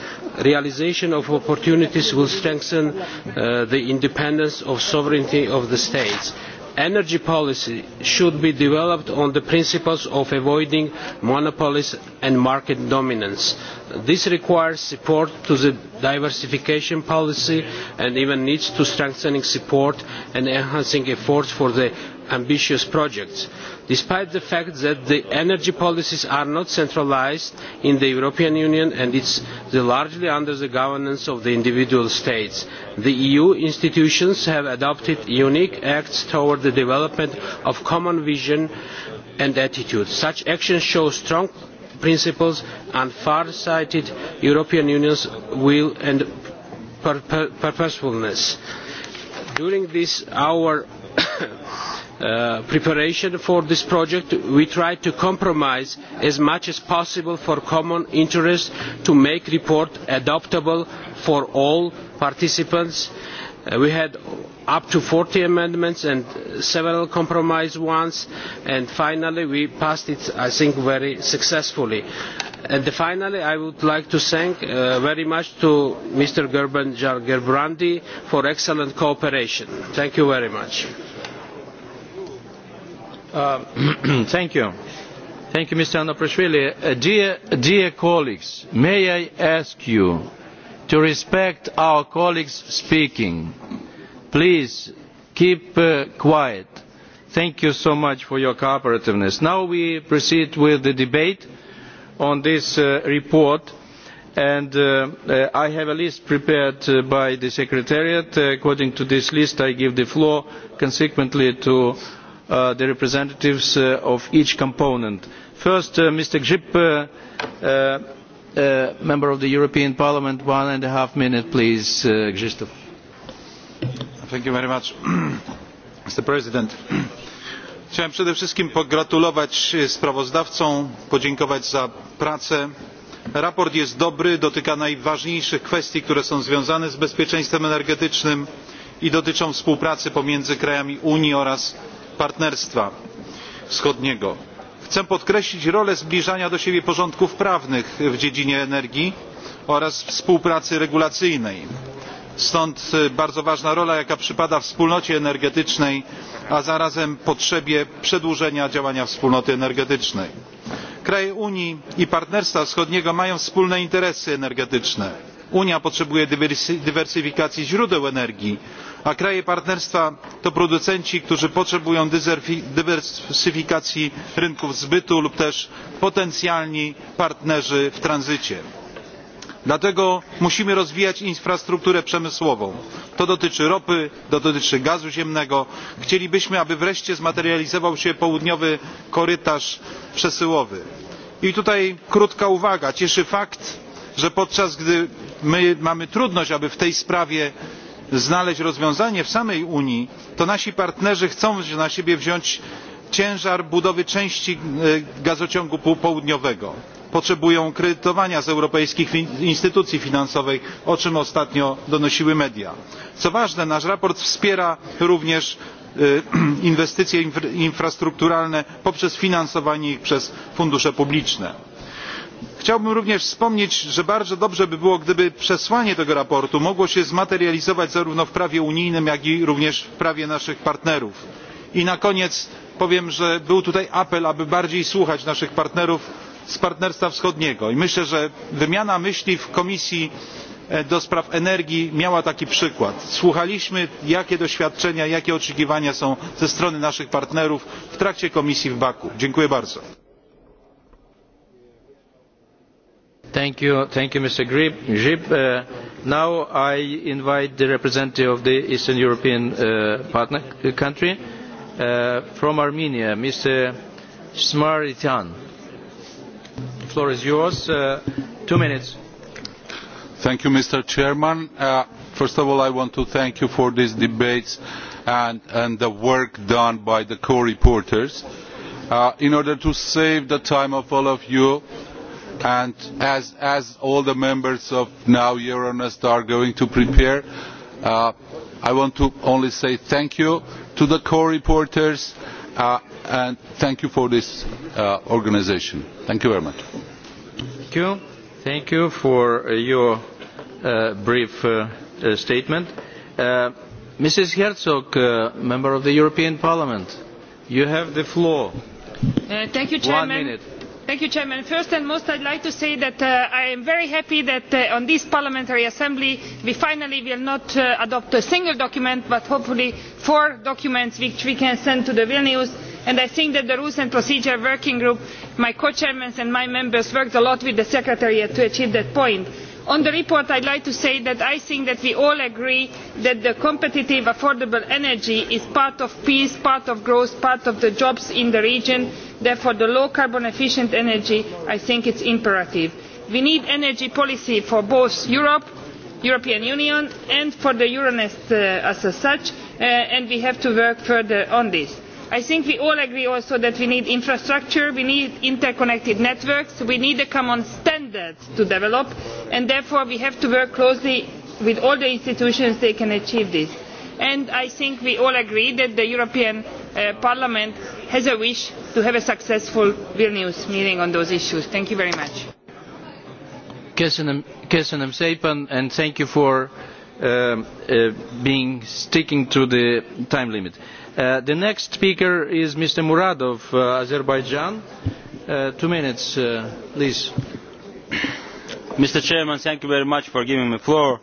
realisation of opportunities will strengthen uh, the independence of sovereignty of the states energy policy should be developed on the principles of avoiding monopolies and market dominance. this requires support to the diversification policy and even needs to strengthening support and enhancing efforts for the ambitious projects despite the fact that the energy policies are not centralized in the european union and it is largely under the governance of the individual states. the eu institutions have adopted unique acts towards the development of common vision and attitude. such actions show strong principles and far sighted european union's will and purposefulness. during this hour Uh, preparation for this project we tried to compromise as much as possible for common interests to make the report adoptable for all participants. Uh, we had up to forty amendments and several compromise ones and finally we passed it i think very successfully. finally i would like to thank uh, very much to mr gerben gerbrandi for excellent cooperation. thank you very much. Uh, thank you. Mr. Anaprashvili. Uh, dear, dear colleagues, may I ask you to respect our colleagues speaking. Please keep uh, quiet. Thank you so much for your cooperativeness. Now we proceed with the debate on this report and I have a list prepared by the Secretariat. According to this list I give the floor consequently to Uh, the representatives uh, of each component. first uh, mr grzyb member of the european parliament one and a half minutes please. mr president chciałem przede wszystkim pogratulować e, sprawozdawcom podziękować za pracę. sprawozdanie jest dobre dotyka najważniejszych kwestii które są związane z bezpieczeństwem energetycznym i dotyczą współpracy pomiędzy krajami unii oraz partnerstwa wschodniego. chcę podkreślić rolę zbliżania do siebie porządków prawnych w dziedzinie energii oraz współpracy regulacyjnej stąd bardzo ważna rola jaka przypada wspólnocie energetycznej a zarazem potrzebie przedłużenia działania wspólnoty energetycznej. kraje unii i partnerstwa wschodniego mają wspólne interesy energetyczne. unia potrzebuje dywersyfikacji źródeł energii a kraje partnerstwa to producenci którzy potrzebują dywersyfikacji rynków zbytu lub też potencjalni partnerzy w tranzycie. dlatego musimy rozwijać infrastrukturę przemysłową to dotyczy ropy dotyczy gazu ziemnego. chcielibyśmy aby wreszcie zmaterializował się południowy korytarz przesyłowy. i tutaj krótka uwaga cieszy fakt że podczas gdy my mamy trudność aby w tej sprawie znaleźć rozwiązanie w samej unii to nasi partnerzy chcą na siebie wziąć ciężar budowy części e, gazociągu południowego potrzebują kredytowania z europejskich instytucji finansowych o czym ostatnio donosiły media. co ważne nasze sprawozdanie wspiera również e, inwestycje infrastrukturalne poprzez finansowanie ich przez fundusze publiczne chciałbym również wspomnieć że bardzo dobrze by było gdyby przesłanie tego sprawozdania mogło się zmaterializować zarówno w prawie unijnym jak i również w prawie naszych partnerów. i na koniec powiem że był tutaj apel aby bardziej słuchać naszych partnerów z partnerstwa wschodniego i myślę że wymiana myśli w komisji e, do spraw energii miała taki przykład słuchaliśmy jakie doświadczenia jakie oczekiwania są ze strony naszych partnerów w trakcie komisji w baku. dziękuję bardzo. Thank you, Mr. Grzyb. Uh, now I invite the representative of the Eastern European uh, partner country uh, from Armenia, Mr. Smarityan. The floor is yours. Two minutes. Thank you, Mr. Chairman. First of all, I want to thank you for these debates and, and the work done by the co-reporters. In order to save the time of all of you, and as, as all the members of now euronest are going to prepare uh, i want to only say thank you to the co reporters uh, and thank you for this uh, organisation. thank you very much. thank you, thank you for uh, your uh, brief uh, statement. mrs Herzog, member of the european parliament you have the floor. thank you, One President, first and most i would like to say that uh, i am very happy that uh, on this parliamentary assembly we finally will not uh, adopt a single document but hopefully four documents which we can send to the vilnius and i think that the rules and procedure working group my co chairs and my members worked a lot with the secretariat to achieve that point on the report i would like to say that i think that we all agree that the competitive affordable energy is part of peace part of growth part of the jobs in the region therefore the low carbon efficient energy i think is imperative. we need energy policy for both europe the european union and for euronest uh, as such uh, and we have to work further on this i think we all agree also that we need infrastructure, we need interconnected networks, we need a common standard to develop and therefore we have to work closely with all the institutions that can achieve this. And I think we all agree that the European uh, Parliament has a wish to have a successful Vilnius meeting on those issues. Thank you very much. Köszönöm, köszönöm and thank you for Uh, uh, being sticking to the time limit. Uh, the next speaker is Mr. Murad of Azerbaijan. Two minutes, please. Mr. Chairman, thank you very much for giving me the floor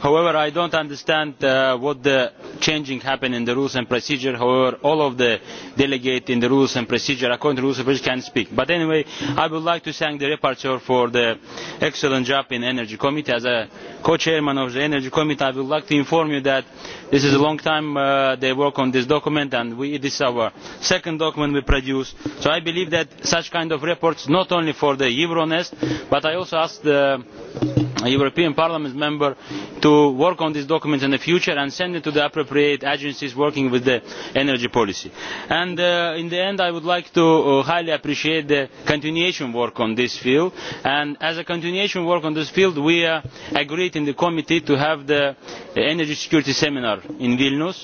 however i do not understand uh, what the changing happened in the rules and procedure. however all of the delegates in the rules and procedure according to the can speak. but anyway i would like to thank the rapporteur for the excellent job in the energy committee. as a co chairman of the energy committee i would like to inform you that this is a long time uh, they work on this document and we, this is our second document we produce. so i believe that such kind of reports not only for the euronest but i also ask the european parliament member to work on this document in the future and send it to the appropriate agencies working with the energy policy. Uh, in the end i would like to uh, highly appreciate the continuation work on this field and as a continuation work on this field we uh, agreed in the committee to have the energy security seminar in vilnius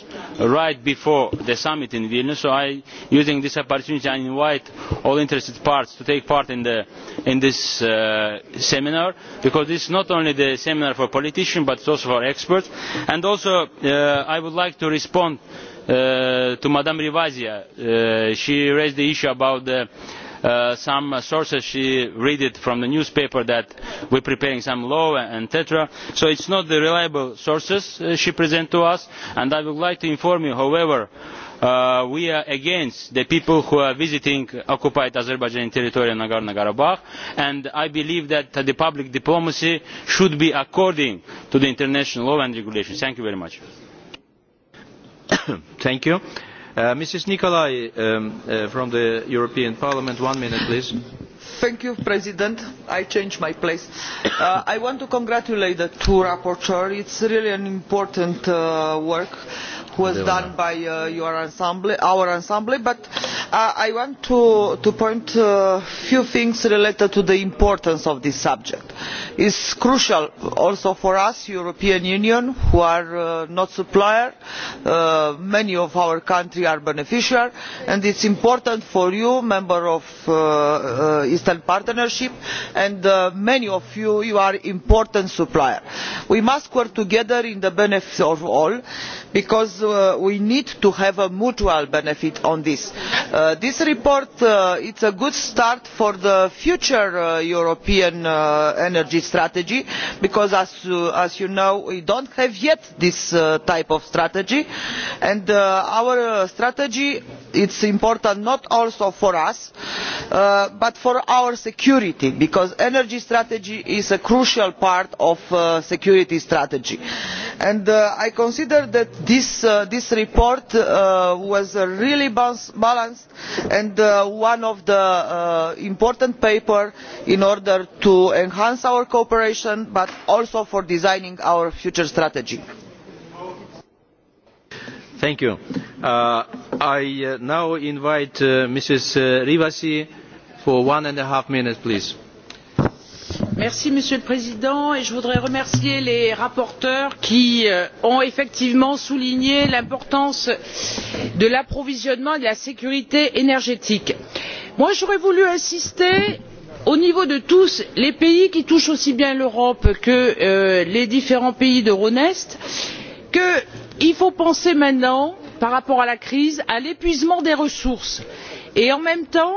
right before the summit in vilnius so i using this opportunity i invite all interested parts to take part in, this seminar because this is not only the seminar for politicians but also for experts. And also uh, i would like to respond uh, to ms rivasi uh, she raised the issue about some sources she read it from the newspaper that we are preparing some law etc. so it is not the reliable sources she presents to us and i would like to inform you however Uh, we are against the people who are visiting occupied Azerbaijani territory in Nagorno Karabakh and I believe that the public diplomacy should be according to the international law and regulations. Thank you very much. Thank you. Uh, Mrs. Um, uh, from the European Parliament, one minute please. Thank you, President. I changed my place. I want to congratulate the two rapporteurs. It's really an important work was done by uh, your ensemble, our ensemble but uh, i want to, to point a uh, few things related to the importance of this subject. it is crucial also for us european union who are not suppliers many of our countries are beneficiaries and it is important for you member of the eastern partnership and many of you you are important supplier. we must work together in the benefit of all because uh, we need to have a mutual benefit on this. Uh, this report uh, is a good start for the future european energy strategy because as, you know we do not have yet this type of strategy and our strategy is important not only for us but for our security because the energy strategy is a crucial part of the security strategy. i consider that Uh, this, report uh, was really balanced and uh, one of the important papers in order to enhance our cooperation but also for designing our future strategy. i now invite ms rivasi for one and a half minutes please. Merci, monsieur le président et je voudrais remercier les rapporteurs qui euh, ont effectivement souligné l'importance de l'approvisionnement et de la sécurité énergétique. j'aurais voulu insister au niveau de tous les pays qui touchent aussi bien l'europe que euh, les différents pays d'euronest qu'il faut penser maintenant par rapport à la crise à l'épuisement des ressources et en même temps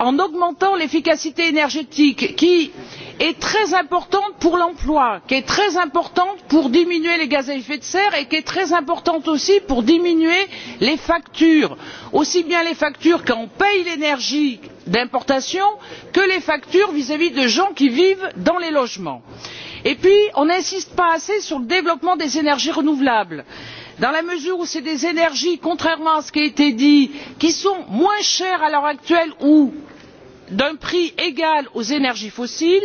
en augmentant l'efficacité énergétique qui est très importante pour l'emploi qui est très importante pour diminuer les gaz à effet de serre et qui est très importante aussi pour diminuer les factures aussi bien les factures quand on paie l'énergie d'importation que les factures vis à vis de gens qui vivent dans les logements. et puis on n'insiste pas assez sur le développement des énergies renouvelables dans la mesure où ce sont des énergies contrairement à ce qui a été dit qui sont moins chères à l'heure actuelle ou d'un prix égal aux énergies fossiles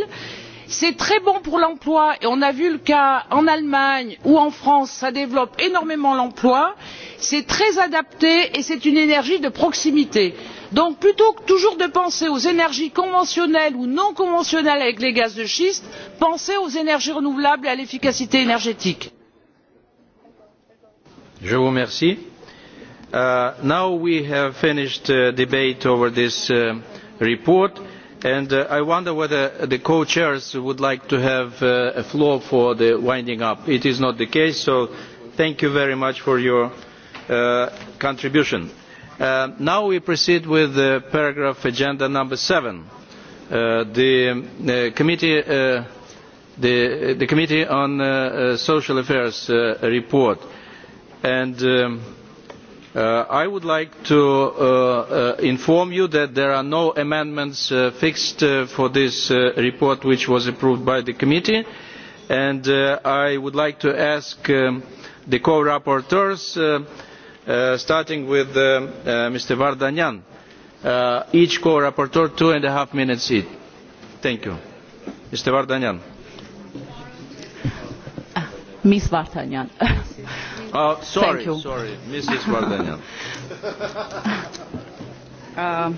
c'est très bon pour l'emploi et on a vu le cas en allemagne ou en france cela développe énormément l'emploi c'est très adapté et c'est une énergie de proximité. donc plutôt que toujours de penser aux énergies conventionnelles ou non conventionnelles avec les gaz de schiste pensez aux énergies renouvelables et à l'efficacité énergétique. Je report and uh, i wonder whether the co chairs would like to have uh, a floor for the winding up. it is not the case so thank you very much for your uh, contribution. now we proceed with paragraph agenda number seven the committee on social affairs report and um, Uh, i would like to uh, uh, inform you that there are no amendments fixed for this report which was approved by the committee and i would like to ask um, the co rapporteurs starting with mr vardanyan each co rapporteur two and a half minutes each. thank you. mr vardanyan. Ms. Vartanyan. Uh, sorry, sorry, Mrs. Vartanyan. um,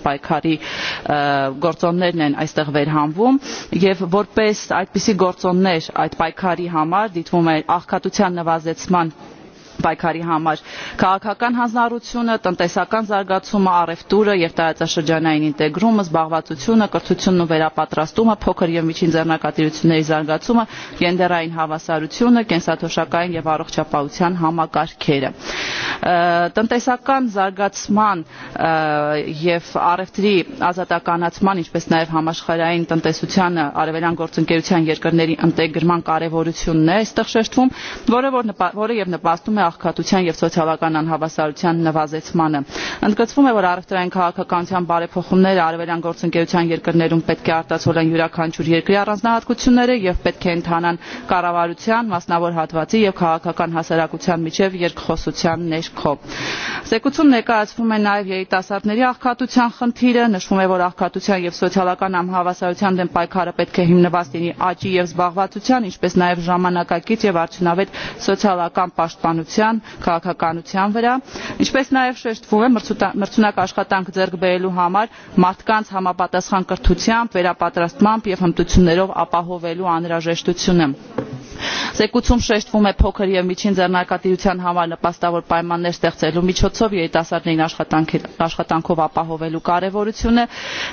kari gorconnednen aj sta ved hamvum. jev bor pestest ajpisi gorcon neš aj paj kari hamad navazecman պայքարի համար քաղաքական հանձնառությունը տնտեսական զարգացումը առևտուրը եւ տարածաշրջանային ինտեգրումը զբաղվածությունը կրթությունն ու վերապատրաստումը փոքր եւ միջին ձեռնարկատիրությունների զարգացումը գենդերային հավասարությունը կենսաթոշակային եւ առողջապահության համակարգերը տնտեսական զարգացման եւ առևտրի ազատականացման ինչպես նաեւ համաշխարհային տնտեսությանը արևելյան գործընկերության երկրների ինտեգրման կարեւորությունն է այստեղ շեշտվում որը որ որը եւ նպաստում է աղքատության և սոցիալական անհավասարության նվազեցմանը։ Ընդգծվում է, որ առևտրային քաղաքականության բարեփոխումները արևելյան գործընկերության երկրներում պետք է արտացոլեն յուրաքանչյուր երկրի առանձնահատկությունները և պետք է ընդհանան կառավարության, մասնավոր հատվածի և քաղաքական հասարակության միջև երկխոսության ներքո։ Զեկուցում ներկայացվում է նաև երիտասարդների աղքատության խնդիրը, նշվում է, որ աղքատության և սոցիալական անհավասարության դեմ պայքարը պետք է հիմնված լինի աճի և զբաղվածության, ինչպես նաև ժամանակակից և արդյունավետ սոցիալական պաշտպանության կառավարության քաղաքականության վրա ինչպես նաև շեշտվում է մրցունակ աշխատանք ձեռք բերելու համար մարդկանց համապատասխան կրթությամբ վերապատրաստմամբ և հմտություններով ապահովելու անհրաժեշտությունը Զեկուցում շեշտվում է փոքր եւ միջին ձեռնարկատիրության համար նպաստավոր պայմաններ ստեղծելու միջոցով երիտասարդներին աշխատանքով ապահովելու կարևորությունը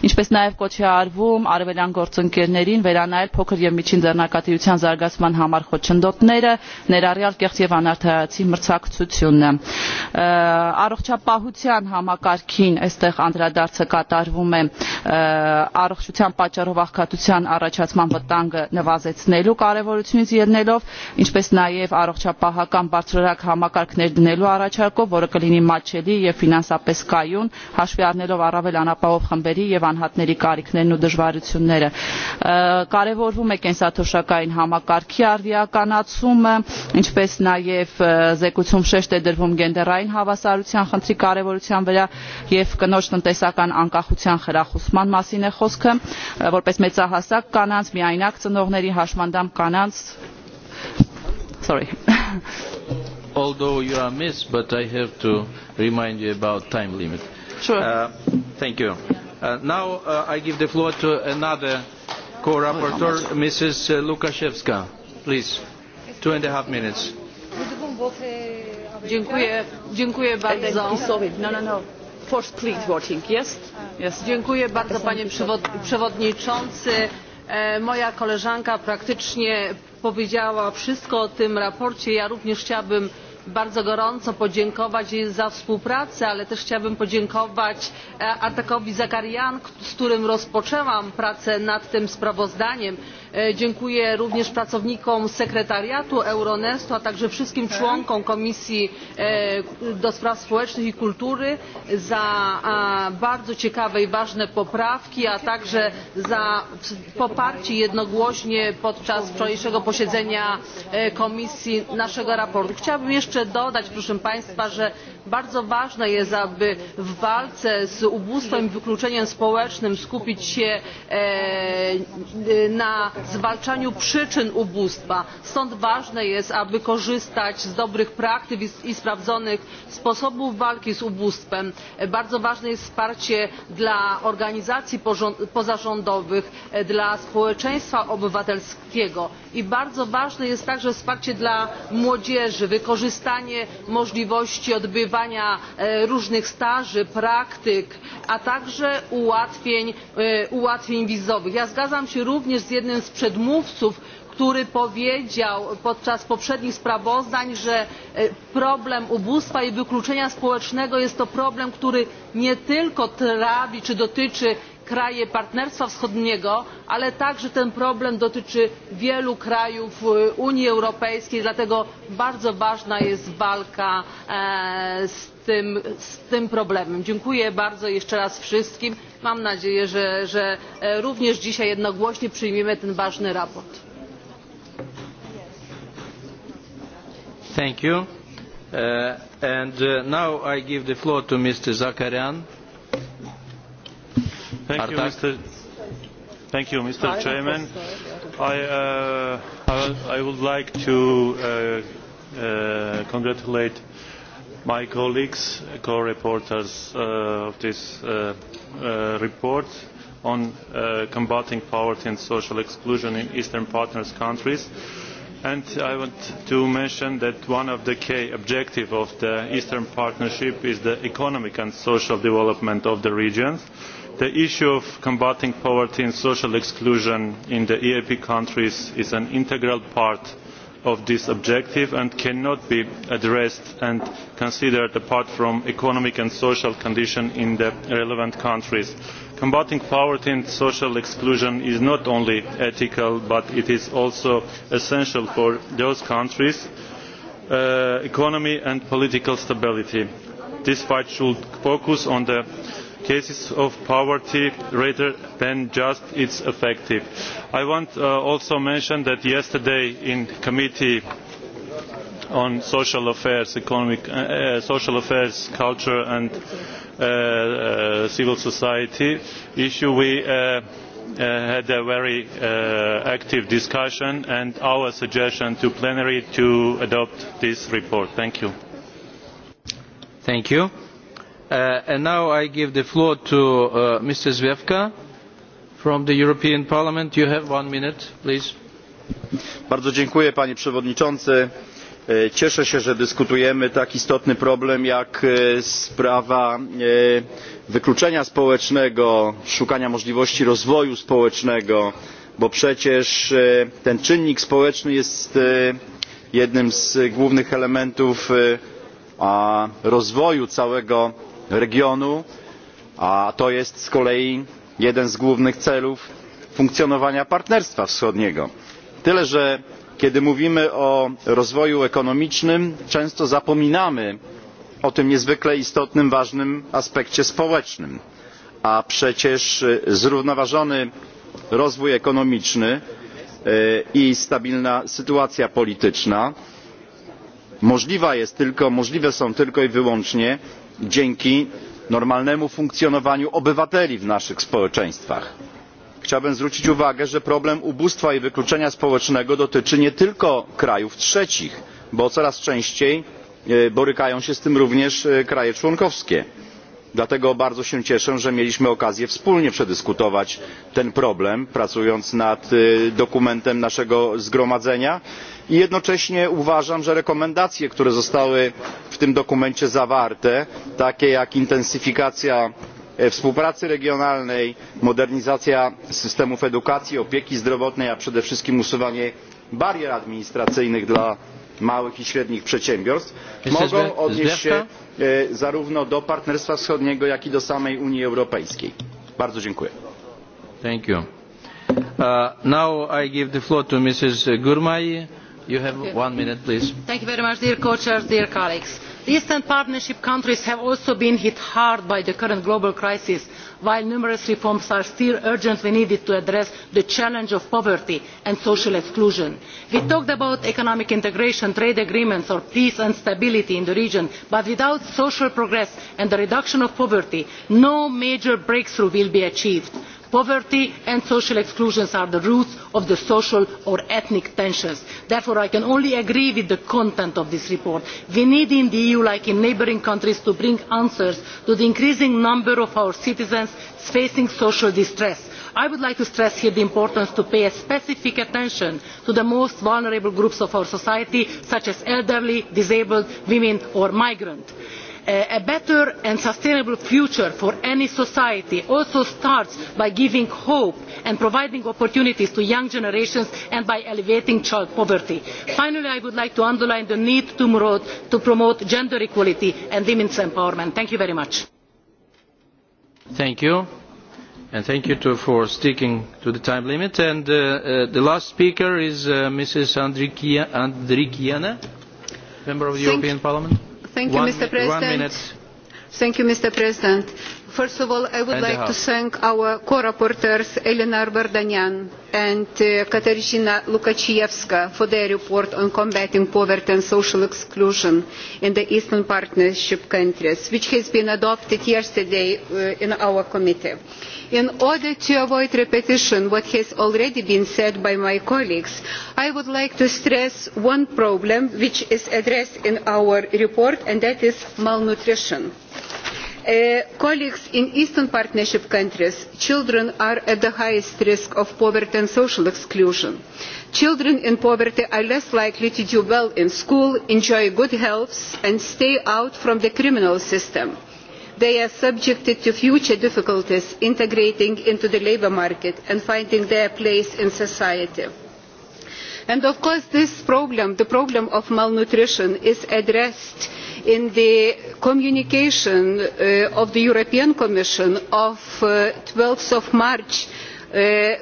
ինչպես նաև կոչ է արվում արևելյան գործընկերներին վերանայել փոքր եւ միջին ձեռնարկատիրության զարգացման համար խոչընդոտները ներառյալ կեղծ եւ անարդարացի մրցակցությունը առողջապահության համակարգին այստեղ անդրադարձը կատարվում է առողջության պատճառով աղքատության առաջացման վտանգը նվազեցնելու կարևորությունից ելնելով ինչպես նաև առողջապահական բարձրորակ համակարգներ դնելու առաջարկով որը կլինի մատչելի եւ ֆինանսապես կայուն հաշվի առնելով առավել անապահով խմբերի եւ անհատների կարիքներն ու դժվարությունները կարևորվում է կենսաթոշակային համակարգի արդիականացումը ինչպես նաև ազդեցություն շեշտ է դրվում գենդերային հավասարության խնդրի կարևորության վրա եւ կնոջ տնտեսական անկախության խրախուսման մասին է խոսքը որպես մեծահասակ կանանց միայնակ ծնողների հաշմանդամ կանանց sorry although you are miss but i have to remind you about time limit sure uh, thank you uh, now uh, i give the floor to another co-rapporteur mrs lukashevska please two and a half minutes Dziękuję, bardzo. panie przewodniczący. E, moja koleżanka praktycznie powiedziała wszystko o tym raporcie. Ja również chciałabym bardzo gorąco podziękować jej za współpracę ale też chciałabym podziękować e, atakowi zakarian z którym rozpoczęłam pracę nad tym sprawozdaniem. E, dziękuję również pracownikom sekretariatu euronestu a także wszystkim członkom komisji e, do spraw społecznych i kultury za bardzo ciekawe i ważne poprawki a także za poparcie jednogłośnie podczas wczorajszego posiedzenia e, komisji naszego sprawozdania. chciałabym jeszcze dodać proszę państwa że bardzo ważne jest aby w walce z ubóstwem i wykluczeniem społecznym skupić się na zwalczaniu przyczyn ubóstwa stąd ważne jest aby korzystać z dobrych praktyk i sprawdzonych sposobów walki z ubóstwem. bardzo ważne jest wsparcie dla organizacji pozarządowych e, dla społeczeństwa obywatelskiego i bardzo ważne jest także wsparcie dla młodzieży wykorzystanie możliwości odbywania e, różnych staży praktyk a także e, ułatwień wizowych. ja zgadzam się również z jednym z przedmówców który powiedział podczas poprzednich sprawozdań że e, problem ubóstwa i wykluczenia społecznego jest to problem który nie tylko trawi czy dotyczy kraje partnerstwa wschodniego ale także ten problem dotyczy wielu krajów e, unii europejskiej dlatego bardzo ważna jest walka e, z tym, problemem. dziękuję bardzo jeszcze raz wszystkim mam nadzieję że, e, również dzisiaj jednogłośnie przyjmiemy to ważne sprawozdanie. now I give the floor Thank you, Mr. Thank Chairman. Uh, I, would like to uh, uh, congratulate my colleagues, co-reporters of this report on combating poverty and social exclusion in Eastern Partners countries. And I want to mention that one of the key objectives of the Eastern Partnership is the economic and social development of the regions the issue of combating poverty and social exclusion in the eap countries is an integral part of this objective and cannot be addressed and considered apart from economic and social conditions in the relevant countries. combating poverty and social exclusion is not only ethical but it is also essential for those countries' uh, economy and political stability. this fight should focus on the cases of poverty rather than just its effective. i want to uh, also mention that yesterday in the committee on social affairs economic uh, uh, social affairs culture and civil society issue we had a very active discussion and our suggestion to plenary to adopt this report. thank you. Thank you. Uh, I give the floor uh, Mr. from the European Parliament. You have panie przewodniczący e, cieszę się że dyskutujemy tak istotny problem jak e, sprawa e, wykluczenia społecznego szukania możliwości rozwoju społecznego bo przecież ten czynnik społeczny jest jednym z głównych elementów rozwoju całego regionu a to jest z kolei jeden z głównych celów funkcjonowania partnerstwa wschodniego tyle że kiedy mówimy o rozwoju ekonomicznym często zapominamy o tym niezwykle istotnym ważnym aspekcie społecznym a przecież zrównoważony rozwój ekonomiczny e, i stabilna sytuacja polityczna możliwe są tylko i wyłącznie dzięki normalnemu funkcjonowaniu obywateli w naszych społeczeństwach. chciałbym zwrócić uwagę że problem ubóstwa i wykluczenia społecznego dotyczy nie tylko krajów trzecich bo coraz częściej e, borykają się z tym również e, kraje członkowskie dlatego bardzo się cieszę że mieliśmy okazję wspólnie przedyskutować ten problem pracując nad dokumentem naszego zgromadzenia i jednocześnie uważam że rekomendacje które zostały w tym dokumencie zawarte takie jak intensyfikacja e, współpracy regionalnej modernizacja systemów edukacji opieki zdrowotnej a przede wszystkim usuwanie barier administracyjnych dla małych i średnich przedsiębiorstw mogą odnieść się e, zarówno do partnerstwa wschodniego jak i do samej unii europejskiej. bardzo dziękuję. Thank you. Uh, now I give the floor to Mrs. Gurmai. You have one minute, please. Thank you very much, dear co dear colleagues eastern partnership countries have also been hit hard by the current global crisis while numerous reforms are still urgently needed to address the challenge of poverty and social exclusion. we talked about economic integration trade agreements or peace and stability in the region but without social progress and the reduction of poverty no major breakthrough will be achieved poverty and social exclusion are the roots of the social or ethnic tensions. therefore i can only agree with the content of this report. we need in the eu like in neighbouring countries to bring answers to the increasing number of our citizens facing social distress. i would like to stress here the importance of paying specific attention to the most vulnerable groups of our society such as elderly disabled women or migrants a better and sustainable future for any society also starts by giving hope and providing opportunities to young generations and by alleviating child poverty. finally i would like to underline the need to promote gender equality and women's empowerment. thank you very much. thank you and thank you too for sticking to the time limit. And uh, uh, the last speaker is uh, Mrs. Andrikiana, member of the European Parliament. Thank you, Mr. President. Thank you, Mr. President first of all i would like to thank our co rapporteurs Eleanor vardanyan and uh, katarzyna lukaevica for their report on combating poverty and social exclusion in the eastern partnership countries which has been adopted yesterday uh, in our committee. in order to avoid repetition of what has already been said by my colleagues i would like to stress one problem which is addressed in our report and that is malnutrition. Uh, colleagues in eastern partnership countries children are at the highest risk of poverty and social exclusion. children in poverty are less likely to do well in school enjoy good health and stay out from the criminal system. they are subjected to future difficulties integrating into the labour market and finding their place in society and of course this problem the problem of malnutrition is addressed in the communication uh, of the european commission of uh, twelve march uh,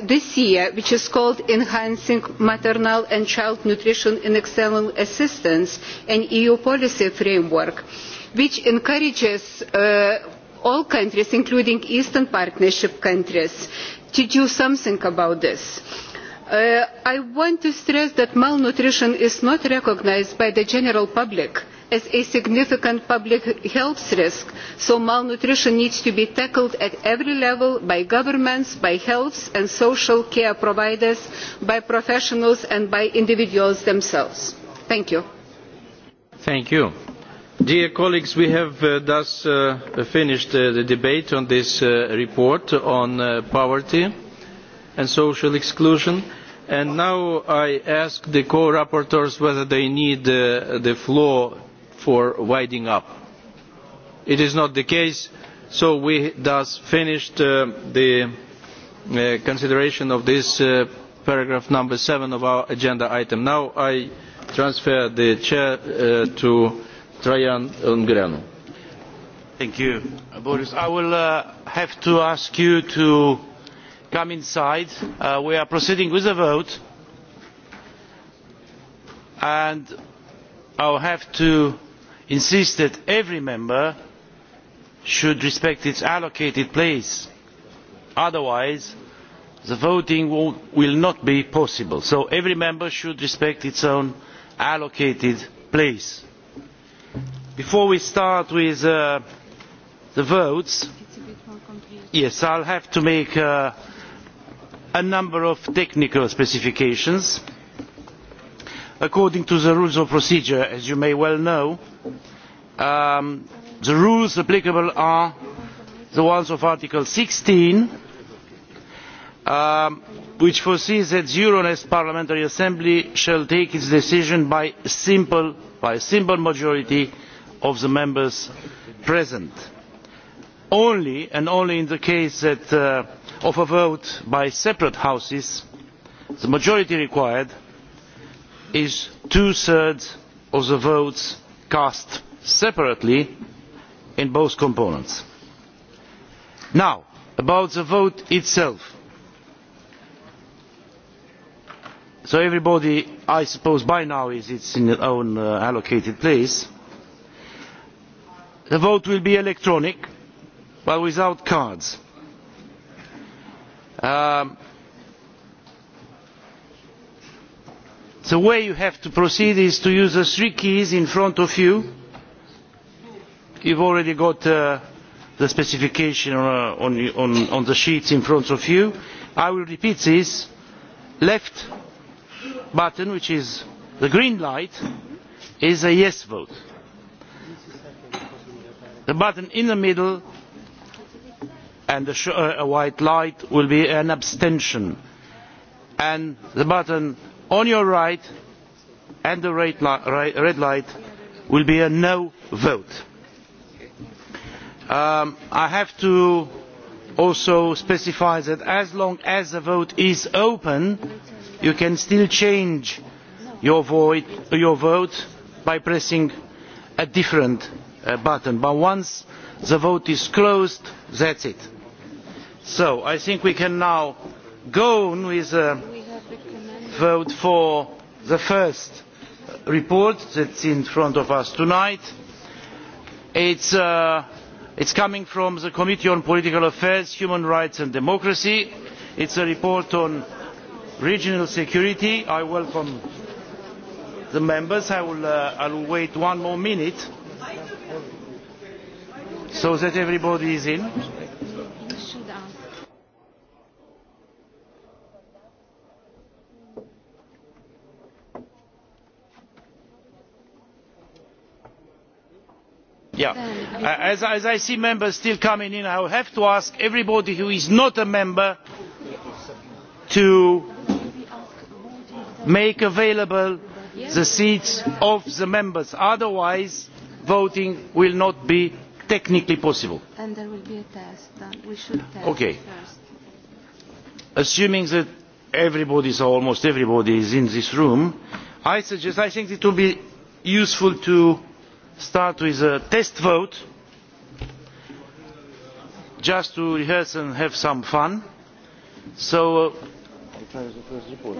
this year which is called enhancing maternal and child nutrition in external assistance an eu policy framework' which encourages all countries including eastern partnership countries to do something about this. i want to stress that malnutrition is not recognised by the general public as a significant public health risk so malnutrition needs to be tackled at every level by governments by health and social care providers by professionals and by individuals themselves. thank you. Thank you. Dear colleagues, we have uh, thus uh, finished uh, the debate on this report on poverty and social exclusion. And now I ask the co-rapporteurs whether they need the floor for winding up. it is not the case so we thus finished uh, the uh, consideration of this uh, paragraph number seven of our agenda item. now i transfer the chair to trajan ungureanu. thank you boris. i will have to ask you to come inside. we are proceeding with a vote and i will have to insists that every member should respect its allocated place otherwise the voting will not be possible so every member should respect its own allocated place. before we start with uh, the votes yes i will have to make uh, a number of technical specifications. according to the rules of procedure as you may well know Um, the rules applicable are the ones of Article 16, um, which foresees that the Euronest Parliamentary Assembly shall take its decision by, a simple majority of the members present. Only and only in the case uh, of a vote by separate houses, the majority required is two thirds of the votes cast separately in both components. now about the vote itself so everybody i suppose by now is in their own uh, allocated place. the vote will be electronic but without cards. Um, the way you have to proceed is to use the three keys in front of you you have already got uh, the specification uh, on, the sheets in front of you. i will repeat this left button which is the green light is a yes vote. the button in the middle and the uh, white light will be an abstention and the button on your right and the red light will be a no' vote. Um, I have to also specify that as long as the vote is open, you can still change your, vote by pressing a different uh, button. But once the vote is closed, that's it. So I think we can now go on with the vote for the first report that is in front of us tonight. It's is uh, it is coming from the committee on political affairs human rights and democracy. it is a report on regional security. i welcome the members. i will uh, will wait one more minute so that everybody is in. As, i see members still coming in i have to ask everybody who is not a member to make available the seats of the members otherwise voting will not be technically possible. assuming that everybody or almost everybody is in this room i suggest i think it would be useful to start with a test vote just to rehearse and have some fun. So uh,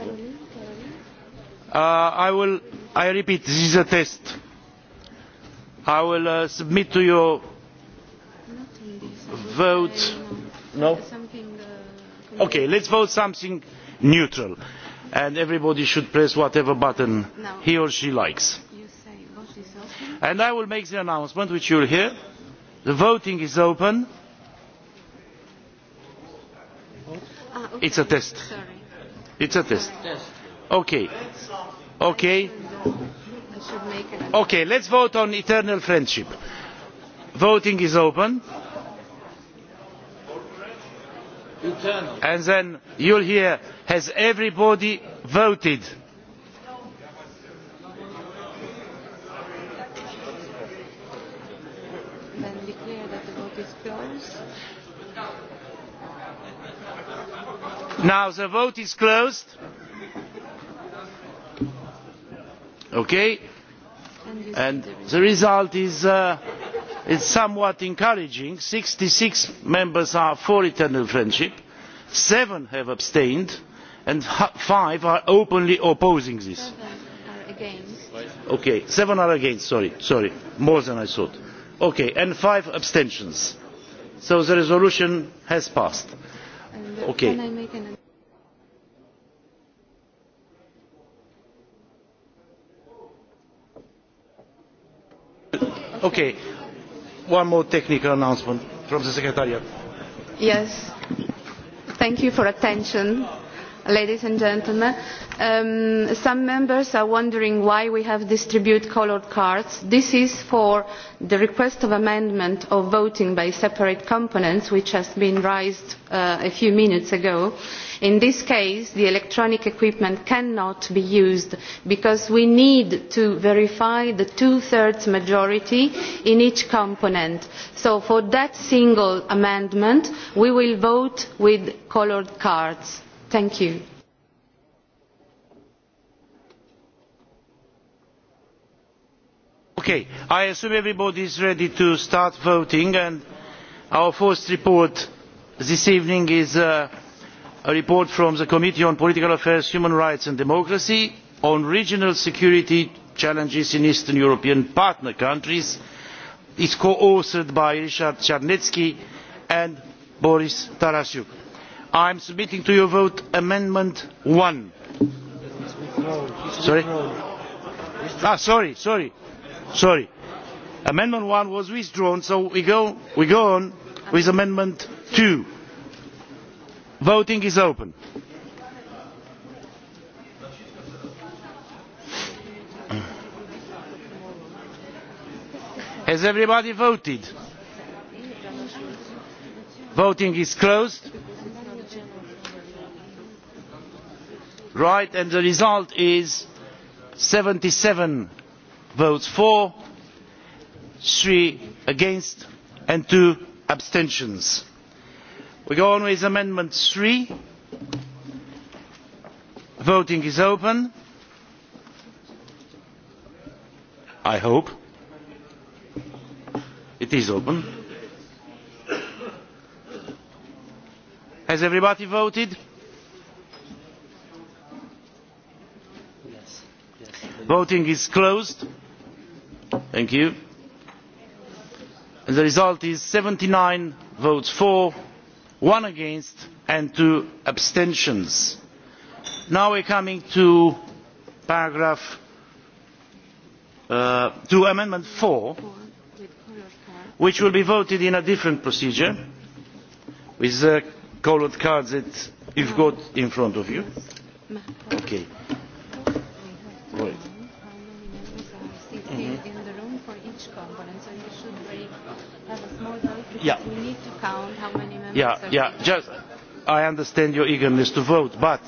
uh, I will I repeat this is a test. I will uh, submit to your vote no? Okay, let's vote something neutral and everybody should press whatever button he or she likes and i will make the announcement which you will hear. the voting is open. Ah, it is a test. it is a test. okay. okay. okay let us vote on eternal friendship. voting is open. and then you will hear has everybody voted? now the vote is closed okay and the result is uh, somewhat encouraging sixty six members are for eternal friendship seven have abstained and five are openly opposing this okay seven are against sorry sorry more than i thought okay and five abstentions so the resolution has passed Okay. Okay. One more technical announcement from the Secretariat. Yes. Thank you for attention ladies and gentlemen um, some members are wondering why we have distributed coloured cards. this is for the request of amendment of voting by separate components which has been raised uh, a few minutes ago. in this case the electronic equipment cannot be used because we need to verify the two thirds majority in each component. so for that single amendment we will vote with coloured cards Thank you. Okay, I assume everybody is ready to start voting and our first report this evening is uh, a report from the Committee on Political Affairs, Human Rights and Democracy on regional security challenges in Eastern European partner countries. It is co authored by Richard Czarnecki and Boris Tarasuk i am submitting to your vote amendment one ah, sorry? amendment one was withdrawn so we go, we go on with amendment two voting is open has everybody voted voting is closed right and the result is seventy seven votes for three against and two abstentions. we go on with amendment three voting is open i hope it is open. has everybody voted? voting is closed thank you the result is seventy nine votes for one against and two abstentions. now we are coming to paragraph uh, amendment four which will be voted in a different procedure with the coloured cards that you've got in front of you. Okay. need to count how many members yeah. I understand your eagerness to vote, but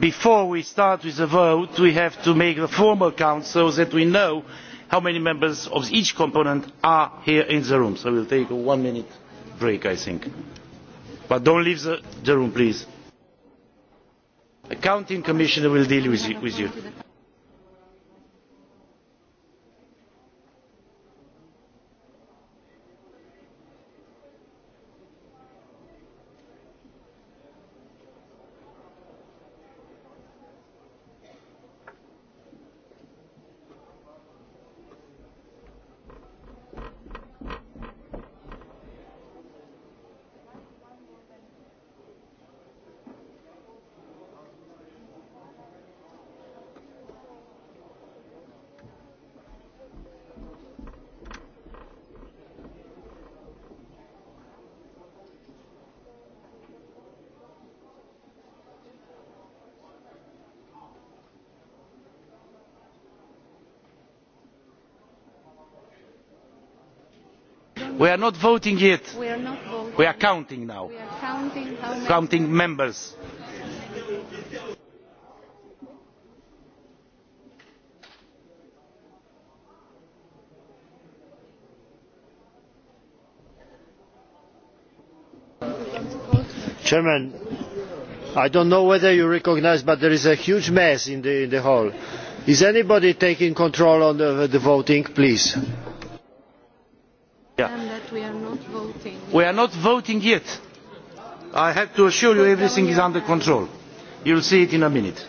before we start with the vote, we have to make the formal count so that we know how many members of each component are here in the room. So we'll take a one minute break, I think. But don't leave the, room, please. The counting commissioner will deal With you. are not voting yet. We are, counting now. counting, members. chairman i don't know whether you recognise but there is a huge mess in the, hall. is anybody taking control of the voting please? we are not voting yet. i have to assure you everything is under control. you will see it in a minute.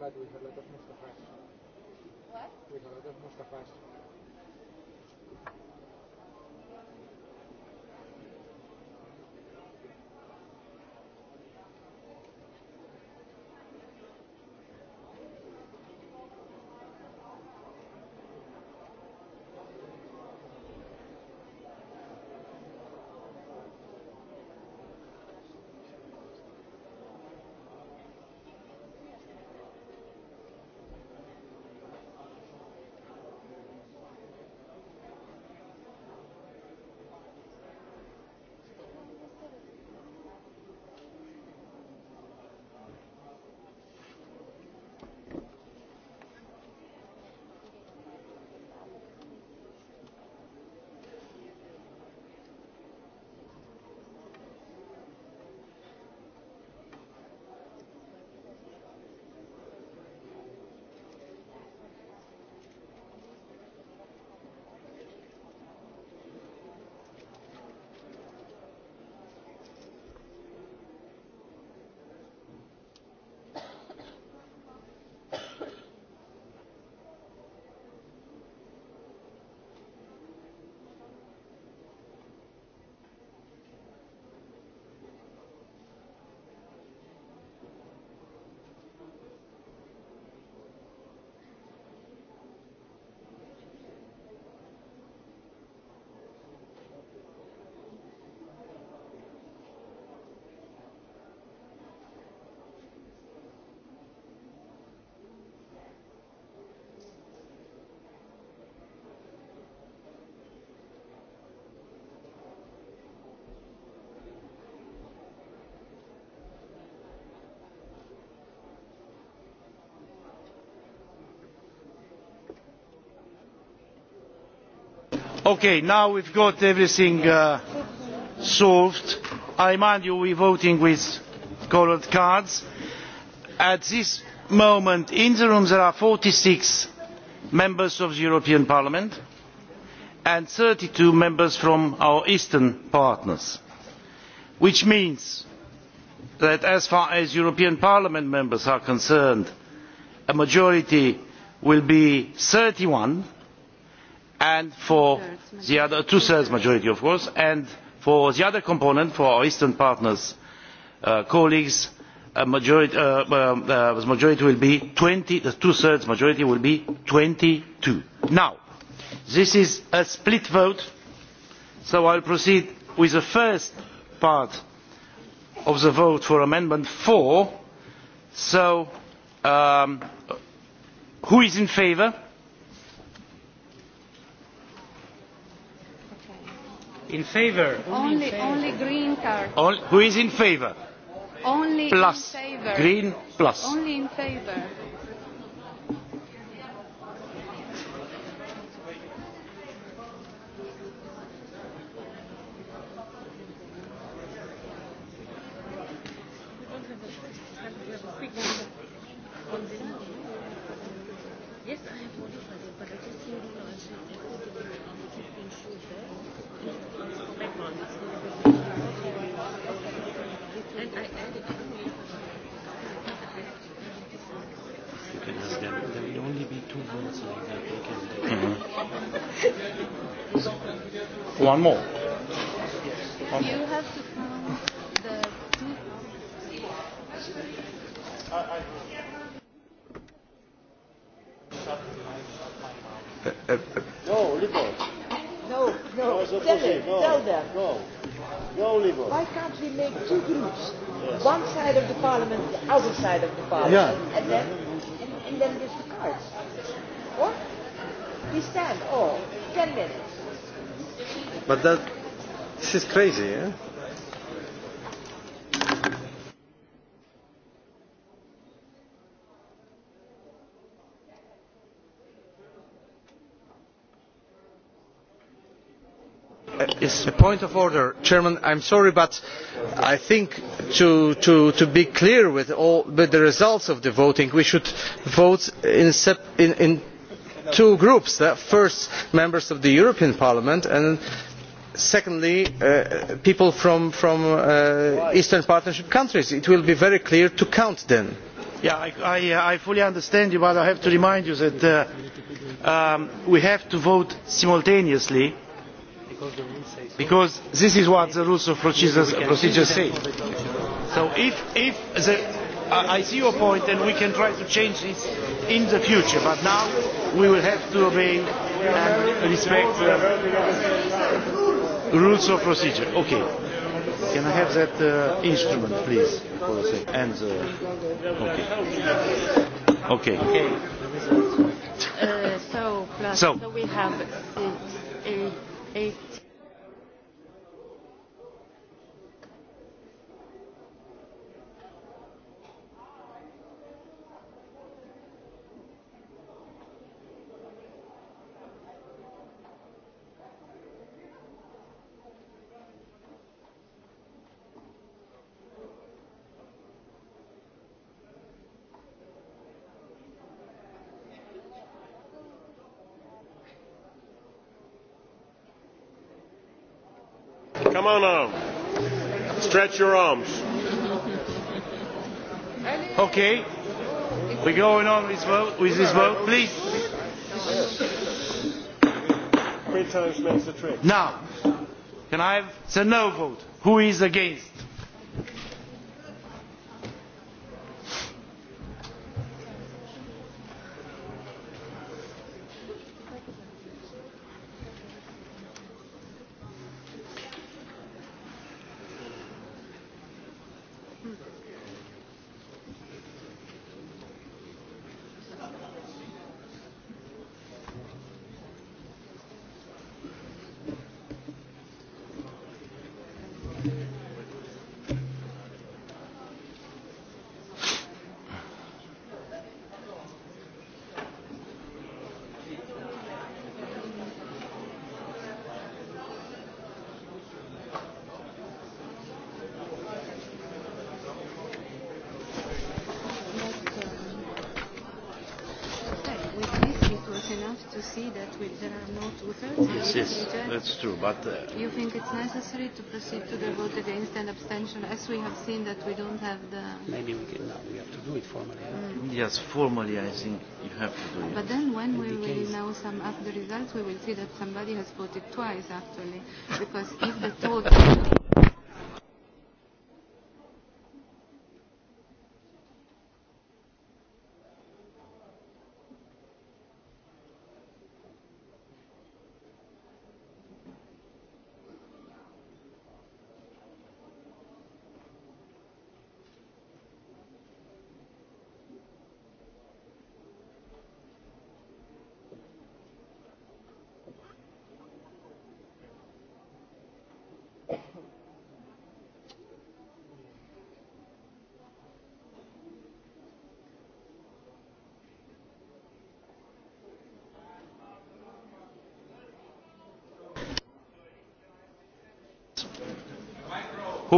we What? Okay, now we've got everything uh, solved. I remind you we're voting with coloured cards. At this moment in the room there are forty six members of the European Parliament and thirty two members from our eastern partners, which means that as far as European Parliament members are concerned, a majority will be thirty one and for the other two thirds majority of course and for the other component for our eastern partners uh, colleagues a majority, uh, um, uh, majority will be twenty the two thirds majority will be twenty two. now this is a split vote so i will proceed with the first part of the vote for amendment four so um, who is in favour? in favor only only green card All, who is in favor only plus in favor. green plus only in favor one more. One you more. have to count the two. No, Libor. No, no. no tell them. No. Tell them. No. No, Libor. Why can't we make two groups? Yes. One side of the parliament, the other side of the parliament. Yeah. But that, this is crazy, eh? Uh, it's a point of order. Chairman, I'm sorry, but I think to, to, to be clear with, all, with the results of the voting, we should vote in, in, in two groups. The first, members of the European Parliament, and secondly uh, people from, uh, eastern partnership countries it will be very clear to count then. Uh, I, fully understand you but i have to remind you that um, we have to vote simultaneously because this is what the rules of procedure say. so if, if i see your point and we can try to change this in the future but now we will have to obey and respect the Rules of procedure. Okay. Can I have that uh, instrument, please? For the sake. And Uh, okay. Okay. Uh, so, plus, so. so we have six, eight, eight on now. Stretch your arms. Okay. We're going on this vote, with this vote, please. Three times makes the trick. Now, can I have the no vote? Who is against? but... Uh, you think it's necessary to proceed to the vote against an abstention, as we have seen that we don't have the... Maybe we can, now. we have to do it formally. Mm. Yes, formally I think you have to do it. But then when we will know some of the results, we will see that somebody has voted twice, actually, because if the total...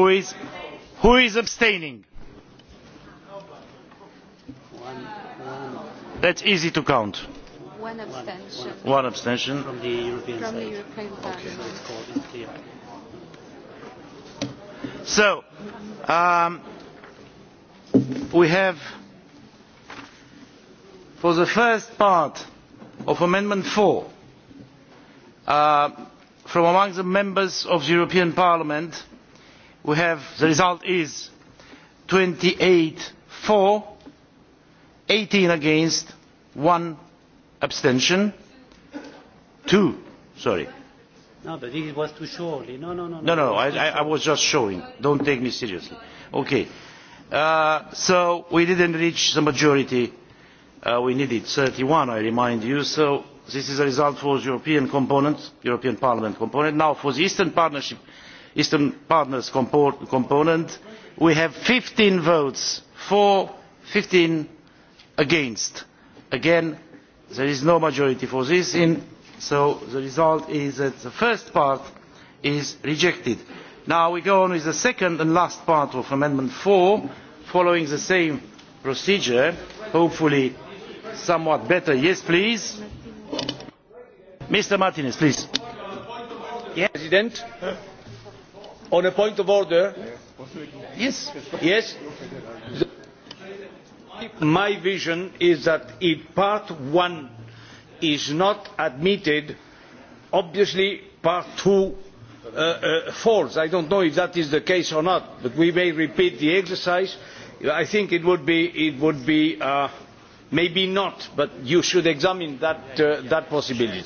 Who is, That is abstaining? That's easy to count. One abstention. So, um, we have for the first part of Amendment 4 uh, from among the members of the European Parliament we have the result is twenty eight for eighteen against one abstention two sorry no but it was too shortly. no no no no no I, I, I was just showing don't take me seriously okay uh, so we didn't reach the majority uh, we needed 31 I remind you so this is a result for the European component European Parliament component now for the Eastern Partnership eastern partners component we have fifteen votes for fifteen against. again there is no majority for this so the result is that the first part is rejected. now we go on with the second and last part of amendment four following the same procedure hopefully somewhat better. yes please. mr martinez please on a point of order yes yes my vision is that if part one is not admitted obviously part two uh, uh, falls. i do not know if that is the case or not but we may repeat the exercise. i think it would be, it would be uh, maybe not but you should examine that, that possibility.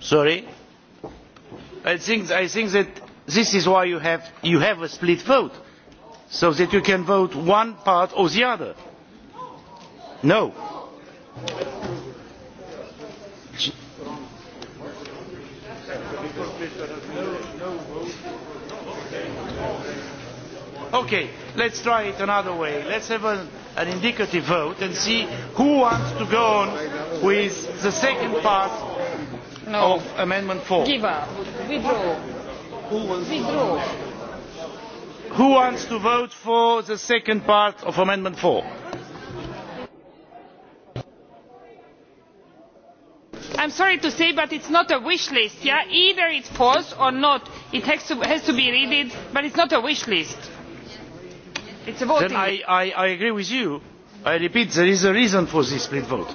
Sorry? I think, that this is why you have, you have a split vote, so that you can vote one part or the other. No. Okay, let's try it another way. Let's have an, an indicative vote and see who wants to go on with the second part no. of amendment 4? Give up. Withdraw. Who wants to vote for the second part of amendment 4? I'm sorry to say but it's not a wish list yeah? either it falls or not it has to, has to be read but it's not a wish list. It's a voting then I, I, i agree with you. i repeat there is a reason for this split vote.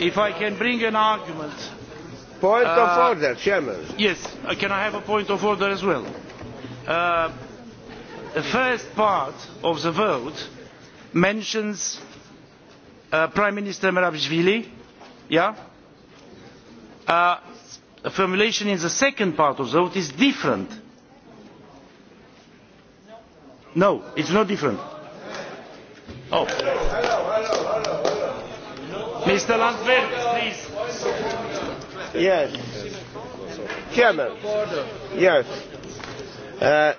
If I can bring an argument. Point uh, of order, Chairman. Yes, uh, can I have a point of order as well? Uh, the first part of the vote mentions uh, Prime Minister Merabishvili. Yeah? Uh, the formulation in the second part of the vote is different. No, it's not different. Oh. Mr. Landberg, please. Yes. Chairman. Yes. Uh,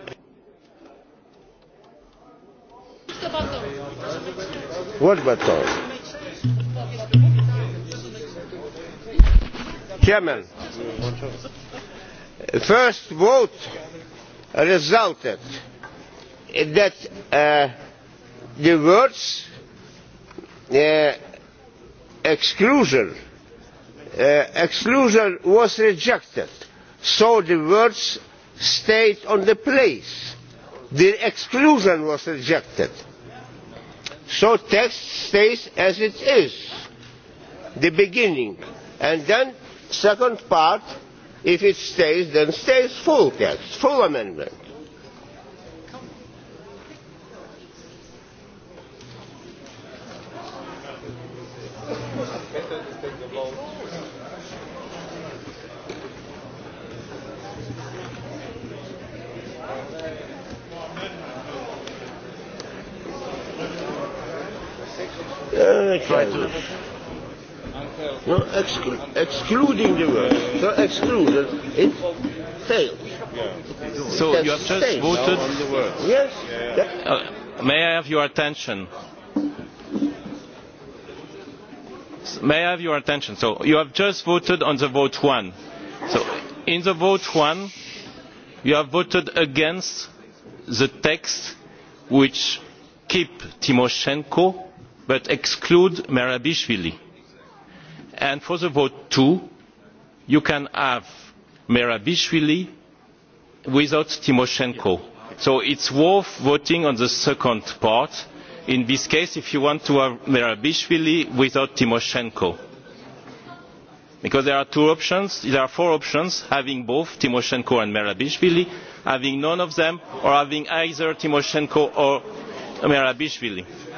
what button? Chairman. First vote resulted that uh, the words uh, exclusion uh, exclusion was rejected so the words stayed on the place the exclusion was rejected so text stays as it is the beginning and then second part if it stays then stays full text full amendment No, exclu excluding the word. So excluded, it fails. Yeah. So it you have just failed. voted. No, on the word. Yes. Yeah, yeah. Uh, may I have your attention? May I have your attention? So you have just voted on the vote one. So in the vote one, you have voted against the text which keep Timoshenko but exclude merabishvili and for the vote two you can have merabishvili without Timoshenko. so it is worth voting on the second part in this case if you want to have merabishvili without Timoshenko. because there are two options there are four options having both Timoshenko and merabishvili having none of them or having either Timoshenko or merabishvili.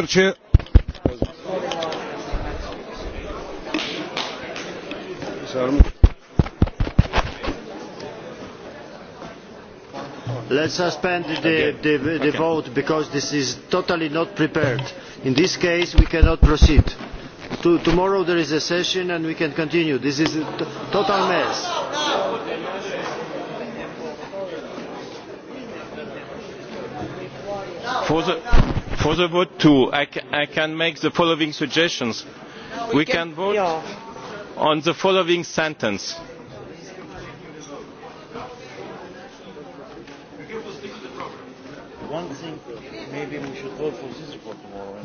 Let's suspend the, the, the vote because this is totally not prepared. In this case, we cannot proceed. To, tomorrow there is a session and we can continue. This is a total mess. it for the vote too I, can make the following suggestions we, can, vote on the following sentence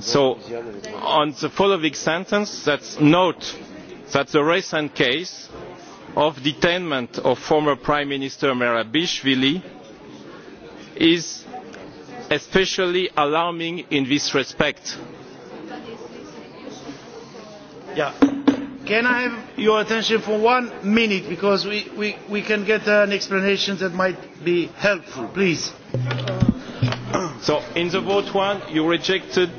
so on the following sentence that note that the recent case of detainment of former prime minister merabishvili is especially alarming in this respect. Can I have your attention for one minute because we, we, we can get an explanation that might be helpful, please. So in the vote one you rejected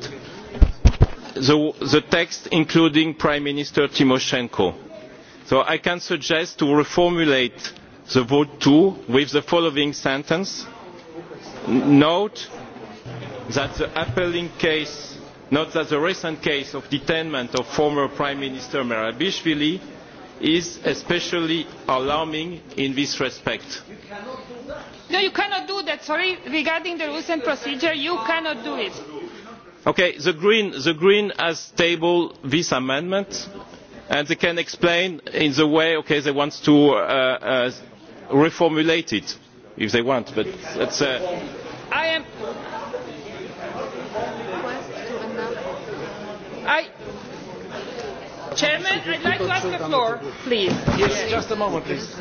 the, the text including Prime Minister Tymoshenko. So I can suggest to reformulate the vote two with the following sentence note that the appalling case not that the recent case of detainment of former prime minister Bishvili is especially alarming in this respect. no you cannot do that sorry regarding the rules and procedure you cannot do it. Okay, the, green, the has tabled this amendment and they can explain in the way they want to uh, uh, reformulate it if they want but uh, I am I, Chairman, I'd like to ask the floor, please. Yes, just a moment, please.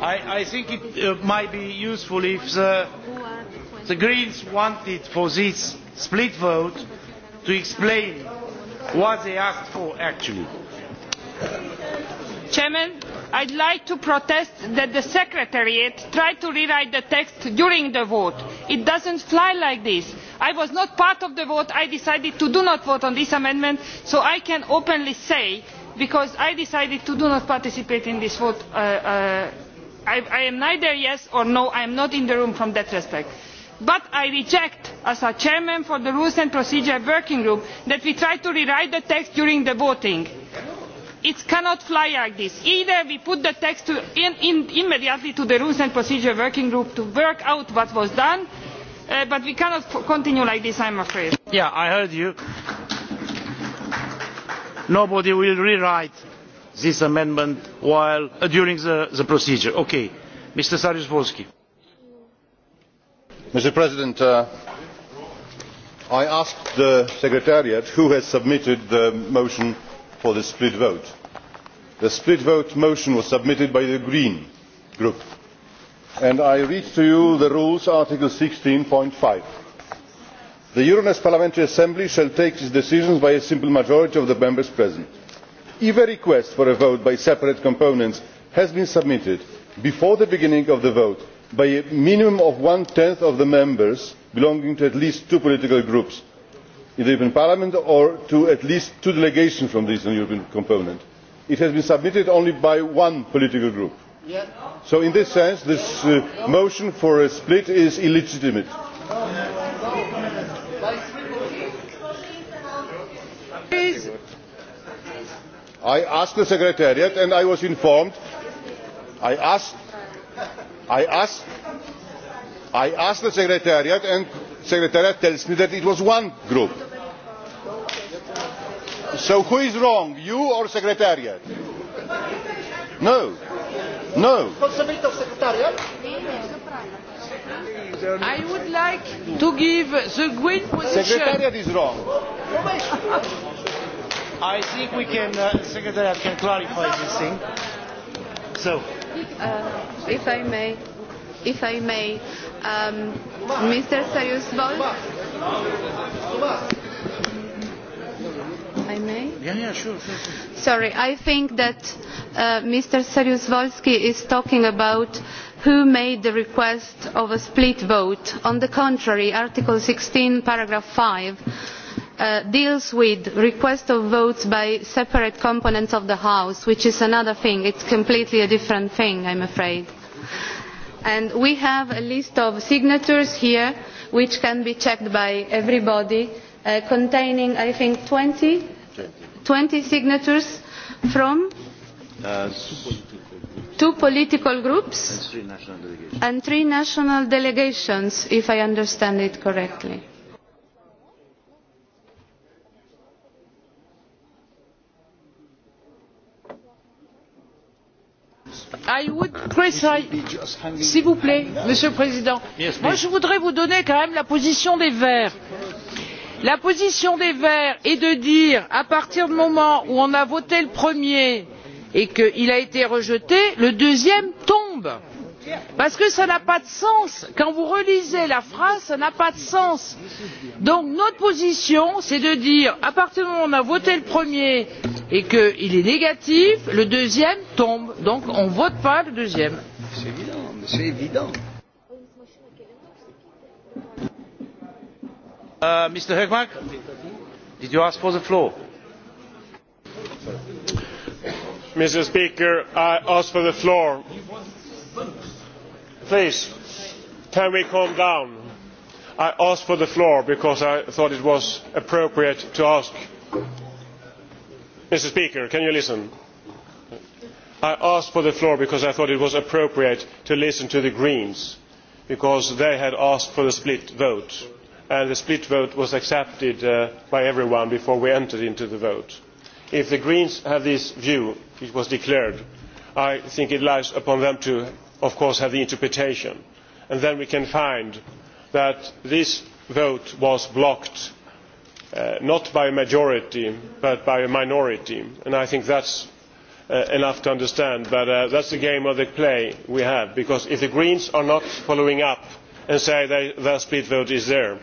I, I think it uh, might be useful if the, the Greens wanted for this split vote to explain what they asked for actually. Chairman, I'd like to protest that the Secretariat tried to rewrite the text during the vote. It doesn't fly like this i was not part of the vote i decided to do not vote on this amendment so i can openly say because i decided to do not participate in this vote uh, uh, I, am neither yes or no i am not in the room from that respect but i reject as a chairman for the rules and procedure working group that we try to rewrite the text during the voting it cannot fly like this. either we put the text immediately to the rules and procedure working group to work out what was done Uh, but we cannot continue like this i am afraid. i heard you. nobody will rewrite this amendment uh, during the, procedure. okay. mr saryusz mr president uh, i asked the secretariat who has submitted the motion for the split vote. the split vote motion was submitted by the green group and i read to you the rules article. sixteen five the euronest parliamentary assembly shall take its decisions by a simple majority of the members present. if a request for a vote by separate components has been submitted before the beginning of the vote by a minimum of one tenth of the members belonging to at least two political groups in the european parliament or to at least two delegations from this eastern european component it has been submitted only by one political group so in this sense this uh, motion for a split is illegitimate. i asked the secretariat and i was informed i asked i asked i asked the secretariat and the secretariat tells me that it was one group. so who is wrong you or secretariat? no. No. I would like to give the green position. is wrong. I think we can, uh, Secretariat can clarify this thing. So. Uh, if I may, if I may, um, Mr. Sarius Volk. I Yeah, yeah, sure, sure, Sorry, I think that uh, Mr. Seriusvolski is talking about who made the request of a split vote. On the contrary, Article 16, paragraph 5, uh, deals with request of votes by separate components of the house which is another thing it is completely a different thing i am afraid. And we have a list of signatures here which can be checked by everybody uh, containing i think twenty twenty signatures from two political groups and three, and three national delegations if i understand it correctly. I would s'il vous plaît monsieur le président Moi, je voudrais vous donner quand même la position des verts la position des verts est de dire à partir du moment où on a voté le premier et qu'il a été rejeté le deuxième tombe parce que cela n'a pas de sens quand vous relisez la phrase cela n'a pas de sens. donc notre position c'est de dire à partir du moment où on a voté le premier et qu'il est négatif le deuxième tombe donc on ne vote pas le deuxième. c'est évident c'est évident. Uh, Mr. Högmark, did you ask for the floor? Mr. Speaker, I asked for the floor. Please, can we calm down? I asked for the floor because I thought it was appropriate to ask. Mr. Speaker, can you listen? I asked for the floor because I thought it was appropriate to listen to the Greens because they had asked for the split vote and the split vote was accepted uh, by everyone before we entered into the vote. if the greens have this view it was declared i think it lies upon them to of course have the interpretation and then we can find that this vote was blocked uh, not by a majority but by a minority and i think that is uh, enough to understand but that is the game of play we have because if the greens are not following up and say their split vote is there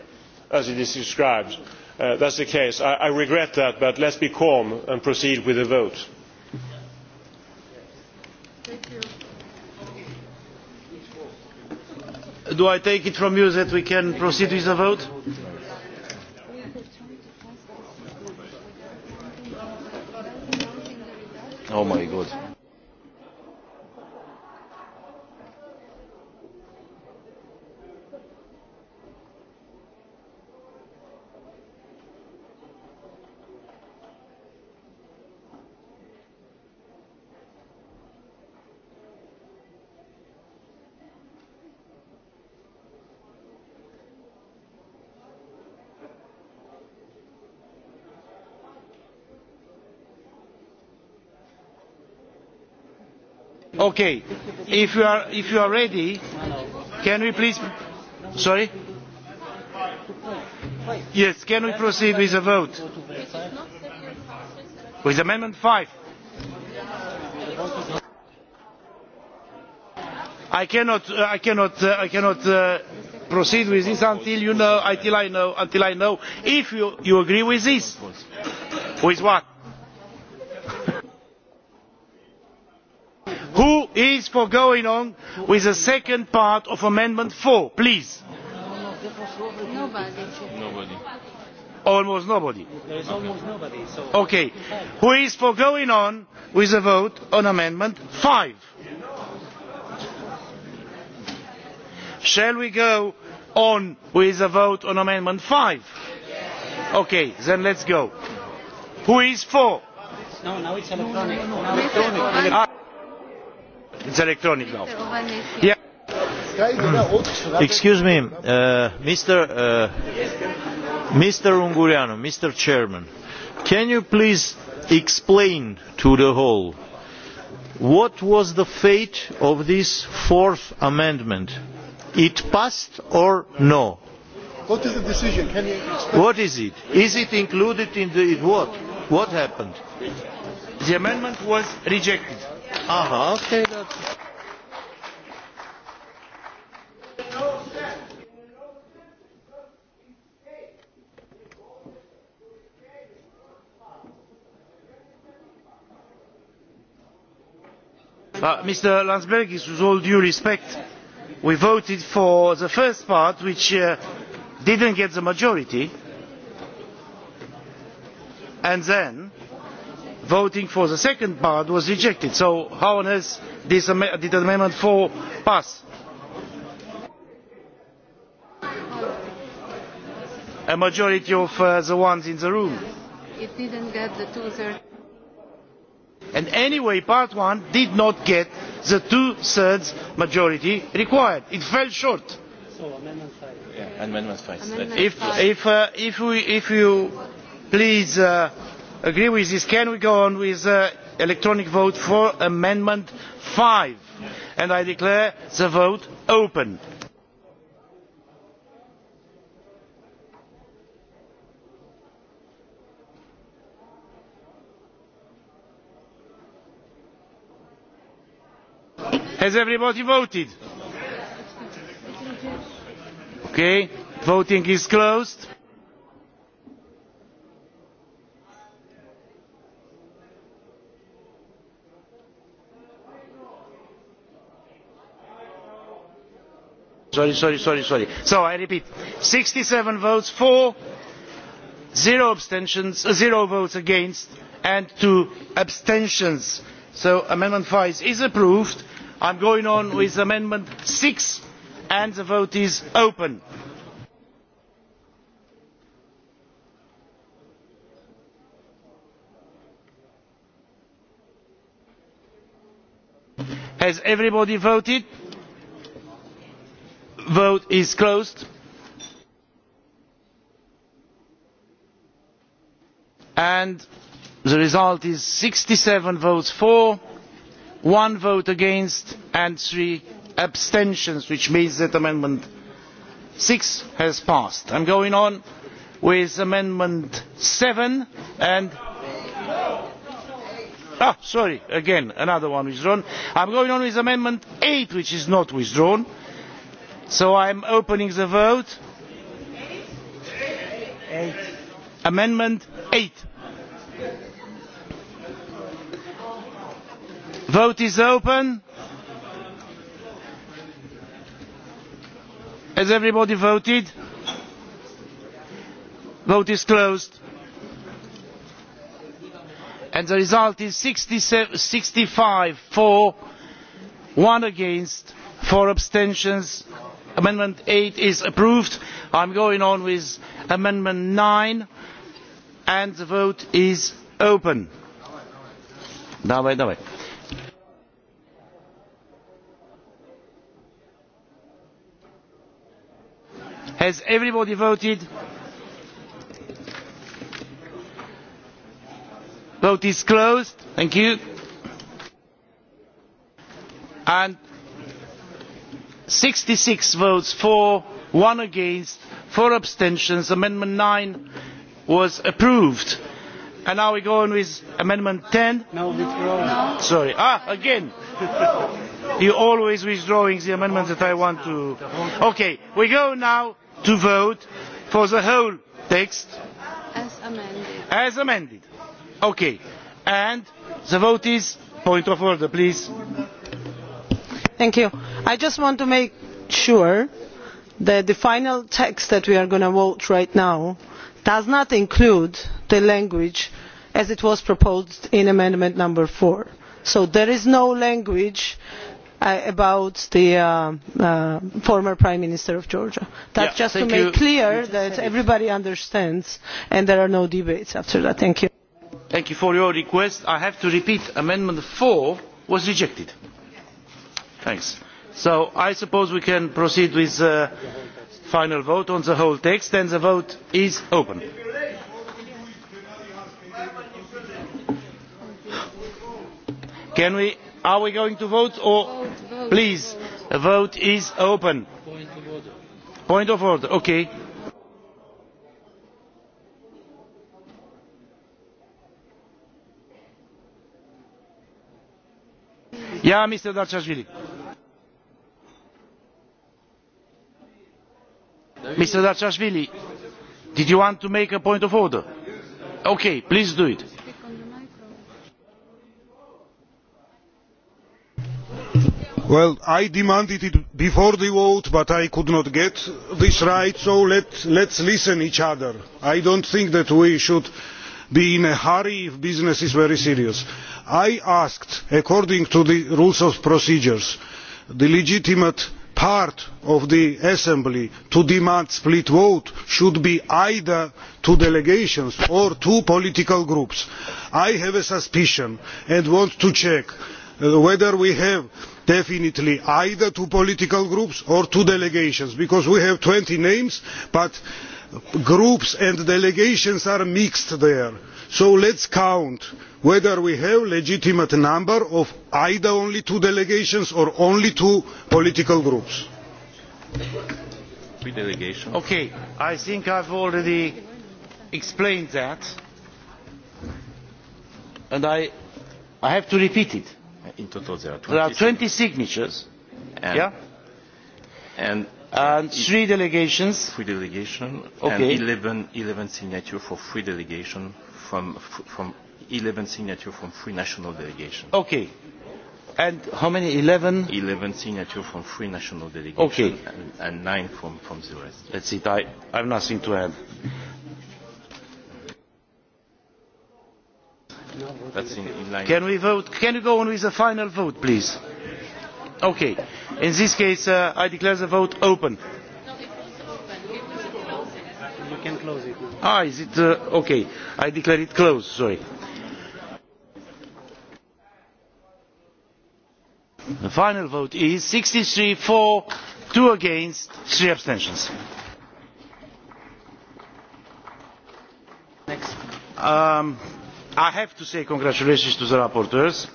as it is described. Uh, that the case. I, i regret that but let's be calm and proceed with the vote. do i take it from you that we can proceed with the vote? oh my god. Okay. If you are if you are ready, can we please sorry? Yes, can we proceed with a vote? With amendment five. I cannot uh, I cannot uh, I cannot uh, proceed with this until you know until I know until I know if you, you agree with this. With what? is for going on with the second part of amendment four please. Nobody. Almost nobody. Okay. Who is for going on with a vote on amendment five? Shall we go on with a vote on amendment five? Okay, then let's go. Who is for? No, now it's electronic. Ah. It's electronic now. Excuse me, Mr. Uh, Mr. Uh, Unguriano, Mr. Chairman, can you please explain to the whole what was the fate of this fourth amendment? It passed or no? What is the decision? Can you explain? What is it? Is it included in the what? What happened? The amendment was rejected Aha, okay, uh, Mr. Landsbergis, with all due respect, we voted for the first part, which uh, didn't get the majority. And then voting for the second part was rejected so how on earth did amendment four pass? a majority of uh, the ones in the room. it didn't get the two thirds. and anyway part one did not get the two thirds majority required. it fell short. So, amendment five. if, you please uh, agree with this can we go on with the uh, electronic vote for amendment five and i declare the vote open. has everybody voted? okay voting is closed sorry, sorry, sorry, sorry. So I repeat, sixty seven votes for, zero abstentions, uh, zero votes against, and two abstentions. So Amendment five is approved. I am going on with Amendment six and the vote is open. Has everybody voted? vote is closed and the result is sixty seven votes for one vote against and three abstentions which means that amendment six has passed. i am going on with amendment seven and ah, sorry again another one withdrawn. i am going on with amendment eight which is not withdrawn so i am opening the vote on amendment eight vote is open has everybody voted vote is closed and the result is sixty five for one against four abstentions amendment eight is approved. i am going on with amendment nine and the vote is open. has everybody voted? vote is closed. thank you sixty six votes for one against four abstentions amendment nine was approved and now we go on with amendment ten no sorry ah again you always withdrawing the amendments that i want to okay we go now to vote for the whole text as amended as amended okay and the vote is point of order please i just want to make sure that the final text that we are going to vote right now does not include the language as it was proposed in amendment number four so there is no language uh, about the uh, uh, former prime minister of georgia. that is just to make clear that everybody understands and there are no debates after that. thank you. thank you for your request. i have to repeat amendment four was rejected. So I suppose we can proceed with the final vote on the whole text and the vote is open. Can we are we going to vote or please the vote is open. Point of order. ok. Mr. Darchashvili, did you want to make a point of order? Okay, please do it. Well, I demanded it before the vote, but I could not get this right, so let, let's listen each other. I don't think that we should be in a hurry if business is very serious. I asked, according to the rules of procedures, the legitimate part of the assembly to demand split vote should be either two delegations or two political groups. i have a suspicion and want to check uh, whether we have definitely either two political groups or two delegations because we have twenty names but groups and delegations are mixed there so let us count whether we have a legitimate number of either only two delegations or only two political groups. Okay, I think I have already explained that and I, have to repeat it. there are 20, signatures and, three delegations. and eleven signatures for three delegations from eleven signatures from three national delegations. Okay. And how many? Eleven? Eleven signatures from three national delegations. Okay. And, and nine from, from the rest. That's it. I, I have nothing to add. That's in, in line. Can we vote? Can you go on with the final vote, please? Okay. In this case, uh, I declare the vote open. Ah, is it? Uh, okay. I declare it closed. Sorry. The final vote is 63 for, two against, three abstentions. Next. Um, I have to say congratulations to the rapporteurs.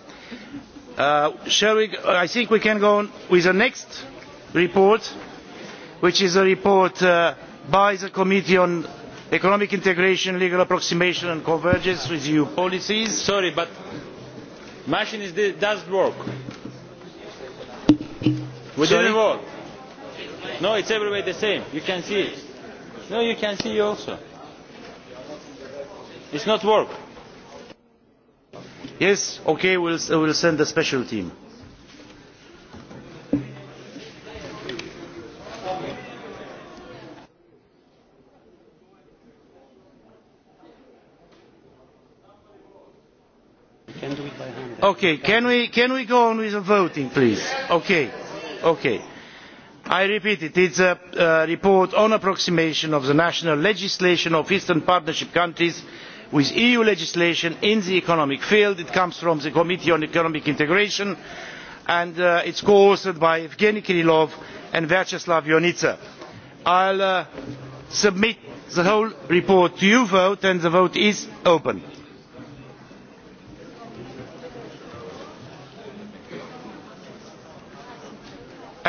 Uh, shall we, I think we can go on with the next report, which is a report uh, by the Committee on Economic Integration, Legal Approximation and Convergence with EU Policies. Sorry, but machine is, does work. We Sorry? No, it's everywhere the same. You can see it. No, you can see also. It's not work. Yes, okay, we'll, we'll send a special team. Okay, can we, can we go on with the voting, please? Okay, okay. I repeat it, is a report on approximation of the national legislation of Eastern Partnership countries with EU legislation in the economic field. It comes from the Committee on Economic Integration and it uh, it's co-authored by Evgeny Kirilov and Vyacheslav Yonitsa. I'll uh, submit the whole report to you vote and the vote is open.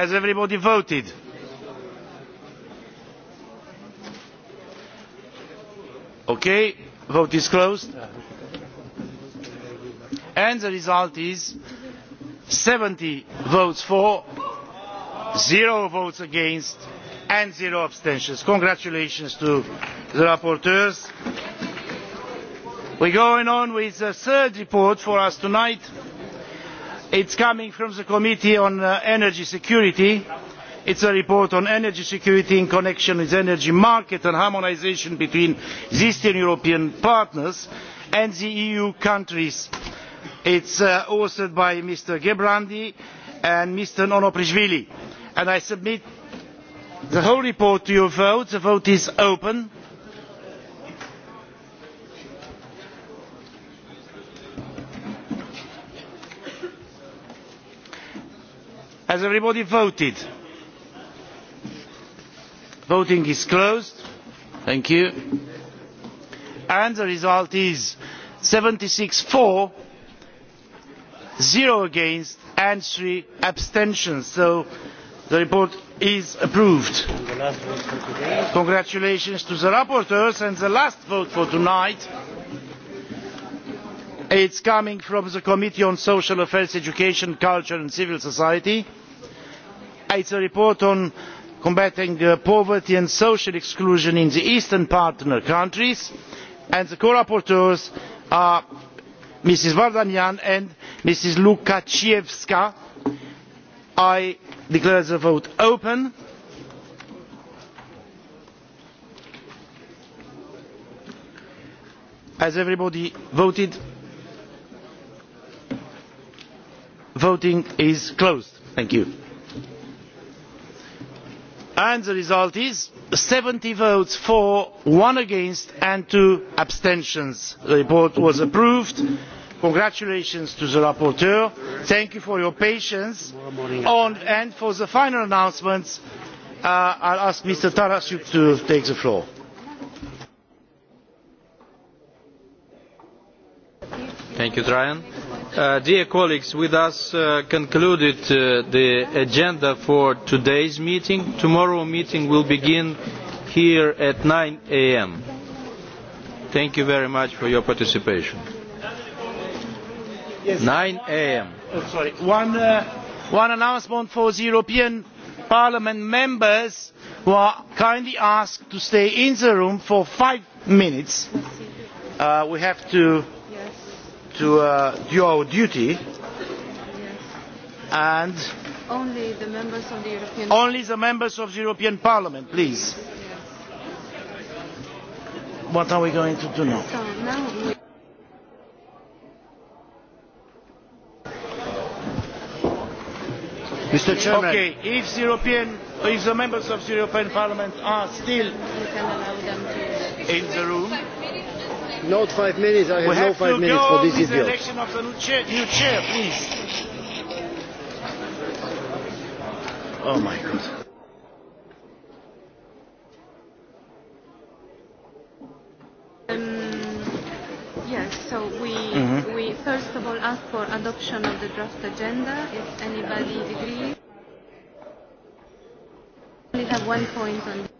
Has everybody voted? Okay, vote is closed. And the result is 70 votes for, zero votes against and zero abstentions. Congratulations to the rapporteurs. We are going on with the third report for us tonight it is coming from the committee on uh, energy security it is a report on energy security in connection with the energy market and harmonisation between existing european partners and the eu countries. it is authored uh, by mr gerbrandy and mr onoprishvili and i submit the whole report to your vote. the vote is open. Has everybody voted? Voting is closed. Thank you. And the result is seventy six for, zero against and three abstentions. So the report is approved. Congratulations to the rapporteurs and the last vote for tonight is coming from the committee on social affairs education culture and civil society it is a report on combating uh, poverty and social exclusion in the eastern partner countries and the co rapporteurs are mrs vardanian and mrs lukaevica. i declare the vote open. has everybody voted? voting is closed. thank you and the result is seventy votes for one against and two abstentions. the report was approved. congratulations to the rapporteur. thank you for your patience. and for the final announcements i uh, will ask mr tarasyuk to take the floor. Uh, dear colleagues, we thus uh, concluded uh, the agenda for today's meeting. Tomorrow meeting will begin here at 9 a.m. Thank you very much for your participation. 9 a.m. One, one announcement for the European Parliament members who are kindly asked to stay in the room for five minutes. we have to to uh, do our duty and only the members of the European only the members of European Parliament, please. What are we going to do now? Mr. Chairman. Okay, if European, if the members of the European Parliament are still in the room. Not five minutes. I have, have no five to minutes go for this on the election of the new chair, new chair please. Oh my God. Um, yes, so we, mm -hmm. we first of all ask for adoption of the draft agenda. If anybody agrees, we have one point on.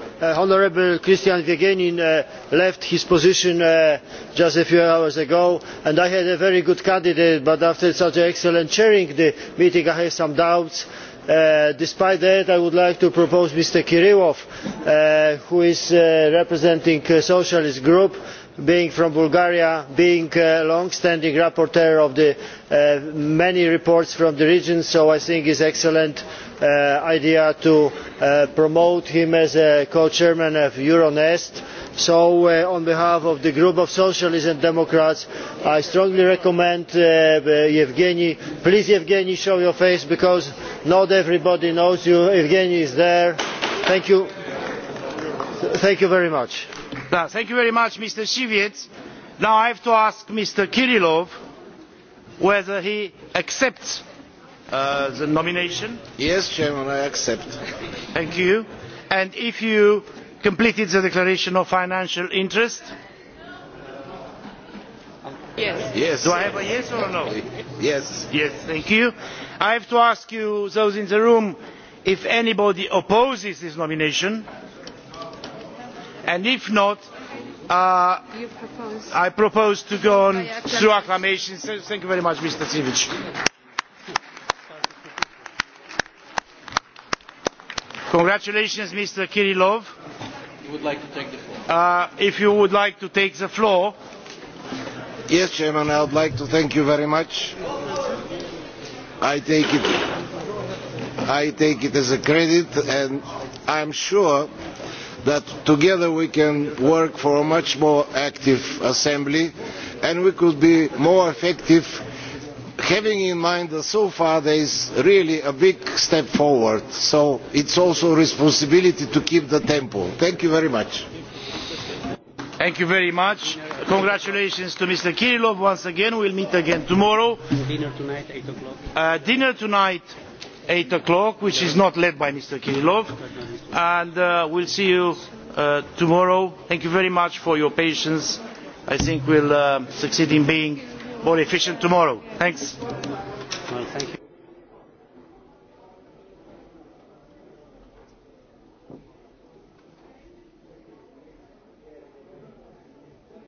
Uh, honourable christian Vigenin uh, left his position uh, just a few hours ago and i had a very good candidate but after such an excellent chairing the meeting i have some doubts. despite that i would like to propose mr kirilov who is representing the socialist group being from bulgaria being a long standing rapporteur of the many reports from the region so i think he is excellent Uh, idea to uh, promote him as a co chairman of euronest so uh, on behalf of the group of socialists and democrats i strongly recommend Evgeny. please Evgeny, show your face because not everybody knows you. Evgeny is there. thank you, thank you very much. thank you very much mr siwiec. now i have to ask mr kirilov whether he accepts Uh, the nomination? Yes, Chairman, I accept. Thank you. And if you completed the declaration of financial interest? Yes. yes. Do I have a yes or a no? Yes. Yes, thank you. I have to ask you, those in the room, if anybody opposes this nomination. And if not, uh, propose. I propose to go on through acclamation. Thank you very much, Mr. Sivic. Congratulations, Mr. Kirillov. Uh, if you would like to take the floor. Yes, Chairman, I would like to thank you very much. I take it, I take it as a credit, and I am sure that together we can work for a much more active assembly, and we could be more effective having in mind that so far there is really a big step forward so it is also a responsibility to keep the tempo. thank you very much. thank you very much. congratulations to mr kirilov once again. we will meet again tomorrow. dinner tonight eight o'clock. Uh, dinner tonight eight o'clock which is not led by mr kirilov and uh, we will see you uh, tomorrow. thank you very much for your patience. i think we will succeed in being more efficient tomorrow. Thanks.